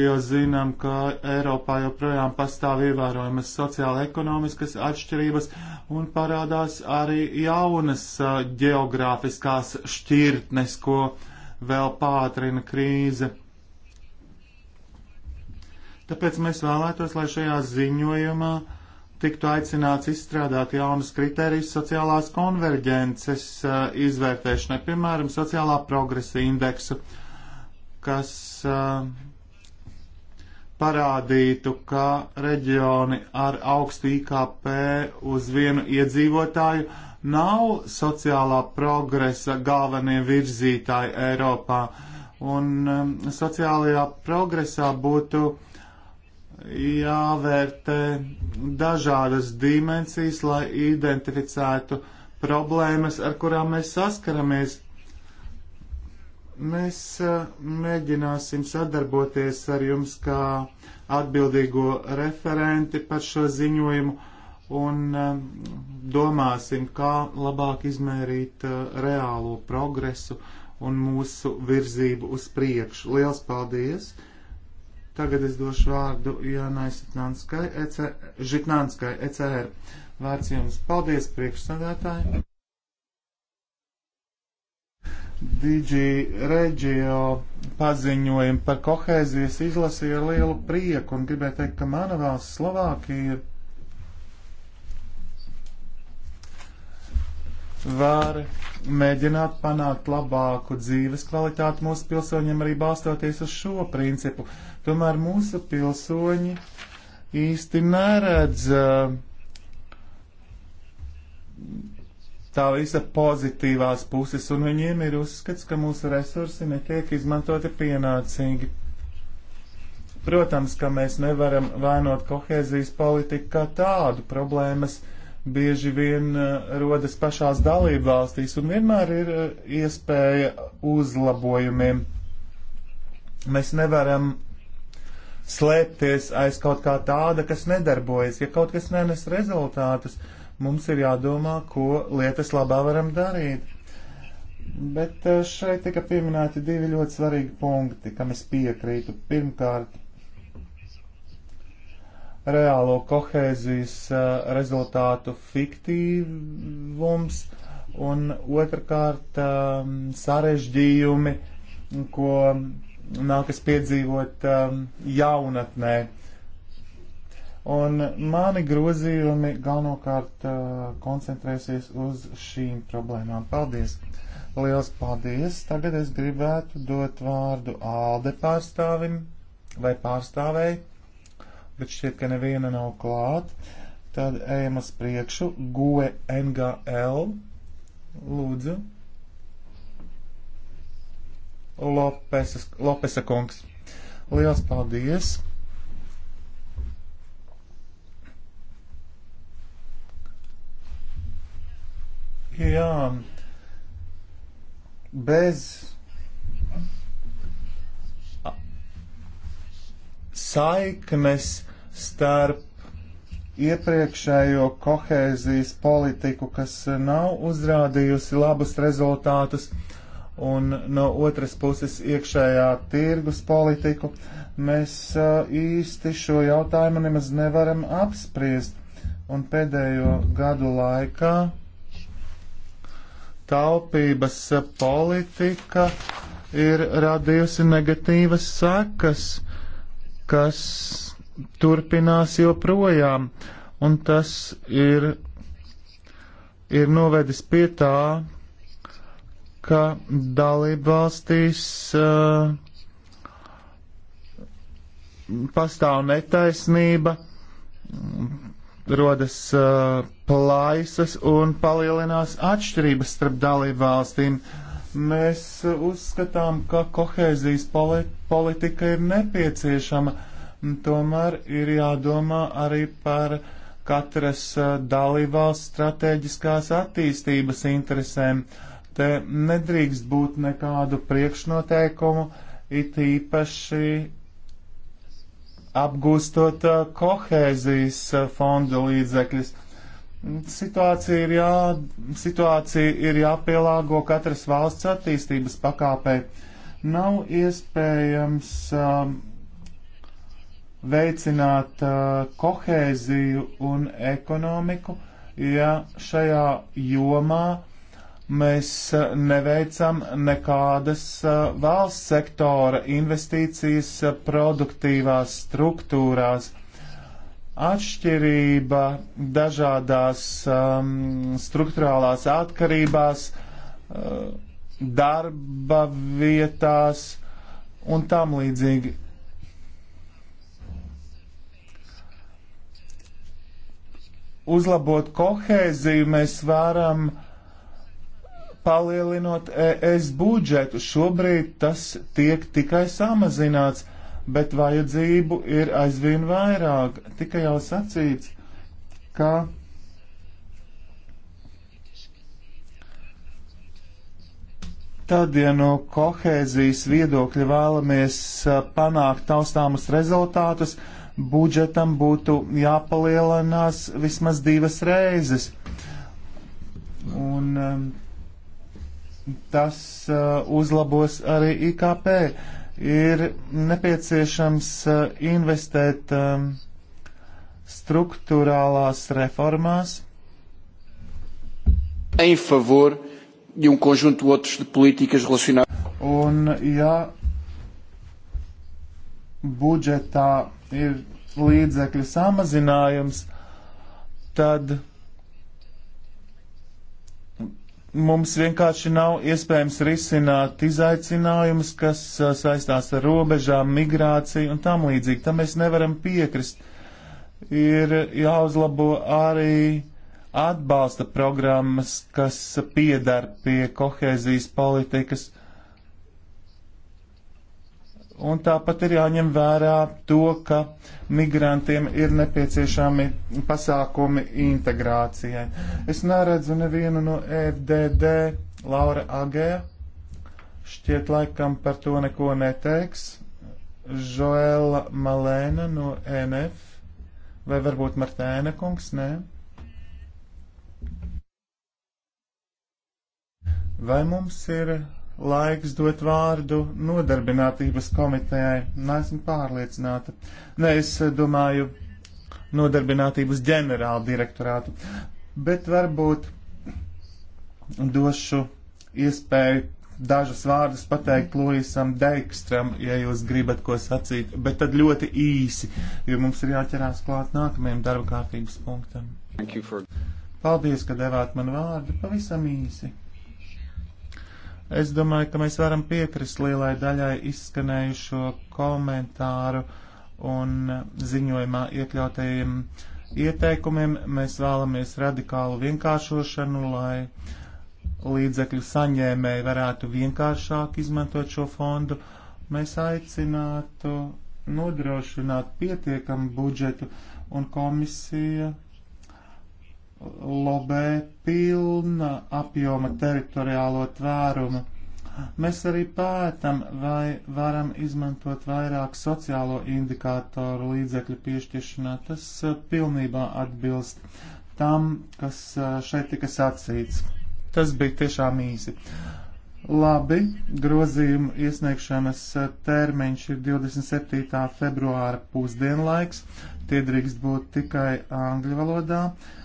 jo zinām, ka Eiropā joprojām pastāv ievērojamas sociāla-ekonomiskas atšķirības un parādās arī jaunas geogrāfiskās šķirtnes, ko vēl pātrina krīze. Tāpēc mēs vēlētos, lai šajā ziņojumā uh, tiktu aicināts izstrādāt jaunas kriterijas sociālās konverģences uh, izvērtēšanai, piemēram, sociālā progresa indeksu, kas uh, parādītu, ka reģioni ar augstu IKP uz vienu iedzīvotāju nav sociālā progresa galvenie virzītāji Eiropā. Un um, sociālajā progresā būtu uh, jāvērtē dažādas dimensijas, lai identificētu problēmas, ar kurām mēs saskaramies. Mēs eh, mēģināsim sadarboties ar jums kā atbildīgo referenti par šo ziņojumu un eh, domāsim, kā labāk izmērīt eh, reālo progresu un mūsu virzību uz priekšu. Liels paldies! Tagad es došu vārdu Jānai Žitnānskai, ECR. Vārds jums. Paldies, priekšsādātāji. Digi Reģio paziņojumu par kohēzijas izlasīju ar lielu prieku un gribēju teikt, ka mana valsts Slovākija var mēģināt panākt labāku dzīves kvalitāti mūsu pilsoņiem arī balstoties uz šo principu. Tomēr mūsu pilsoņi īsti neredz uh, tā visa pozitīvās puses, un viņiem ir uzskats, ka mūsu resursi netiek izmantoti pienācīgi. Protams, ka mēs nevaram vainot kohēzijas politiku kā tādu. Problēmas bieži vien uh, rodas pašās dalību valstīs, un vienmēr ir uh, iespēja uzlabojumiem. Mēs nevaram slēpties aiz kaut kā tāda, kas nedarbojas. Ja kaut kas nenes rezultātus, mums ir jādomā, ko lietas labā varam darīt. Bet eh, šeit tika pieminēti divi ļoti svarīgi punkti, kam es piekrītu. Pirmkārt, reālo kohēzijas eh, rezultātu fiktīvums un otrkārt eh, sarežģījumi, ko nākas piedzīvot um, jaunatnē. Un mani grozījumi galvenokārt uh, koncentrēsies uz šīm problēmām. Paldies! Liels paldies! Tagad es gribētu dot vārdu ALDE pārstāvim vai pārstāvēji, bet šķiet, ka neviena nav klāt. Tad ejam uz priekšu. GUE NGL. Lūdzu! Lopesas, Lopesa kungs. Liels paldies! Jā, bez saiknes starp iepriekšējo kohēzijas politiku, kas nav uzrādījusi labus rezultātus, un no otras puses iekšējā tirgus politiku, mēs īsti šo jautājumu nemaz nevaram apspriest. Un pēdējo gadu laikā taupības politika ir radījusi negatīvas sekas, kas turpinās joprojām, un tas ir, ir novedis pie tā, ka dalībvalstīs uh, pastāv netaisnība, rodas uh, plaisas un palielinās atšķirības starp dalībvalstīm. Mēs uh, uzskatām, ka kohēzijas politika ir nepieciešama, tomēr ir jādomā arī par katras uh, dalībvalsts stratēģiskās attīstības interesēm. Uh, Te nedrīkst būt nekādu priekšnoteikumu, it īpaši apgūstot uh, kohēzijas uh, fonda līdzekļus. Situācija ir, jā, situācija ir jāpielāgo katras valsts attīstības pakāpē. Nav iespējams um, veicināt uh, kohēziju un ekonomiku, ja šajā jomā mēs eh, neveicam nekādas eh, valsts sektora investīcijas eh, produktīvās struktūrās. Atšķirība dažādās um, struktūrālās atkarībās, uh, darba vietās un tam līdzīgi. Uzlabot kohēziju mēs varam uh, palielinot ES budžetu. Šobrīd tas tiek tikai samazināts, bet vajadzību ir aizvien vairāk. Tikai jau sacīts, ka Tad, ja no kohēzijas viedokļa vēlamies uh, panākt taustāmus rezultātus, budžetam būtu jāpalielinās vismaz divas reizes. Un um, tas uh, uzlabos arī IKP. Ir nepieciešams uh, investēt um, struktūrālās reformās. Em favor de um conjunto de outros de políticas relacionadas. Un, ja budžetā ir līdzekļu samazinājums, tad mums vienkārši nav iespējams risināt izaicinājumus, kas saistās ar robežām, migrāciju un tam līdzīgi. Tam mēs nevaram piekrist. Ir jāuzlabo arī atbalsta programmas, kas piedar pie kohēzijas politikas. Un tāpat ir jāņem vērā to, ka migrantiem ir nepieciešami pasākumi integrācijai. Es neredzu nevienu no FDD, Laura Agē, šķiet laikam par to neko neteiks, Žoela Malēna no NF, vai varbūt Martēna kungs, nē. Vai mums ir laiks dot vārdu nodarbinātības komitejai. Nesmu pārliecināta. Nē, es eh, domāju nodarbinātības ģenerāla direktorātu. Bet varbūt došu iespēju dažus vārdus pateikt Lūisam Deikstram, ja jūs gribat ko sacīt, bet tad ļoti īsi, jo mums ir jāķerās klāt nākamajam darba kārtības punktam. For... Paldies, ka devāt man vārdu pavisam īsi. Es domāju, ka mēs varam piekrist lielai daļai izskanējušo komentāru un ziņojumā iekļautajiem ieteikumiem. Mēs vēlamies radikālu vienkāršošanu, lai līdzekļu saņēmēji varētu vienkāršāk izmantot šo fondu. Mēs aicinātu nodrošināt pietiekamu budžetu un komisija lobē pilna apjoma teritoriālo tvērumu. Mēs arī pētam, vai varam izmantot vairāk sociālo indikātoru līdzekļu piešķiršanā. Tas eh, pilnībā atbilst tam, kas eh, šeit tika sacīts. Tas bija tiešām īsi. Labi, grozījumu iesniegšanas eh, termiņš ir 27. februāra pusdienlaiks. Tie drīkst būt tikai angļu valodā. Uh,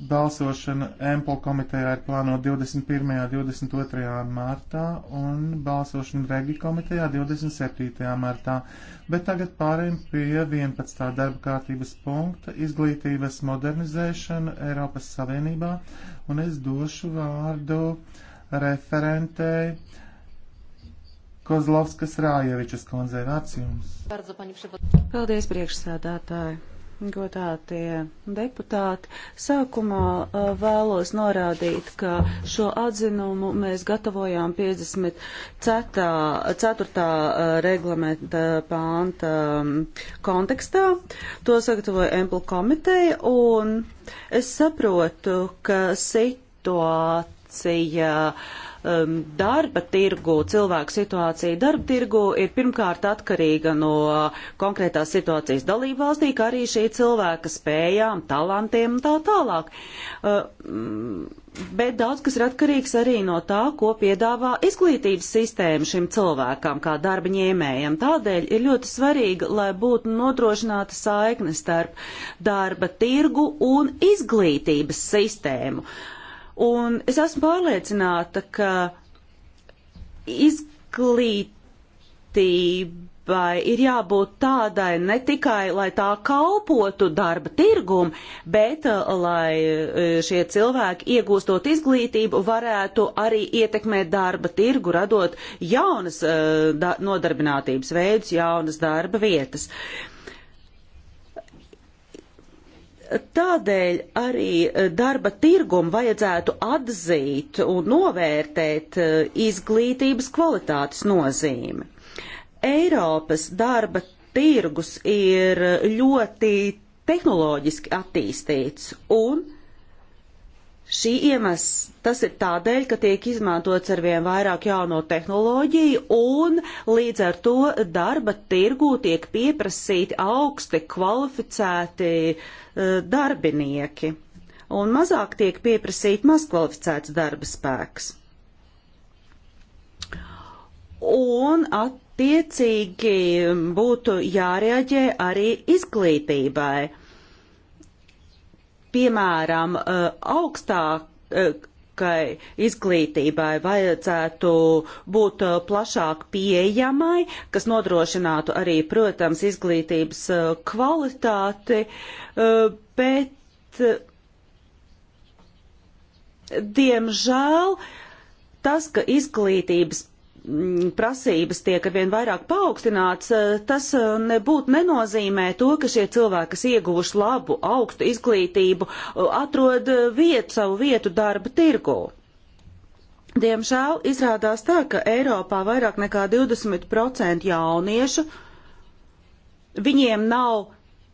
Balsošana Empel komitejā ir plānota 21. un 22. martā un balsošana Regi komitejā 27. martā, bet tagad pārējām pie 11. darba kārtības punkta - izglītības modernizēšana Eiropas Savienībā, un es došu vārdu referentei Kozlovskas Rājevičas konzervācijums. Paldies, priekšsēdētāji! Godātie deputāti, sākumā vēlos norādīt, ka šo atzinumu mēs gatavojām 54. reglamenta pānta kontekstā. To sagatavoja Empla komiteja, un es saprotu, ka situācija uh, um, darba tirgu, cilvēku situācija darba tirgu ir pirmkārt atkarīga no konkrētās situācijas dalību valstī, kā arī šī cilvēka spējām, talantiem un tā tālāk. Uh, mm, bet daudz kas ir atkarīgs arī no tā, ko piedāvā izglītības sistēma šim cilvēkam kā darba ņēmējam. Tādēļ ir ļoti svarīgi, lai būtu nodrošināta saikne starp darba tirgu un izglītības sistēmu. Uh, Un es esmu pārliecināta, ka izglītībai ir jābūt tādai ne tikai, lai tā kalpotu darba tirgumu, bet eh, lai eh, šie cilvēki iegūstot izglītību varētu arī ietekmēt darba tirgu, radot jaunas uh, da nodarbinātības veidus, jaunas darba vietas. Uh, Tādēļ arī e, darba tirgumu vajadzētu atzīt un novērtēt e, izglītības kvalitātes nozīmi. Eiropas darba tirgus ir e, ļoti tehnoloģiski attīstīts un Šī iemesls tas ir tādēļ, ka tiek izmantots ar vien vairāk jauno tehnoloģiju un līdz ar to darba tirgū tiek pieprasīti augsti kvalificēti eh, darbinieki un mazāk tiek pieprasīti mazkvalificēts darba spēks. Un attiecīgi būtu jārēģē arī izglītībai piemēram, eh, augstākai izglītībai vajadzētu būt eh, plašāk pieejamai, kas nodrošinātu arī, protams, izglītības eh, kvalitāti, bet, diemžēl, tas, ka izglītības Mm, prasības tiek arvien vairāk paaugstināts, eh, tas eh, nebūtu nenozīmē to, ka šie cilvēki, kas ieguvuši labu, augstu izglītību, eh, atrod vietu, savu vietu darba tirgu. Diemžēl izrādās tā, ka Eiropā vairāk nekā 20% jauniešu viņiem nav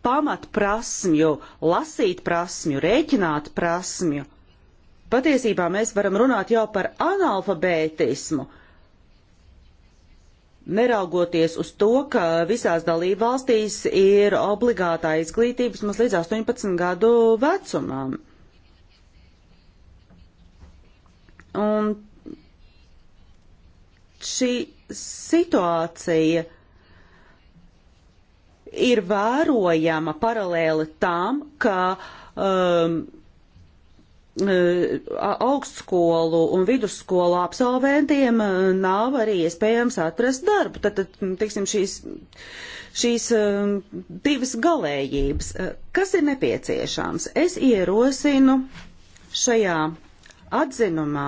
pamatprasmju, lasīt prasmju, rēķināt prasmju. Patiesībā mēs varam runāt jau par analfabētismu, Neraugoties uz to, ka visās dalībvalstīs ir obligātā izglītība vismaz līdz 18 gadu vecumam. Un šī situācija ir vērojama paralēli tam, ka um, Eh, augstskolu un vidusskolu absolventiem eh, nav arī iespējams atrast darbu. Tad, tad tiksim, šīs, šīs eh, divas galējības. Kas ir nepieciešams? Es ierosinu šajā atzinumā,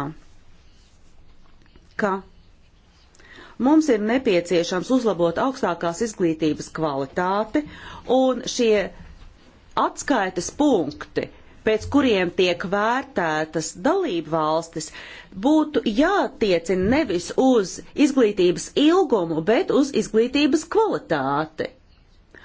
ka mums ir nepieciešams uzlabot augstākās izglītības kvalitāti un šie atskaites punkti pēc kuriem tiek vērtētas dalību valstis, būtu jātiecina nevis uz izglītības ilgumu, bet uz izglītības kvalitāti.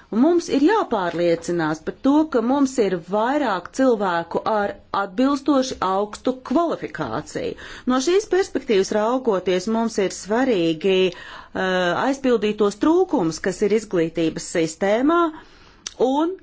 Un mums ir jāpārliecinās par to, ka mums ir vairāk cilvēku ar atbilstoši augstu kvalifikāciju. No šīs perspektīvas raugoties, mums ir svarīgi uh, aizpildīt tos trūkums, kas ir izglītības sistēmā, un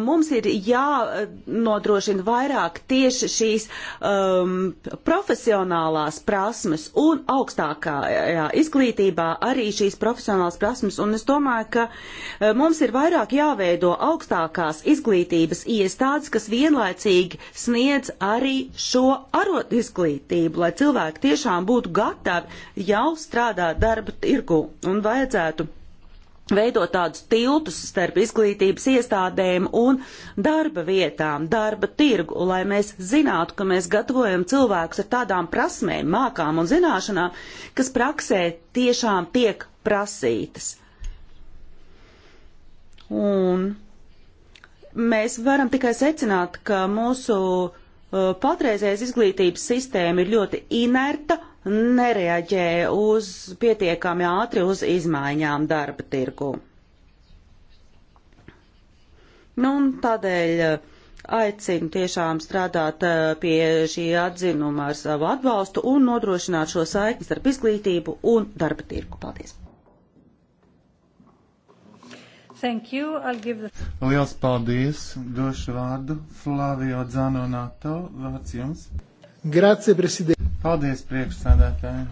mums ir jānodrošina vairāk tieši šīs um, profesionālās prasmes un augstākajā izglītībā arī šīs profesionālās prasmes. Un es domāju, ka eh, mums ir vairāk jāveido augstākās izglītības iestādes, kas vienlaicīgi sniedz arī šo arot izglītību, lai cilvēki tiešām būtu gatavi jau strādāt darba tirgu un vajadzētu veidot tādus tiltus starp izglītības iestādēm un darba vietām, darba tirgu, lai mēs zinātu, ka mēs gatavojam cilvēkus ar tādām prasmēm, mākām un zināšanām, kas praksē tiešām tiek prasītas. Un mēs varam tikai secināt, ka mūsu uh, patreizējais izglītības sistēma ir ļoti inerta nereaģē uz pietiekami ātri uz izmaiņām darba tirgu. Nu, un tādēļ eh, aicinu tiešām strādāt eh, pie šī atzinuma ar savu atbalstu un nodrošināt šo saikni starp izglītību un darba tirgu. Paldies! Thank you. I'll give the... Liels paldies! Došu vārdu Flavio Zanonato. Vārds jums! Grazie, prezident. Paldies, priekšsādātāji.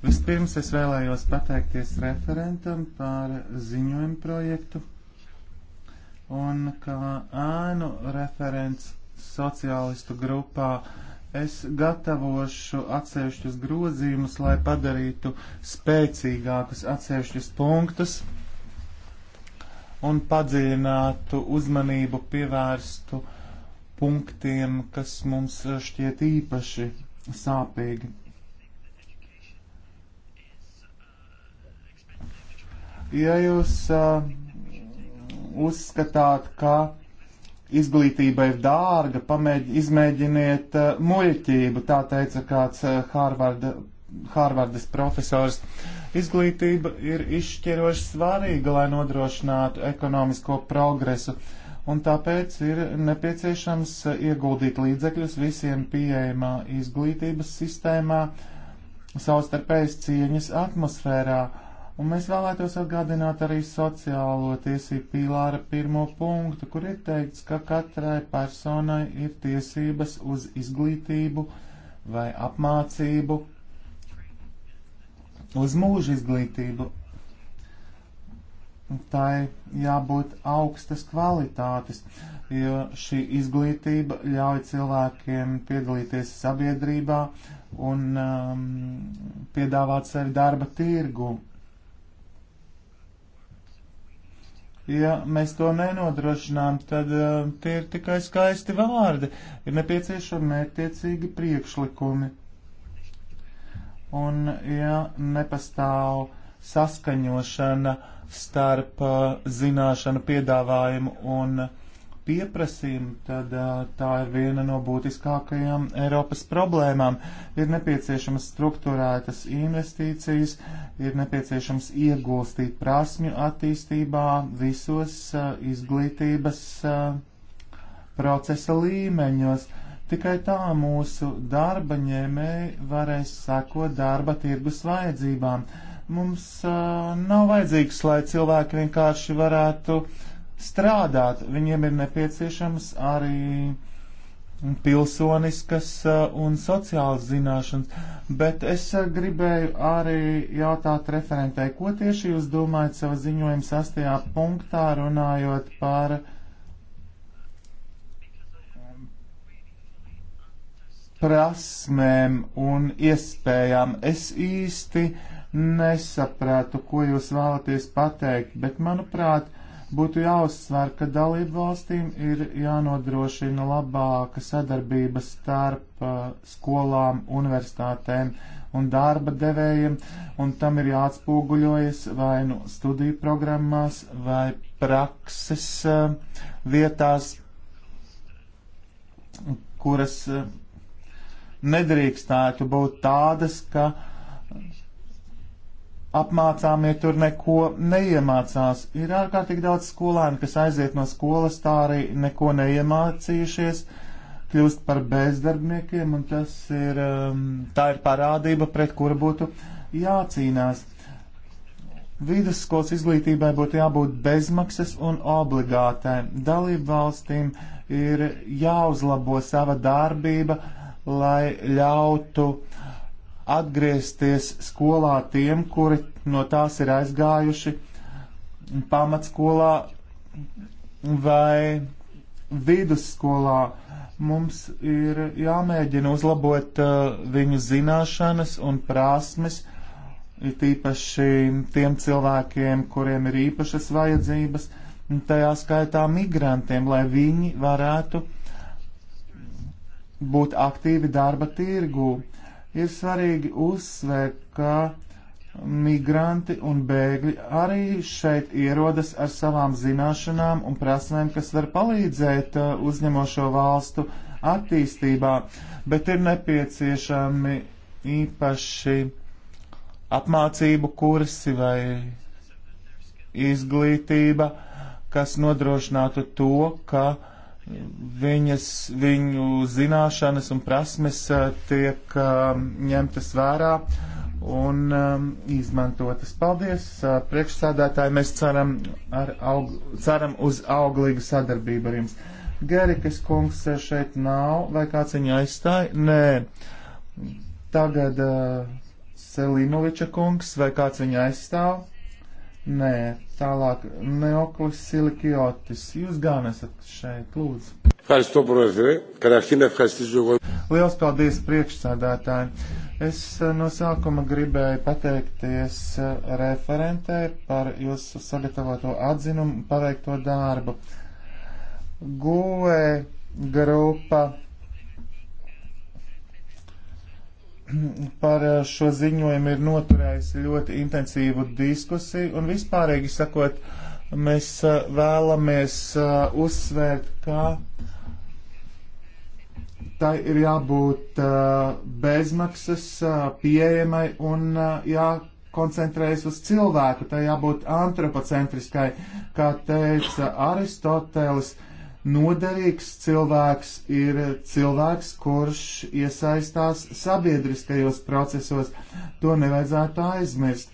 Vispirms es vēlējos pateikties referentam par ziņojumu projektu un kā ēnu referents sociālistu grupā es gatavošu atsevišķus grozījumus, lai padarītu spēcīgākus atsevišķus punktus un padziļinātu uzmanību pievērstu uh, punktiem, kas mums eh, šķiet īpaši sāpīgi. Ja jūs uh, uzskatāt, ka izglītība ir dārga, pamēģi, izmēģiniet uh, muļķību, tā teica kāds uh, Hārvarda, Hārvardas profesors. Izglītība ir izšķiroši svarīga, lai nodrošinātu ekonomisko progresu. Uh, un tāpēc ir nepieciešams eh, ieguldīt līdzekļus visiem pieejamā izglītības sistēmā, savstarpējas cieņas atmosfērā, un mēs vēlētos atgādināt arī sociālo tiesību pīlāra pirmo punktu, kur ir teikts, ka katrai personai ir tiesības uz izglītību vai apmācību, uz mūža izglītību, tai jābūt augstas kvalitātes, jo šī izglītība ļauj cilvēkiem piedalīties sabiedrībā un um, piedāvāt sevi darba tirgu. Ja mēs to nenodrošinām, tad uh, tie ir tikai skaisti vārdi, ir nepieciešami mērķtiecīgi priekšlikumi. Un, ja nepastāv saskaņošana, uh, starp uh, zināšanu piedāvājumu un pieprasījumu, tad uh, tā ir viena no būtiskākajām Eiropas problēmām. Ir nepieciešamas struktūrētas investīcijas, ir nepieciešams iegulstīt prasmju attīstībā visos uh, izglītības procesa līmeņos. Tikai tā mūsu darba ņēmēji varēs sekot darba tirgus vajadzībām. Mums uh, nav vajadzīgs, lai cilvēki vienkārši varētu strādāt. Viņiem ir nepieciešams arī pilsoniskas uh, un sociālas zināšanas. Bet es uh, gribēju arī jautāt referentē, ko tieši jūs domājat sava ziņojuma sastajā punktā runājot par uh, prasmēm un iespējām. Es īsti nesapratu, ko jūs vēlaties pateikt, bet, manuprāt, būtu jāuzsver, ka dalību valstīm ir jānodrošina labāka sadarbība starp uh, skolām, universitātēm un darba devējiem, un tam ir jāatspūguļojas vai nu studiju programmās vai prakses uh, vietās, kuras uh, nedrīkstētu būt tādas, ka apmācāmie tur neko neiemācās. Ir ārkārtīgi daudz skolēnu, kas aiziet no skolas tā arī neko neiemācījušies, kļūst par bezdarbniekiem, un tas ir, um, tā ir parādība, pret kuru būtu jācīnās. Vidusskolas izglītībai būtu jābūt bezmaksas un obligātai. Dalību valstīm ir jāuzlabo sava darbība, uh, lai ļautu atgriezties skolā tiem, kuri no tās ir aizgājuši pamatskolā vai vidusskolā. Mums ir jāmēģina uzlabot uh, viņu zināšanas un prasmes, it īpaši tiem cilvēkiem, kuriem ir īpašas vajadzības, tajā skaitā migrantiem, lai viņi varētu uh, būt aktīvi darba tirgū. Ir svarīgi uzsvērt, ka migranti un bēgļi arī šeit ierodas ar savām zināšanām un prasmēm, kas var palīdzēt uh, uzņemošo valstu attīstībā, bet ir nepieciešami īpaši apmācību kursi vai izglītība, kas nodrošinātu to, ka uh, viņas, viņu zināšanas un prasmes eh, tiek eh, ņemtas vērā un eh, izmantotas. Paldies, priekšsādātāji, mēs ceram, aug, ceram uz auglīgu sadarbību ar jums. Gerikas kungs šeit nav, vai kāds viņu aizstāja? Nē. Tagad uh, Selimoviča kungs, vai kāds viņu aizstāja? Nē, tālāk Neoklis Silikiotis. Jūs gan esat šeit, lūdzu. Lielas paldies priekšsādātāji. Es eh, no sākuma gribēju pateikties eh, referentē par jūsu sagatavoto atzinumu, paveikto darbu. Goe grupa par eh, šo ziņojumu ir noturējusi ļoti intensīvu diskusiju un vispārīgi sakot, mēs eh, vēlamies eh, uzsvērt, ka tai ir jābūt bezmaksas, pieejamai un jākoncentrējas uz cilvēku, tai jābūt antropocentriskai, kā teica Aristotelis Noderīgs cilvēks ir cilvēks, kurš iesaistās sabiedriskajos procesos. To nevajadzētu aizmirst.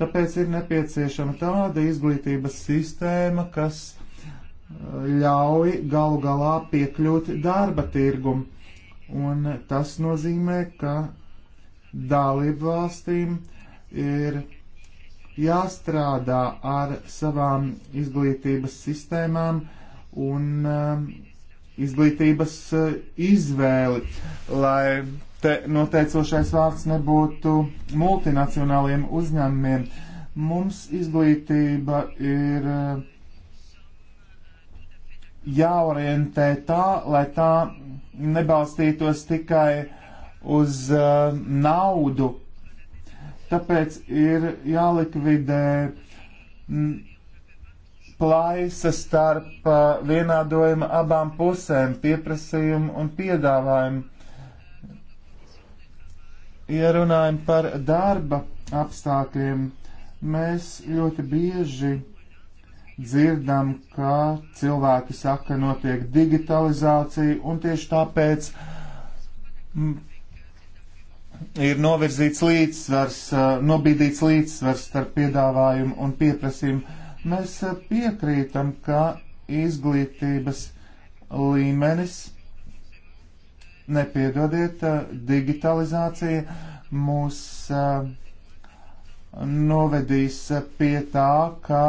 Tāpēc ir nepieciešama tāda izglītības sistēma, kas uh, ļauj galu galā piekļūt darba tirgumu. Un tas nozīmē, ka dalību valstīm ir jāstrādā ar savām izglītības sistēmām, uh, un um, izglītības uh, izvēli, lai te noteicošais vārds nebūtu multinacionāliem uzņēmumiem. Mums izglītība ir uh, jāorientē tā, lai tā nebalstītos tikai uz uh, naudu. Tāpēc ir jālikvidē m, plaisa starp uh, vienādojumu abām pusēm, pieprasījumu un piedāvājumu. Ja runājam par darba apstākļiem, mēs ļoti bieži dzirdam, ka cilvēki saka, notiek digitalizācija, un tieši tāpēc mm, ir novirzīts līdzsvars, uh, nobīdīts līdzsvars starp piedāvājumu un pieprasījumu Mēs eh, piekrītam, ka izglītības līmenis, nepiedodiet, eh, digitalizācija mūs eh, novedīs pie tā, ka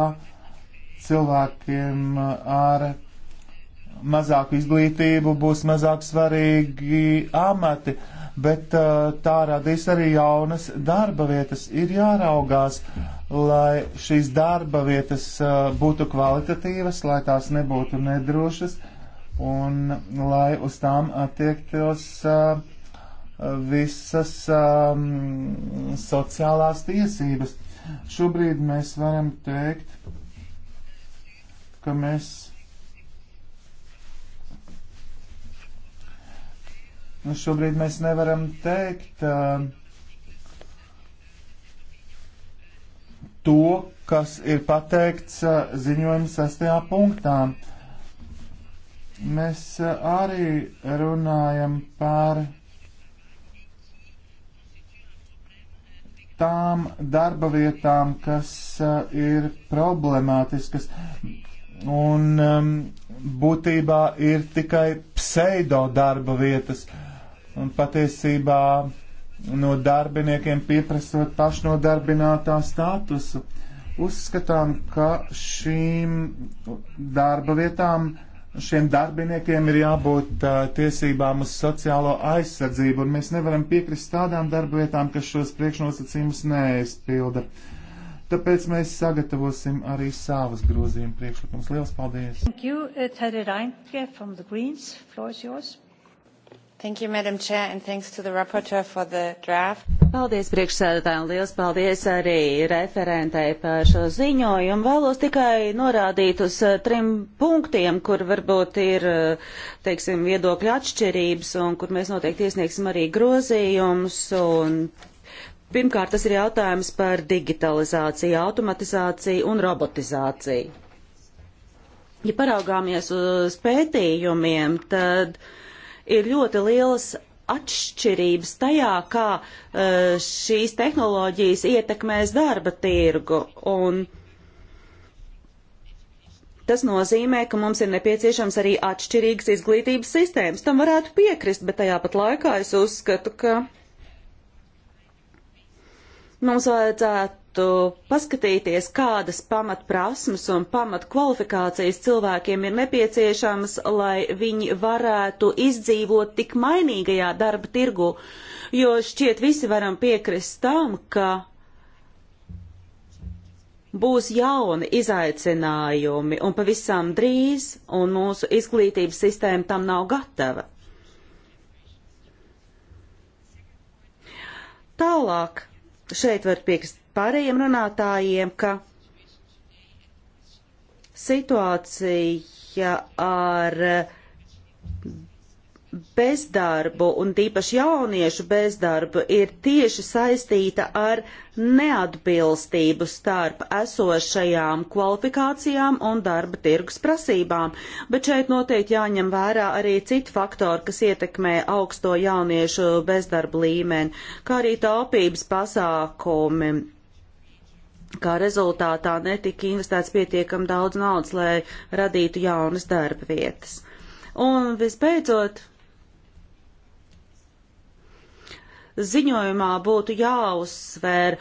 cilvēkiem ar mazāku izglītību būs mazāk svarīgi amati, bet tā radīs arī jaunas darba vietas. Ir jāraugās, lai šīs darba vietas būtu kvalitatīvas, lai tās nebūtu nedrošas un lai uz tām attiektos visas sociālās tiesības. Šobrīd mēs varam teikt, ka mēs nu, šobrīd mēs nevaram teikt, uh, to, kas ir pateikts uh, ziņojuma sastajā punktā. Mēs uh, arī runājam par tām darba vietām, kas uh, ir problemātiskas un um, būtībā ir tikai pseido darba vietas. Un patiesībā no darbiniekiem pieprasot pašnodarbinātā statusu. Uzskatām, ka šīm darba vietām, šiem darbiniekiem ir jābūt uh, tiesībām uz sociālo aizsardzību, un mēs nevaram piekrist tādām darba vietām, kas šos priekšnosacījumus neizpilda. Tāpēc mēs sagatavosim arī savas grozījuma priekšlikumus. Lielas paldies! Thank you, uh, Thank you, Madam Chair, and thanks to the rapporteur for the draft. Paldies priekšsēdētājiem, liels paldies arī referentei par šo ziņojumu. Vēlos tikai norādīt uz eh, trim punktiem, kur varbūt ir, eh, teiksim, viedokļa atšķirības un kur mēs noteikti iesniegsim arī grozījumus un Pirmkārt, tas ir jautājums par digitalizāciju, automatizāciju un robotizāciju. Ja paraugāmies uz pētījumiem, tad uh, ir ļoti lielas atšķirības tajā, kā uh, šīs tehnoloģijas ietekmēs darba tirgu. Un tas nozīmē, ka mums ir nepieciešams arī atšķirīgas izglītības sistēmas. Tam varētu piekrist, bet tajā pat laikā es uzskatu, ka mums vajadzētu vajadzētu paskatīties, kādas pamatprasmes un pamatkvalifikācijas cilvēkiem ir nepieciešamas, lai viņi varētu izdzīvot tik mainīgajā darba tirgu, jo šķiet visi varam piekrist tam, ka būs jauni izaicinājumi un pavisam drīz, un mūsu izglītības sistēma tam nav gatava. Tālāk šeit var piekrist pārējiem runātājiem, ka situācija ar bezdarbu un tīpaši jauniešu bezdarbu ir tieši saistīta ar neatbilstību starp esošajām kvalifikācijām un darba tirgus prasībām, bet šeit noteikti jāņem vērā arī citi faktori, kas ietekmē augsto jauniešu bezdarbu līmeni, kā arī taupības pasākumi kā rezultātā netika investēts pietiekam daudz naudas, lai radītu jaunas darba vietas. Un visbeidzot, ziņojumā būtu jāuzsver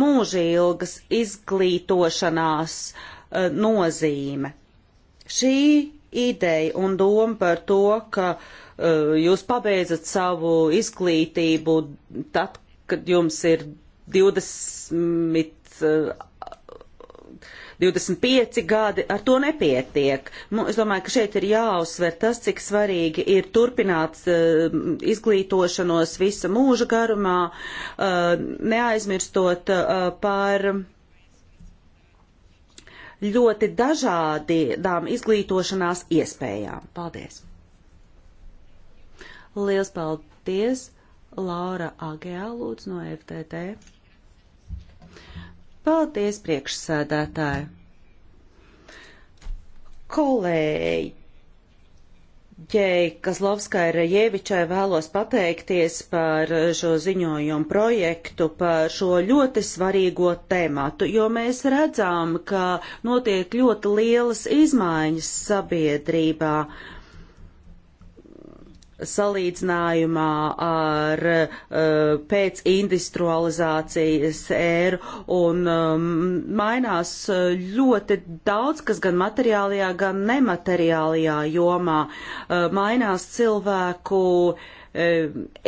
mūžīlgas izglītošanās uh, nozīme. Šī ideja un doma par to, ka uh, jūs pabeidzat savu izglītību tad, kad jums ir 20 25 eh, gadi, ar to nepietiek. Nu, es domāju, ka šeit ir jāuzsver tas, cik svarīgi ir turpināt uh, izglītošanos visa mūža garumā, uh, neaizmirstot uh, par ļoti dažādām izglītošanās iespējām. Paldies! Liels paldies! Laura Agēlūds no FTT. Paldies, priekšsēdētāji! Kolēģi! Ģei Kazlovskai Rajevičai vēlos pateikties par šo ziņojumu projektu, par šo ļoti svarīgo tēmatu, jo mēs redzam, ka notiek ļoti lielas izmaiņas sabiedrībā. Uh, salīdzinājumā ar uh, eh, pēcindustrializācijas ēru un um, mainās eh, ļoti daudz, kas gan materiālajā, gan nemateriālajā jomā. Uh, mainās cilvēku uh,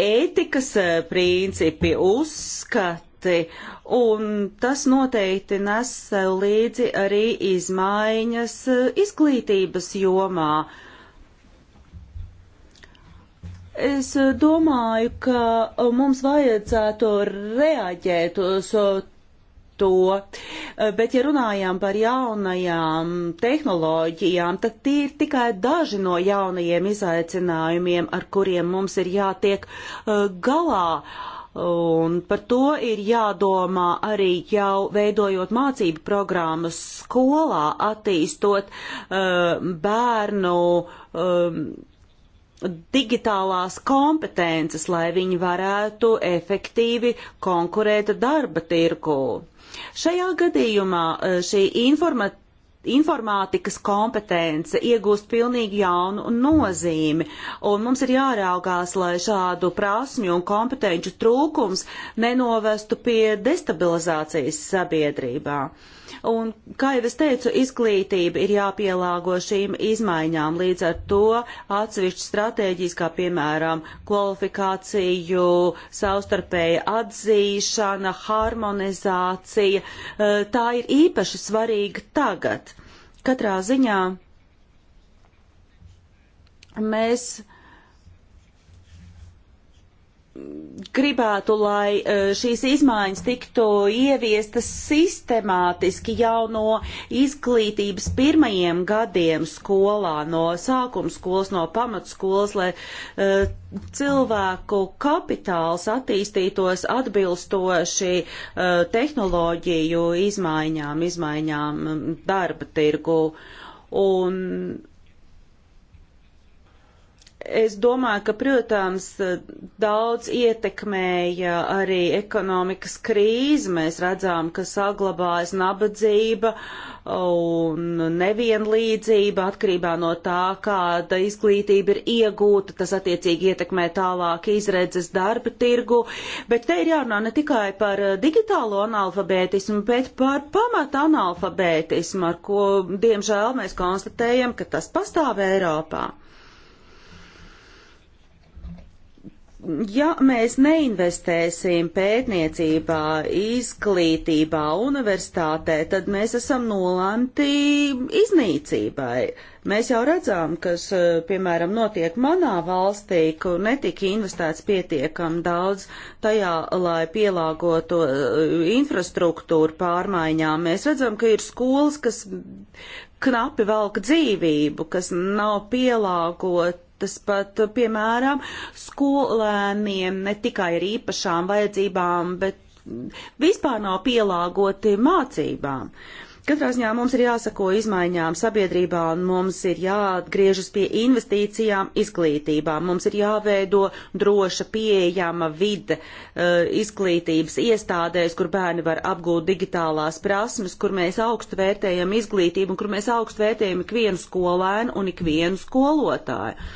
ētikas principi, uzskati, un tas noteikti nes līdzi arī izmaiņas izglītības jomā. Uh, Es eh, domāju, ka eh, mums vajadzētu reaģēt uz eh, to. Bet, ja runājām par jaunajām tehnoloģijām, tad tie ir tikai daži no jaunajiem izaicinājumiem, ar kuriem mums ir jātiek galā. Un par to ir jādomā arī jau veidojot mācību programmas skolā, attīstot uh, bērnu uh, digitālās kompetences, lai viņi varētu efektīvi konkurēt darba tirku. Šajā gadījumā eh, šī informat informātikas kompetence iegūst pilnīgi jaunu nozīmi, un mums ir jāraugās, lai šādu prasmju un kompetenču trūkums nenovestu pie destabilizācijas sabiedrībā. Un, kā jau es teicu, izglītība ir jāpielāgo šīm izmaiņām, līdz ar to atsevišķi stratēģijas, kā piemēram kvalifikāciju, savstarpēja atzīšana, harmonizācija, eh, tā ir īpaši svarīga tagad. Katrā ziņā mēs gribētu, lai e, šīs izmaiņas tiktu ieviestas sistemātiski jau no izglītības pirmajiem gadiem skolā, no sākuma skolas, no pamatskolas, lai uh, cilvēku kapitāls attīstītos atbilstoši uh, tehnoloģiju izmaiņām, izmaiņām darba tirgu. Un Es domāju, ka, protams, daudz ietekmēja arī ekonomikas krīze. Mēs redzām, ka saglabājas nabadzība un nevienlīdzība atkarībā no tā, kāda izglītība ir iegūta. Tas attiecīgi ietekmē tālāk izredzes darba tirgu. Bet te ir jārunā ne tikai par digitālo analfabētismu, bet par pamat analfabētismu, ar ko, diemžēl, mēs konstatējam, ka tas pastāv Eiropā. ja mēs neinvestēsim pētniecībā, izglītībā, universitātē, tad mēs esam nolemti iznīcībai. Mēs jau redzam, kas, eh, piemēram, notiek manā valstī, kur netika investēts pietiekam daudz tajā, lai pielāgotu eh, infrastruktūru pārmaiņām. Mēs redzam, ka ir skolas, kas knapi velk dzīvību, kas nav pielāgot Tas pat, piemēram, skolēniem ne tikai ar īpašām vajadzībām, bet vispār nav pielāgoti mācībām. Katrā ziņā mums ir jāsako izmaiņām sabiedrībā un mums ir jāatgriežas pie investīcijām izglītībā. Mums ir jāveido droša pieejama vide eh, izglītības iestādēs, kur bērni var apgūt digitālās prasmes, kur mēs augstu vērtējam izglītību un kur mēs augstu vērtējam ikvienu skolēnu un ikvienu skolotāju.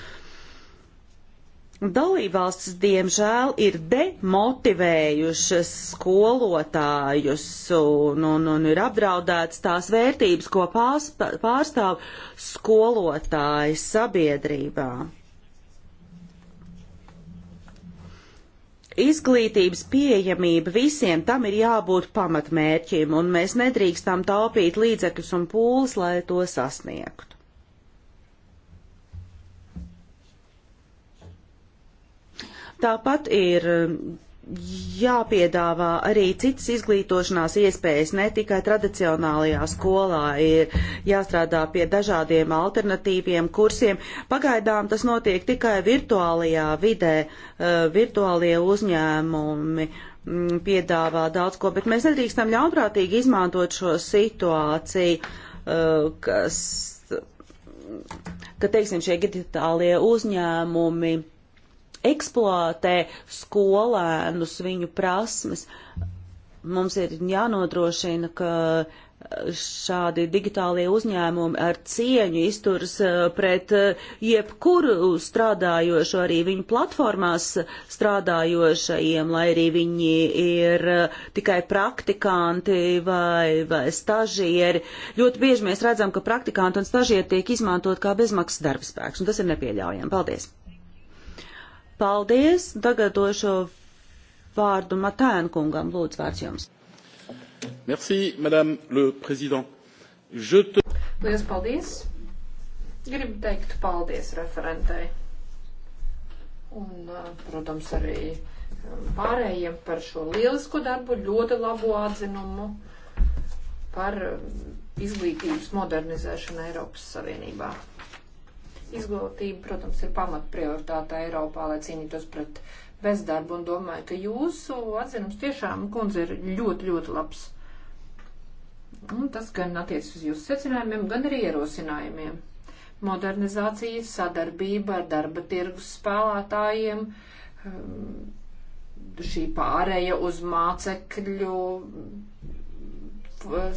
Dalībvalstis, diemžēl, ir demotivējušas skolotājus un, un, un ir apdraudētas tās vērtības, ko pārstāv skolotāji sabiedrībā. Izglītības pieejamība visiem tam ir jābūt pamatmērķim, un mēs nedrīkstam taupīt līdzekļus un pūles, lai to sasniegtu. Tāpat ir um, jāpiedāvā arī citas izglītošanās iespējas, ne tikai tradicionālajā skolā ir jāstrādā pie dažādiem alternatīviem kursiem. Pagaidām tas notiek tikai virtuālajā vidē, uh, virtuālie uzņēmumi mm, piedāvā daudz ko, bet mēs nedrīkstam ļaunprātīgi izmantot šo situāciju, uh, kas, ka, teiksim, šie digitālie uzņēmumi eksploatē skolēnus, viņu prasmes. Mums ir jānodrošina, ka šādi digitālie uzņēmumi ar cieņu izturas eh, pret eh, jebkuru strādājošo, arī viņu platformās strādājošajiem, lai arī viņi ir eh, tikai praktikanti vai, vai stažieri. Ļoti bieži mēs redzam, ka praktikanti un stažieri tiek izmantot kā bezmaksas darbspēks, un tas ir nepieļaujami. Paldies! Paldies! Tagad došu vārdu Matēnu kungam. Lūdzu, vārds jums. Merci, madame le président. Je te... Lielas paldies! Gribu teikt paldies referentei. Un, uh, protams, arī um, pārējiem par šo lielisko darbu, ļoti labo atzinumu par um, izglītības modernizēšanu Eiropas Savienībā. Izglītība, protams, ir pamatprioritāte Eiropā, lai cīnītos pret bezdarbu, un domāju, ka jūsu atzinums tiešām, kundze, ir ļoti, ļoti labs. Un tas gan attiecas uz jūsu secinājumiem, gan arī ierosinājumiem. Modernizācija, sadarbība ar darba tirgus spēlētājiem, um, šī pārēja uz mācekļu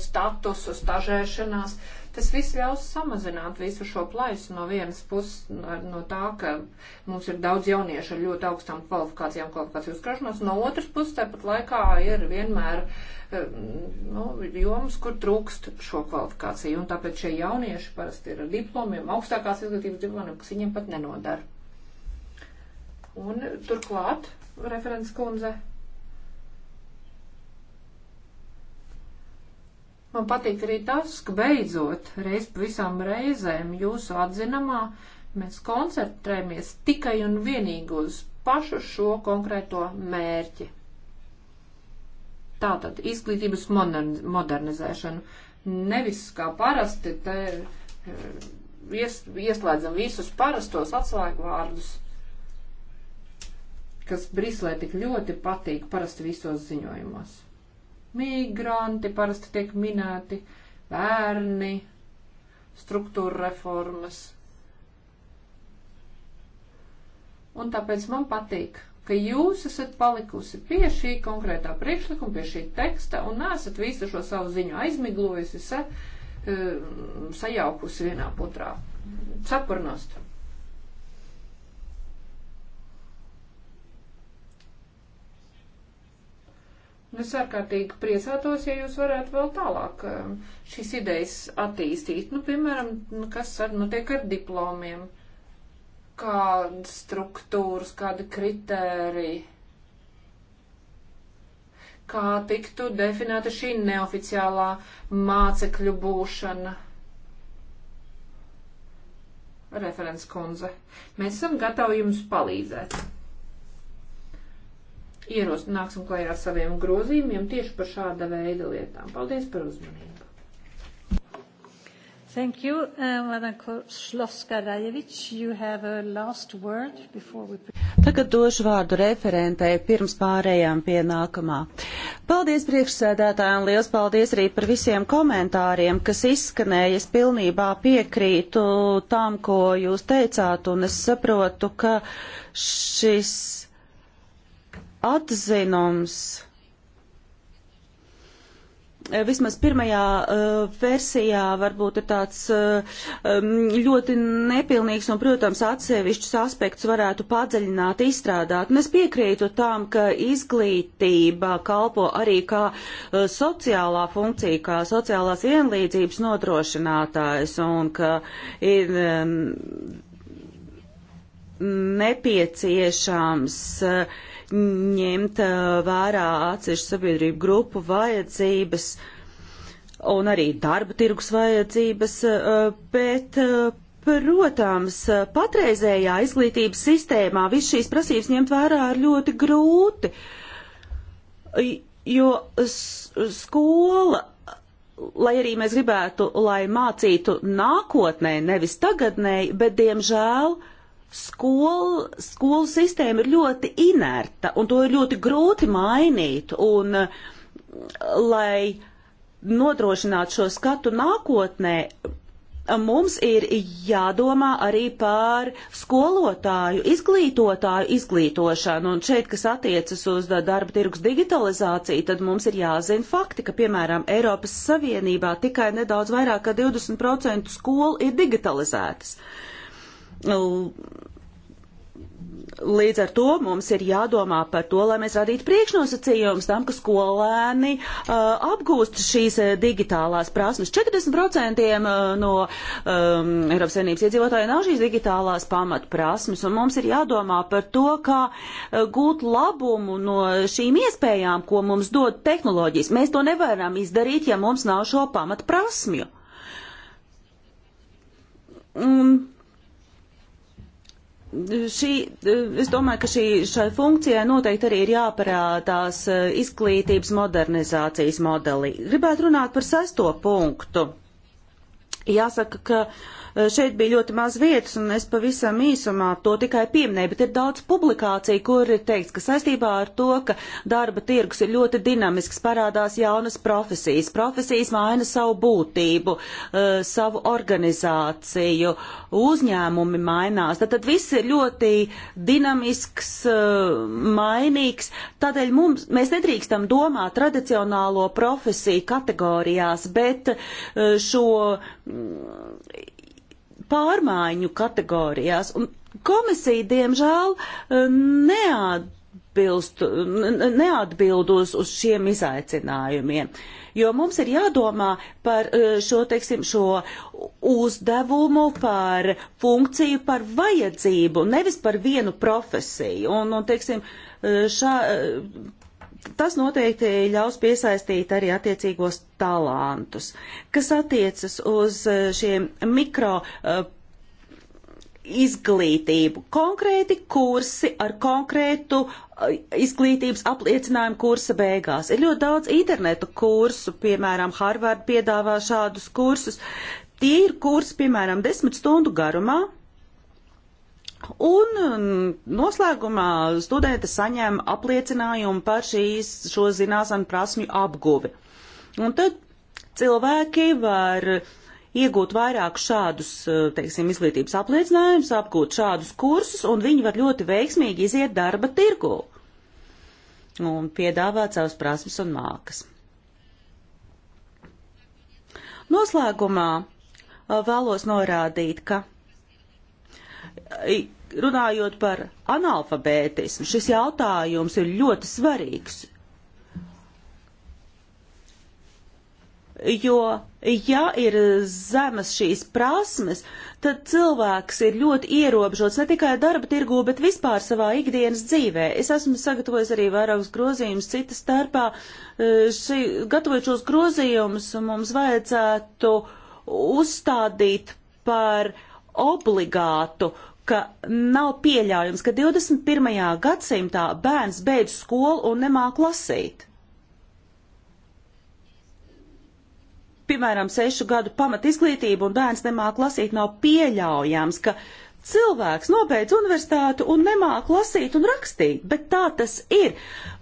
statusu, stažēšanās. Tas viss ļaus samazināt visu šo plaisu no vienas puses, no tā, ka mums ir daudz jauniešu ar ļoti augstām kvalifikācijām, kvalifikāciju uzkrašanos, no otras puses, tāpat laikā ir vienmēr eh, nu, jomas, kur trūkst šo kvalifikāciju. Un tāpēc šie jaunieši parasti ir ar diplomiem, augstākās izglītības diplomiem, kas viņiem pat nenodara. Un turklāt, referents kundze, Man patīk arī tas, ka beidzot reiz pavisam reizēm jūsu atzinamā mēs koncentrējamies tikai un vienīgi uz pašu šo konkrēto mērķi. Tātad izglītības modernizēšanu. Nevis kā parasti te e, ies, ieslēdzam visus parastos atslēgu vārdus, kas Brislē tik ļoti patīk parasti visos ziņojumos. Migranti parasti tiek minēti, bērni, struktūra reformas. Un tāpēc man patīk, ka jūs esat palikusi pie šī konkrētā priekšlikuma, pie šī teksta un nesat visu šo savu ziņu aizmiglojusi, sa, eh, sajaukusi vienā putrā. Sapurnost! Es ārkārtīgi priecātos, ja jūs varētu vēl tālāk um, šīs idejas attīstīt. Nu, piemēram, nu, kas ar, notiek nu, ar diplomiem, kādas struktūras, kādi kritēriji, kā tiktu definēta šī neoficiālā mācekļu būšana. Referents kundze, mēs esam gatavi jums palīdzēt ieros nāksim klajā ar saviem grozījumiem tieši par šāda veida lietām. Paldies par uzmanību. Thank you, uh, Madam Šloska-Rajevič. You have a last word before we... Tagad došu vārdu referentei pirms pārējām pie nākamā. Paldies priekšsēdētājiem, liels paldies arī par visiem komentāriem, kas izskanēja. Es pilnībā piekrītu tam, ko jūs teicāt, un es saprotu, ka šis atzinums eh, vismaz pirmajā uh, versijā varbūt ir tāds uh, ļoti nepilnīgs un, protams, atsevišķus aspektus varētu padziļināt, izstrādāt. Un es piekrītu tam, ka izglītība kalpo arī kā uh, sociālā funkcija, kā sociālās vienlīdzības nodrošinātājs un ka ir. Um, nepieciešams uh, ņemt eh, vērā atsevišķu sabiedrību grupu vajadzības un arī darba tirgus vajadzības, eh, bet, eh, protams, patreizējā izglītības sistēmā viss šīs prasības ņemt vērā ir ļoti grūti, jo skola lai arī mēs gribētu, lai mācītu nākotnē, nevis tagadnē, bet, diemžēl, uh, skol, skolu sistēma ir ļoti inerta un to ir ļoti grūti mainīt. Un, eh, lai nodrošinātu šo skatu nākotnē, mums ir jādomā arī par skolotāju, izglītotāju izglītošanu. Un šeit, kas attiecas uz darba tirgus digitalizāciju, tad mums ir jāzina fakti, ka, piemēram, Eiropas Savienībā tikai nedaudz vairāk kā 20% skolu ir digitalizētas. Uh, Līdz ar to mums ir jādomā par to, lai mēs radītu priekšnosacījumus tam, ka skolēni uh, apgūst šīs uh, digitālās prasmes. 40% uh, no um, Eiropas Savienības iedzīvotāju nav šīs digitālās pamatprasmes, un mums ir jādomā par to, kā uh, gūt labumu no šīm iespējām, ko mums dod tehnoloģijas. Mēs to nevaram izdarīt, ja mums nav šo pamatprasmju. Un, šī, es domāju, ka šī, šai funkcijai noteikti arī ir jāparādās eh, izglītības modernizācijas modelī. Gribētu runāt par sesto punktu. Jāsaka, ka Eh, šeit bija ļoti maz vietas, un es pavisam īsumā to tikai pieminēju, bet ir daudz publikāciju, kur ir teikts, ka saistībā ar to, ka darba tirgus ir ļoti dinamisks, parādās jaunas profesijas. Profesijas maina savu būtību, eh, savu organizāciju, uzņēmumi mainās. Tad, tad viss ir ļoti dinamisks, eh, mainīgs. Tādēļ mums, mēs nedrīkstam domāt tradicionālo profesiju kategorijās, bet šo mm, pārmaiņu kategorijās. Un komisija, diemžēl, um, neatbilst, neatbildos uz šiem izaicinājumiem. Jo mums ir jādomā par uh, šo, teiksim, šo uzdevumu, par funkciju, par vajadzību, nevis par vienu profesiju. Un, un teiksim, uh, šā, uh, Tas noteikti ļaus piesaistīt arī attiecīgos talantus, kas attiecas uz eh, šiem mikro uh, izglītību. Konkrēti kursi ar konkrētu eh, izglītības apliecinājumu kursa beigās. Ir ļoti daudz internetu kursu, piemēram, Harvard piedāvā šādus kursus. Tie ir kursi, piemēram, desmit stundu garumā, Un um, noslēgumā studenti saņem apliecinājumu par šīs, šo zināšanu prasmju apguvi. Un tad cilvēki var iegūt vairāk šādus, uh, teiksim, izglītības apliecinājumus, apgūt šādus kursus, un viņi var ļoti veiksmīgi iziet darba tirgu un piedāvāt savas prasmes un mākas. Noslēgumā uh, vēlos norādīt, ka Runājot par analfabētismu, šis jautājums ir ļoti svarīgs. Jo, ja ir zemes šīs prasmes, tad cilvēks ir ļoti ierobežots ne tikai darba tirgū, bet vispār savā ikdienas dzīvē. Es esmu sagatavojis arī vairākus grozījumus citas starpā. E, šī, gatavojot šos grozījumus, mums vajadzētu uzstādīt par uh, obligātu, ka nav pieļaujams, ka 21. gadsimtā bērns beidz skolu un nemāk lasīt. Piemēram, sešu gadu pamat izglītību un bērns nemāk lasīt nav pieļaujams, ka uh, cilvēks nobeidz universitāti un nemāk lasīt un rakstīt, bet tā tas ir.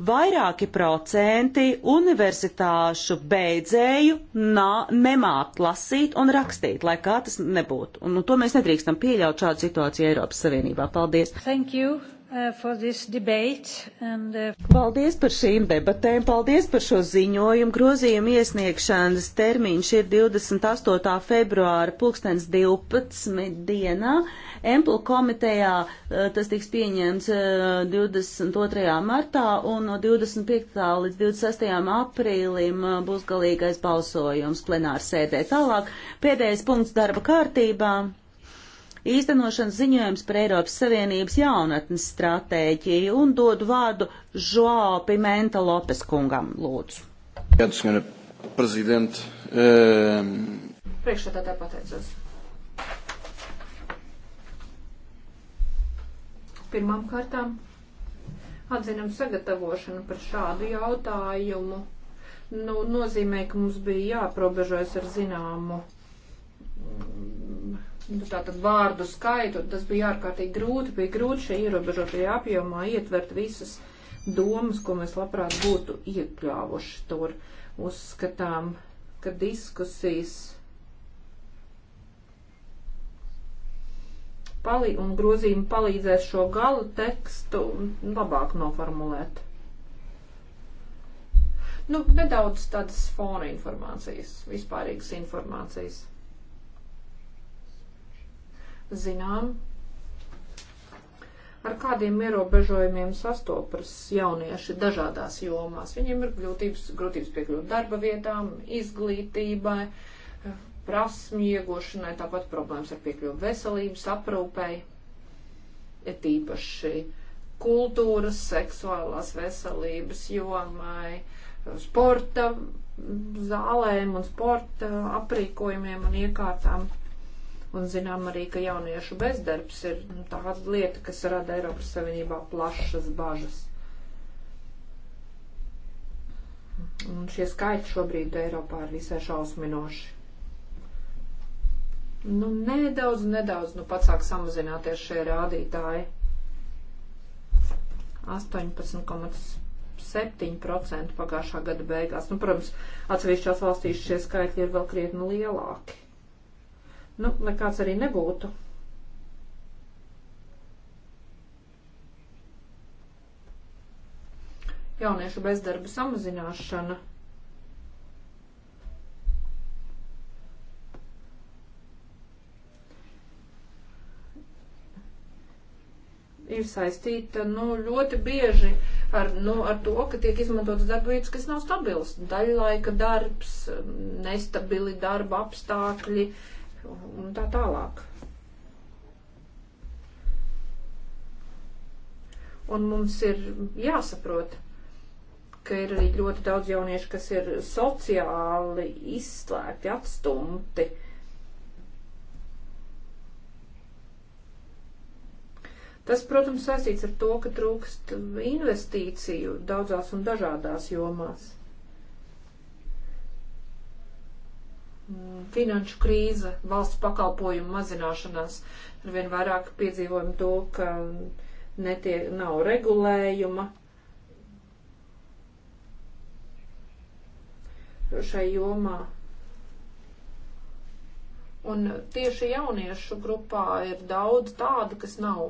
Vairāki procenti universitāšu beidzēju nā, nemāk lasīt un rakstīt, lai kā tas nebūtu. Un nu, to mēs nedrīkstam pieļaut šādu situāciju Eiropas Savienībā. Paldies! Thank you! Uh, and, uh... Paldies par šīm debatēm, paldies par šo ziņojumu. Grozījuma iesniegšanas termiņš ir 28. februāra 2012. dienā. Emplu komitejā eh, tas tiks pieņemts 22. Eh, martā un no 25. līdz 26. aprīlim eh, būs galīgais balsojums plenāra sēdē. Tālāk pēdējais punkts darba kārtībā. Īstenošanas ziņojums par Eiropas Savienības jaunatnes stratēģiju un dodu vārdu Žoā Pimenta Lopes kungam, lūdzu. Prezident, um... Priekšā tā tā pateicos. Pirmām kārtām atzinam sagatavošanu par šādu jautājumu. Nu, nozīmē, ka mums bija jāprobežojas ar zināmu mm, nu, tātad vārdu skaitu, un tas bija ārkārtīgi grūti, bija grūti šajā ierobežotajā apjomā ietvert visas domas, ko mēs labprāt būtu iekļāvuši tur. Uzskatām, ka diskusijas palī un grozījumi palīdzēs šo galu tekstu labāk noformulēt. Nu, nedaudz tādas fona informācijas, vispārīgas informācijas. Zinām, ar kādiem ierobežojumiem sastopas jaunieši dažādās jomās. Viņiem ir grūtības, grūtības piekļūt darba vietām, izglītībai, uh, prasmju iegūšanai, tāpat problēmas ar piekļuvu veselības aprūpei, ir tīpaši kultūras, seksuālās veselības jomai, sporta zālēm un sporta aprīkojumiem un iekārtām. Un zinām arī, ka jauniešu bezdarbs ir nu, tāda lieta, kas rada Eiropas Savienībā plašas bažas. Un šie skaiti šobrīd Eiropā ir visai šausminoši. Nu, nedaudz, nedaudz, nu, pats sāk samazināties šie rādītāji. 18,7% pagājušā gada beigās. Nu, protams, atsevišķās valstīs šie skaitļi ir vēl krietni lielāki. Nu, lai kāds arī nebūtu. Jauniešu bezdarba samazināšana ir saistīta nu, ļoti bieži ar, nu, ar to, ka tiek izmantotas darba vietas, kas nav stabilas. Daļlaika darbs, nestabili darba apstākļi un tā tālāk. Un mums ir jāsaprot, ka ir arī ļoti daudz jauniešu, kas ir sociāli izslēgti, atstumti Tas, protams, saistīts ar to, ka trūkst investīciju daudzās un dažādās jomās. Finanšu krīze, valsts pakalpojumu mazināšanās, arvien vairāk piedzīvojam to, ka netiek, nav regulējuma, šai jomā. Un tieši jauniešu grupā ir daudz tādu, kas nav,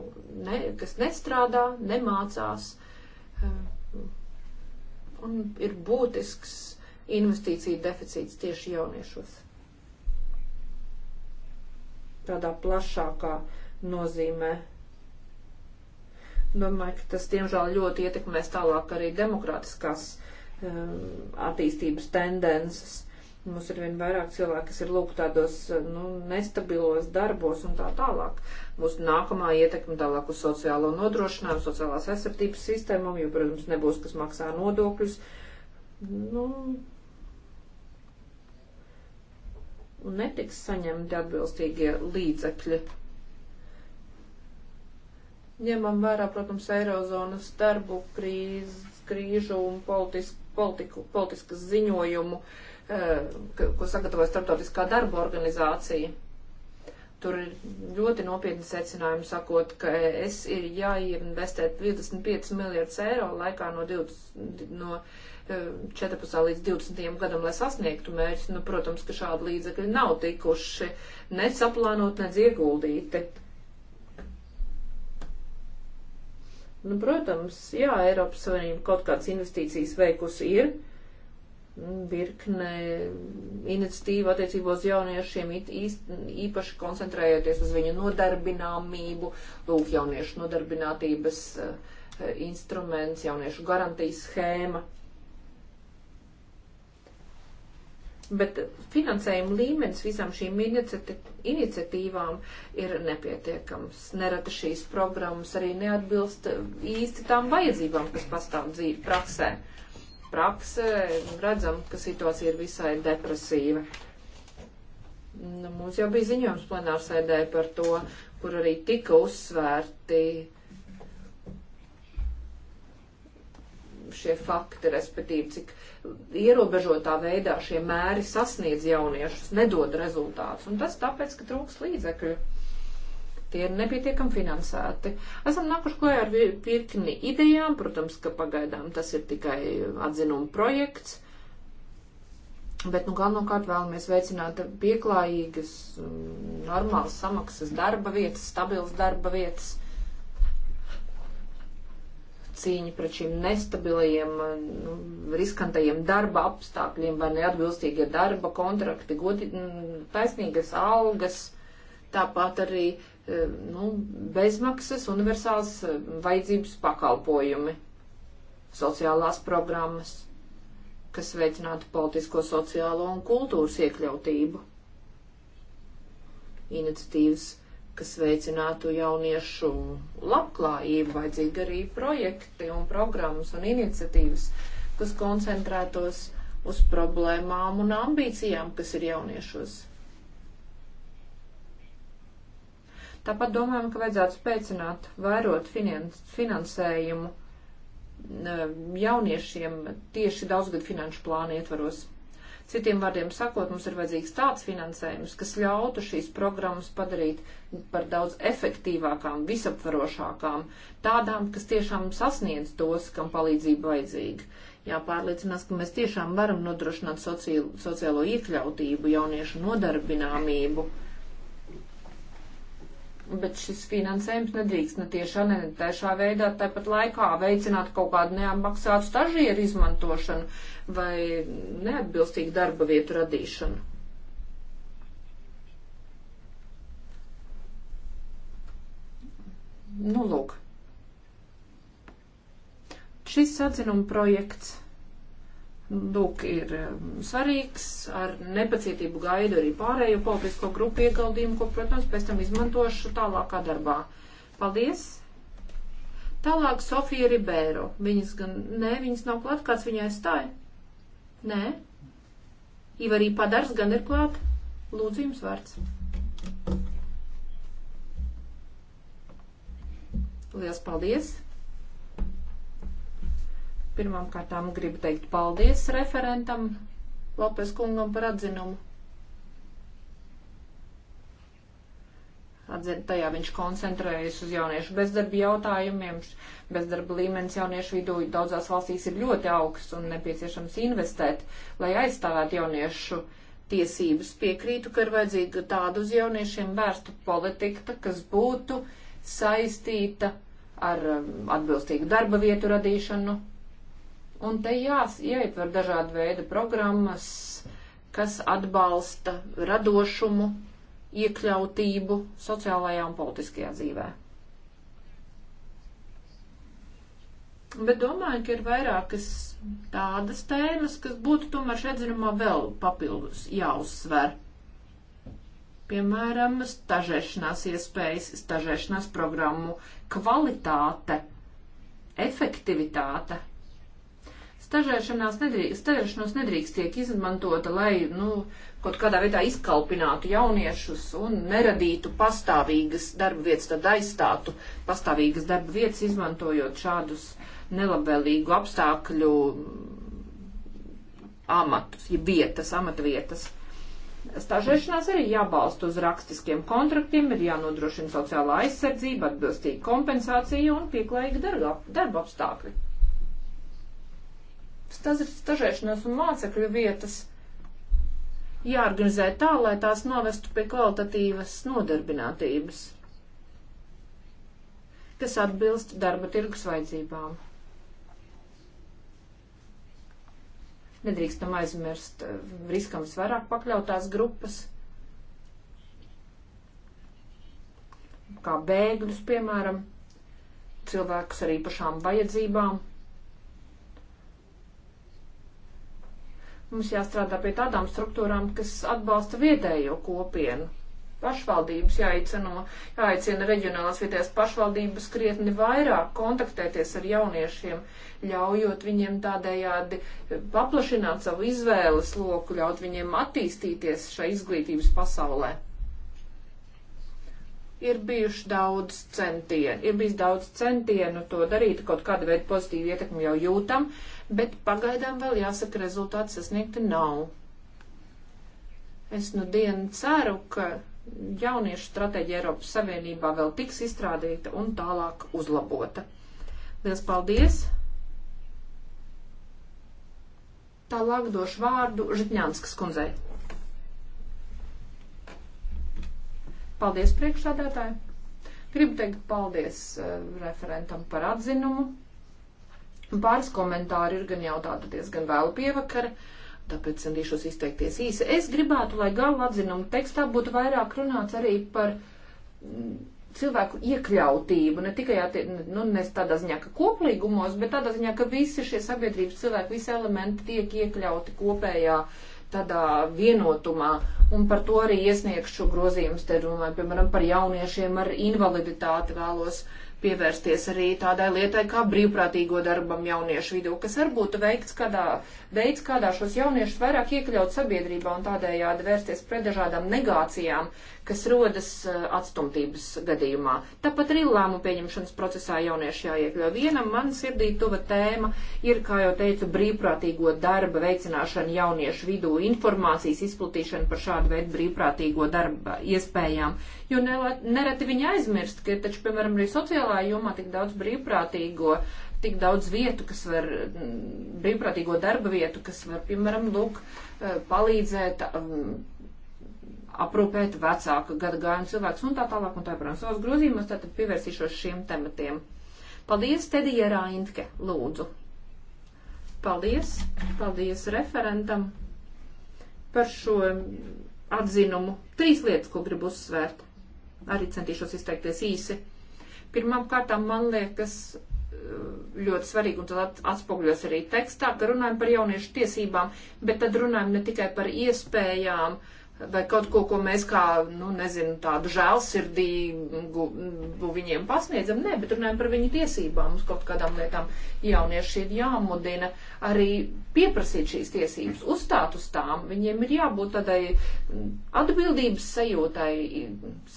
ne, kas nestrādā, nemācās. Un ir būtisks investīcija deficīts tieši jauniešos. Tādā plašākā nozīmē. Domāju, ka tas tiemžēl ļoti ietekmēs tālāk arī demokrātiskās um, attīstības tendences Mums ir vien vairāk cilvēki, kas ir lūk tādos nu, nestabilos darbos un tā tālāk. Mūsu nākamā ietekme tālāk uz sociālo nodrošinājumu, sociālās aizsardzības sistēmām, jo, protams, nebūs, kas maksā nodokļus. Nu, un netiks saņemti atbilstīgie līdzekļi. Ņemam vērā, protams, Eirozonas darbu krīz, krīžu un politisku, politiku, politiskas ziņojumu. Uh, ko sagatavoja Startautiskā darba organizācija. Tur ir ļoti nopietni secinājumi sakot, ka es ir jāinvestē 25 miljardus eiro laikā no, 20, no 14. E, līdz 20. gadam, lai sasniegtu mērķus. Nu, protams, ka šādi līdzekļi nav tikuši nesaplānot, nedz ieguldīti. Nu, protams, jā, Eiropas Savienība kaut kādas investīcijas veikusi ir virkne iniciatīva attiecībā uz jauniešiem, īpaši koncentrējoties uz viņu nodarbināmību, lūk, jauniešu nodarbinātības eh, instruments, jauniešu garantijas schēma. Bet finansējuma līmenis visām šīm iniciatīvām ir nepietiekams. Nereti šīs programmas arī neatbilst eh, īsti tām vajadzībām, kas pastāv dzīve praksē. Uh, praksē nu, redzam, ka situācija ir visai depresīva. Nu, mums jau bija ziņojums plenārsēdē par to, kur arī tika uzsvērti šie fakti, respektīvi, cik ierobežotā veidā šie mēri sasniedz jauniešus, nedod rezultātus. Un tas tāpēc, ka trūks līdzekļu. Tie ir nepietiekami finansēti. Esam nākuši klajā ar virkni idejām, protams, ka pagaidām tas ir tikai atzinuma projekts. Bet nu, galvenokārt vēlamies veicināt pieklājīgas, mm, normālas samaksas darba vietas, stabilas darba vietas, cīņa pret šīm nestabilajiem, nu, riskantajiem darba apstākļiem vai neatbilstīgie darba kontrakti, godi, mm, taisnīgas algas, tāpat arī E, nu, bezmaksas universāls e, vajadzības pakalpojumi, sociālās programmas, kas veicinātu politisko, sociālo un kultūras iekļautību, iniciatīvas, kas veicinātu jauniešu labklājību, vajadzīgi arī projekti un programmas un iniciatīvas, kas koncentrētos uz problēmām un ambīcijām, kas ir jauniešos Tāpat domājam, ka vajadzētu spēcināt, vairot finans, finansējumu jauniešiem tieši daudzgad finanšu plānu ietvaros. Citiem vārdiem sakot, mums ir vajadzīgs tāds finansējums, kas ļautu šīs programmas padarīt par daudz efektīvākām, visaptvarošākām, tādām, kas tiešām sasniedz tos, kam palīdzība vajadzīga. Jāpārliecinās, ka mēs tiešām varam nodrošināt sociālo, sociālo iekļautību, jauniešu nodarbināmību. Uh, bet šis finansējums nedrīkst ne tiešā, ne tiešā veidā tāpat laikā veicināt kaut kādu neapmaksātu stažieru izmantošanu vai neatbilstīgu darba vietu radīšanu. Nu, lūk. Šis atzinuma projekts lūk, ir um, svarīgs, ar nepacietību gaidu arī pārējo politisko grupu ieguldījumu, ko, protams, pēc tam izmantošu tālākā darbā. Paldies! Tālāk Sofija Ribeiro. Viņas gan, nē, viņas nav klāt, kāds viņai stāja? Nē? Ivarī Padars gan ir klāt? Lūdzu, jums vārds. Lielas paldies! Pirmām kārtām gribu teikt paldies referentam Lopes kungam par atzinumu. Atzin, tajā viņš koncentrējas uz jauniešu bezdarba jautājumiem. Bezdarba līmenis jauniešu vidū daudzās valstīs ir ļoti augsts un nepieciešams investēt, lai aizstāvētu jauniešu tiesības. Piekrītu, ka ir vajadzīga tāda uz jauniešiem vērsta politika, kas būtu saistīta ar um, atbilstīgu darba vietu radīšanu, Un te jās, jāietver dažādi veidi programmas, kas atbalsta radošumu, iekļautību sociālajā un politiskajā dzīvē. Bet domāju, ka ir vairākas tādas tēmas, kas būtu tomēr šeit zinumā vēl papildus jāuzsver. Piemēram, stažēšanās iespējas, stažēšanās programmu kvalitāte, efektivitāte Stažēšanās nedrīkst, stažēšanos nedrīkst tiek izmantota, lai, nu, kaut kādā veidā izkalpinātu jauniešus un neradītu pastāvīgas darba vietas, tad aizstātu pastāvīgas darba vietas, izmantojot šādus nelabvēlīgu apstākļu amatus, ja vietas, amata vietas. Stāžēšanās arī jābalsta uz rakstiskiem kontraktiem, ir jānodrošina sociālā aizsardzība, atbilstīga kompensācija un pieklājīga darba, darba apstākļi stažēšanās un mācekļu vietas jāorganizē tā, lai tās novestu pie kvalitatīvas nodarbinātības, kas atbilst darba tirgus vajadzībām. Nedrīkstam aizmirst eh, riskam visvairāk pakļautās grupas, kā bēgļus, piemēram, cilvēkus ar īpašām vajadzībām. Mums jāstrādā pie tādām struktūrām, kas atbalsta vietējo kopienu. Pašvaldības jāicino, jāicina reģionālās vietējās pašvaldības krietni vairāk kontaktēties ar jauniešiem, ļaujot viņiem tādējādi paplašināt savu izvēles loku, ļaut viņiem attīstīties šai izglītības pasaulē ir bijuši daudz centienu, ir bijis daudz centienu to darīt, kaut kāda veida pozitīvu ietekmi jau jūtam, bet pagaidām vēl jāsaka rezultāti sasniegti nav. Es nu dienu ceru, ka jauniešu stratēģija Eiropas Savienībā vēl tiks izstrādīta un tālāk uzlabota. Lielas paldies! Tālāk došu vārdu Žitņānskas kundzei. Paldies priekšsādātāji! Gribu teikt paldies uh, referentam par atzinumu. Pāris komentāri ir gan jau tāda diezgan vēlu pievakara, tāpēc centīšos izteikties īsi. Es gribētu, lai gala atzinuma tekstā būtu vairāk runāts arī par mm, cilvēku iekļautību, ne tikai attie, nu, ne tādā ziņā, ka koplīgumos, bet tādā ziņā, ka visi šie sabiedrības cilvēki, visi elementi tiek iekļauti kopējā tādā vienotumā, un par to arī iesniegšu grozījumus, te domāju, piemēram, par jauniešiem ar invaliditāti vēlos uh, pievērsties arī tādai lietai kā brīvprātīgo darbam jauniešu vidū, kas var būt veikts kādā veids, kādā šos jauniešus vairāk iekļaut sabiedrībā un tādējādi vērsties pret dažādām negācijām, kas rodas eh, atstumtības gadījumā. Tāpat arī lēmu pieņemšanas procesā jaunieši jāiekļauj. Viena man sirdī tuva tēma ir, kā jau teicu, brīvprātīgo darba veicināšana jauniešu vidū, informācijas izplatīšana par šādu veidu brīvprātīgo darba iespējām. Jo nereti viņi aizmirst, ka ir taču, piemēram, arī sociālā jomā tik daudz brīvprātīgo tik daudz vietu, kas var, mm, brīvprātīgo darba vietu, kas var, piemēram, lūk, eh, palīdzēt mm, aprūpēt vecāku gadagājumu cilvēks un tā tālāk un tā joprojām. Savos grozījumos tātad pievērsīšos šiem tematiem. Paldies, Tedija Raintke, lūdzu. Paldies, paldies referentam par šo atzinumu. Trīs lietas, ko gribu uzsvērt. Arī centīšos izteikties īsi. Pirmām kārtām man liekas eh, ļoti svarīgi, un tad atspoguļos arī tekstā, ka runājam par jauniešu tiesībām, bet tad runājam ne tikai par iespējām, uh, vai kaut ko, ko mēs kā, nu, nezinu, tādu žēlsirdīgu viņiem pasniedzam. Nē, bet runājam par viņu tiesībām uz kaut kādām lietām. Jaunieši ir jāmudina arī pieprasīt šīs tiesības, uzstāt uz tām. Viņiem ir jābūt tādai atbildības sajūtai,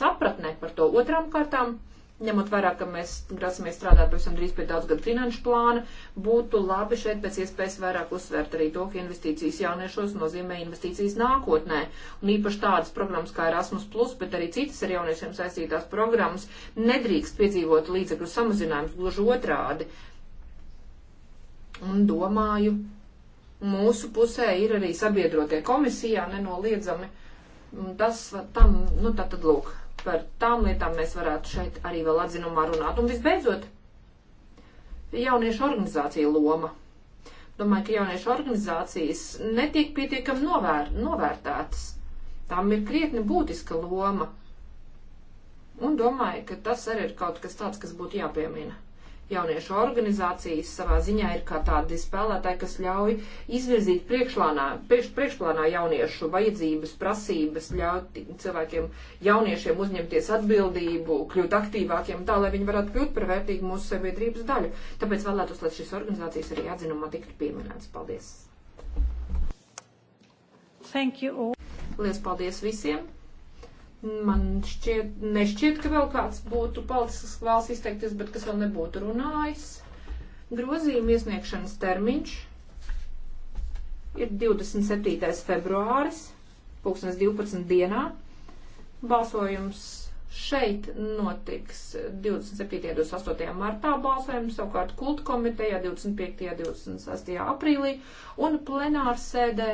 sapratnē par to. Otrām kārtām ņemot vērā, ka mēs grasamies strādāt pavisam drīz pie daudzgada finanšu plāna, būtu labi šeit pēc iespējas vairāk uzsvērt arī to, ka investīcijas jauniešos nozīmē investīcijas nākotnē. Un īpaši tādas programmas kā Erasmus, bet arī citas ar jauniešiem saistītās programmas nedrīkst piedzīvot līdzekļu samazinājumus, gluži otrādi. Un domāju, mūsu pusē ir arī sabiedrotie komisijā nenoliedzami. Tas tam, nu tā tad lūk par tām lietām mēs varētu šeit arī vēl atzinumā runāt. Un visbeidzot, jauniešu organizācija loma. Domāju, ka jauniešu organizācijas netiek pietiekami novēr, novērtētas. Tām ir krietni būtiska loma. Un domāju, ka tas arī ir kaut kas tāds, kas būtu jāpiemina jauniešu organizācijas savā ziņā ir kā tādi spēlētāji, kas ļauj izvirzīt priekšplānā, priekš, priekšplānā jauniešu vajadzības, prasības, ļauj cilvēkiem, jauniešiem uzņemties atbildību, kļūt aktīvākiem, tā lai viņi varētu kļūt par vērtīgu mūsu sabiedrības daļu. Tāpēc vēlētos, lai šīs organizācijas arī atzinumā tiktu pieminētas. Paldies! Thank you all! Lielas paldies visiem! Man šķiet, nešķiet, ka vēl kāds būtu palicis, kas vēlas izteikties, bet kas vēl nebūtu runājis. Grozījuma iesniegšanas termiņš ir 27. februāris, 2012. dienā. Balsojums šeit notiks 27. un 28. martā balsojums, savukārt kultu komitejā 25. un 26. aprīlī un plenārsēdē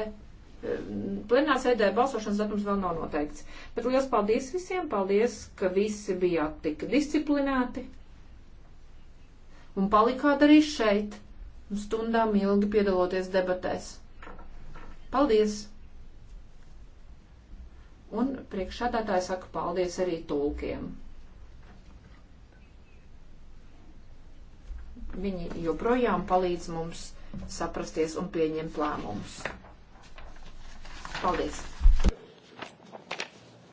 plenā sēdē balsošanas datums vēl nav noteikts. Bet liels paldies visiem, paldies, ka visi bijāt tik disciplinēti un palikāt arī šeit, stundām ilgi piedaloties debatēs. Paldies! Un priekšādātāji saka paldies arī tulkiem. Viņi joprojām palīdz mums saprasties un pieņemt lēmumus. Paldies!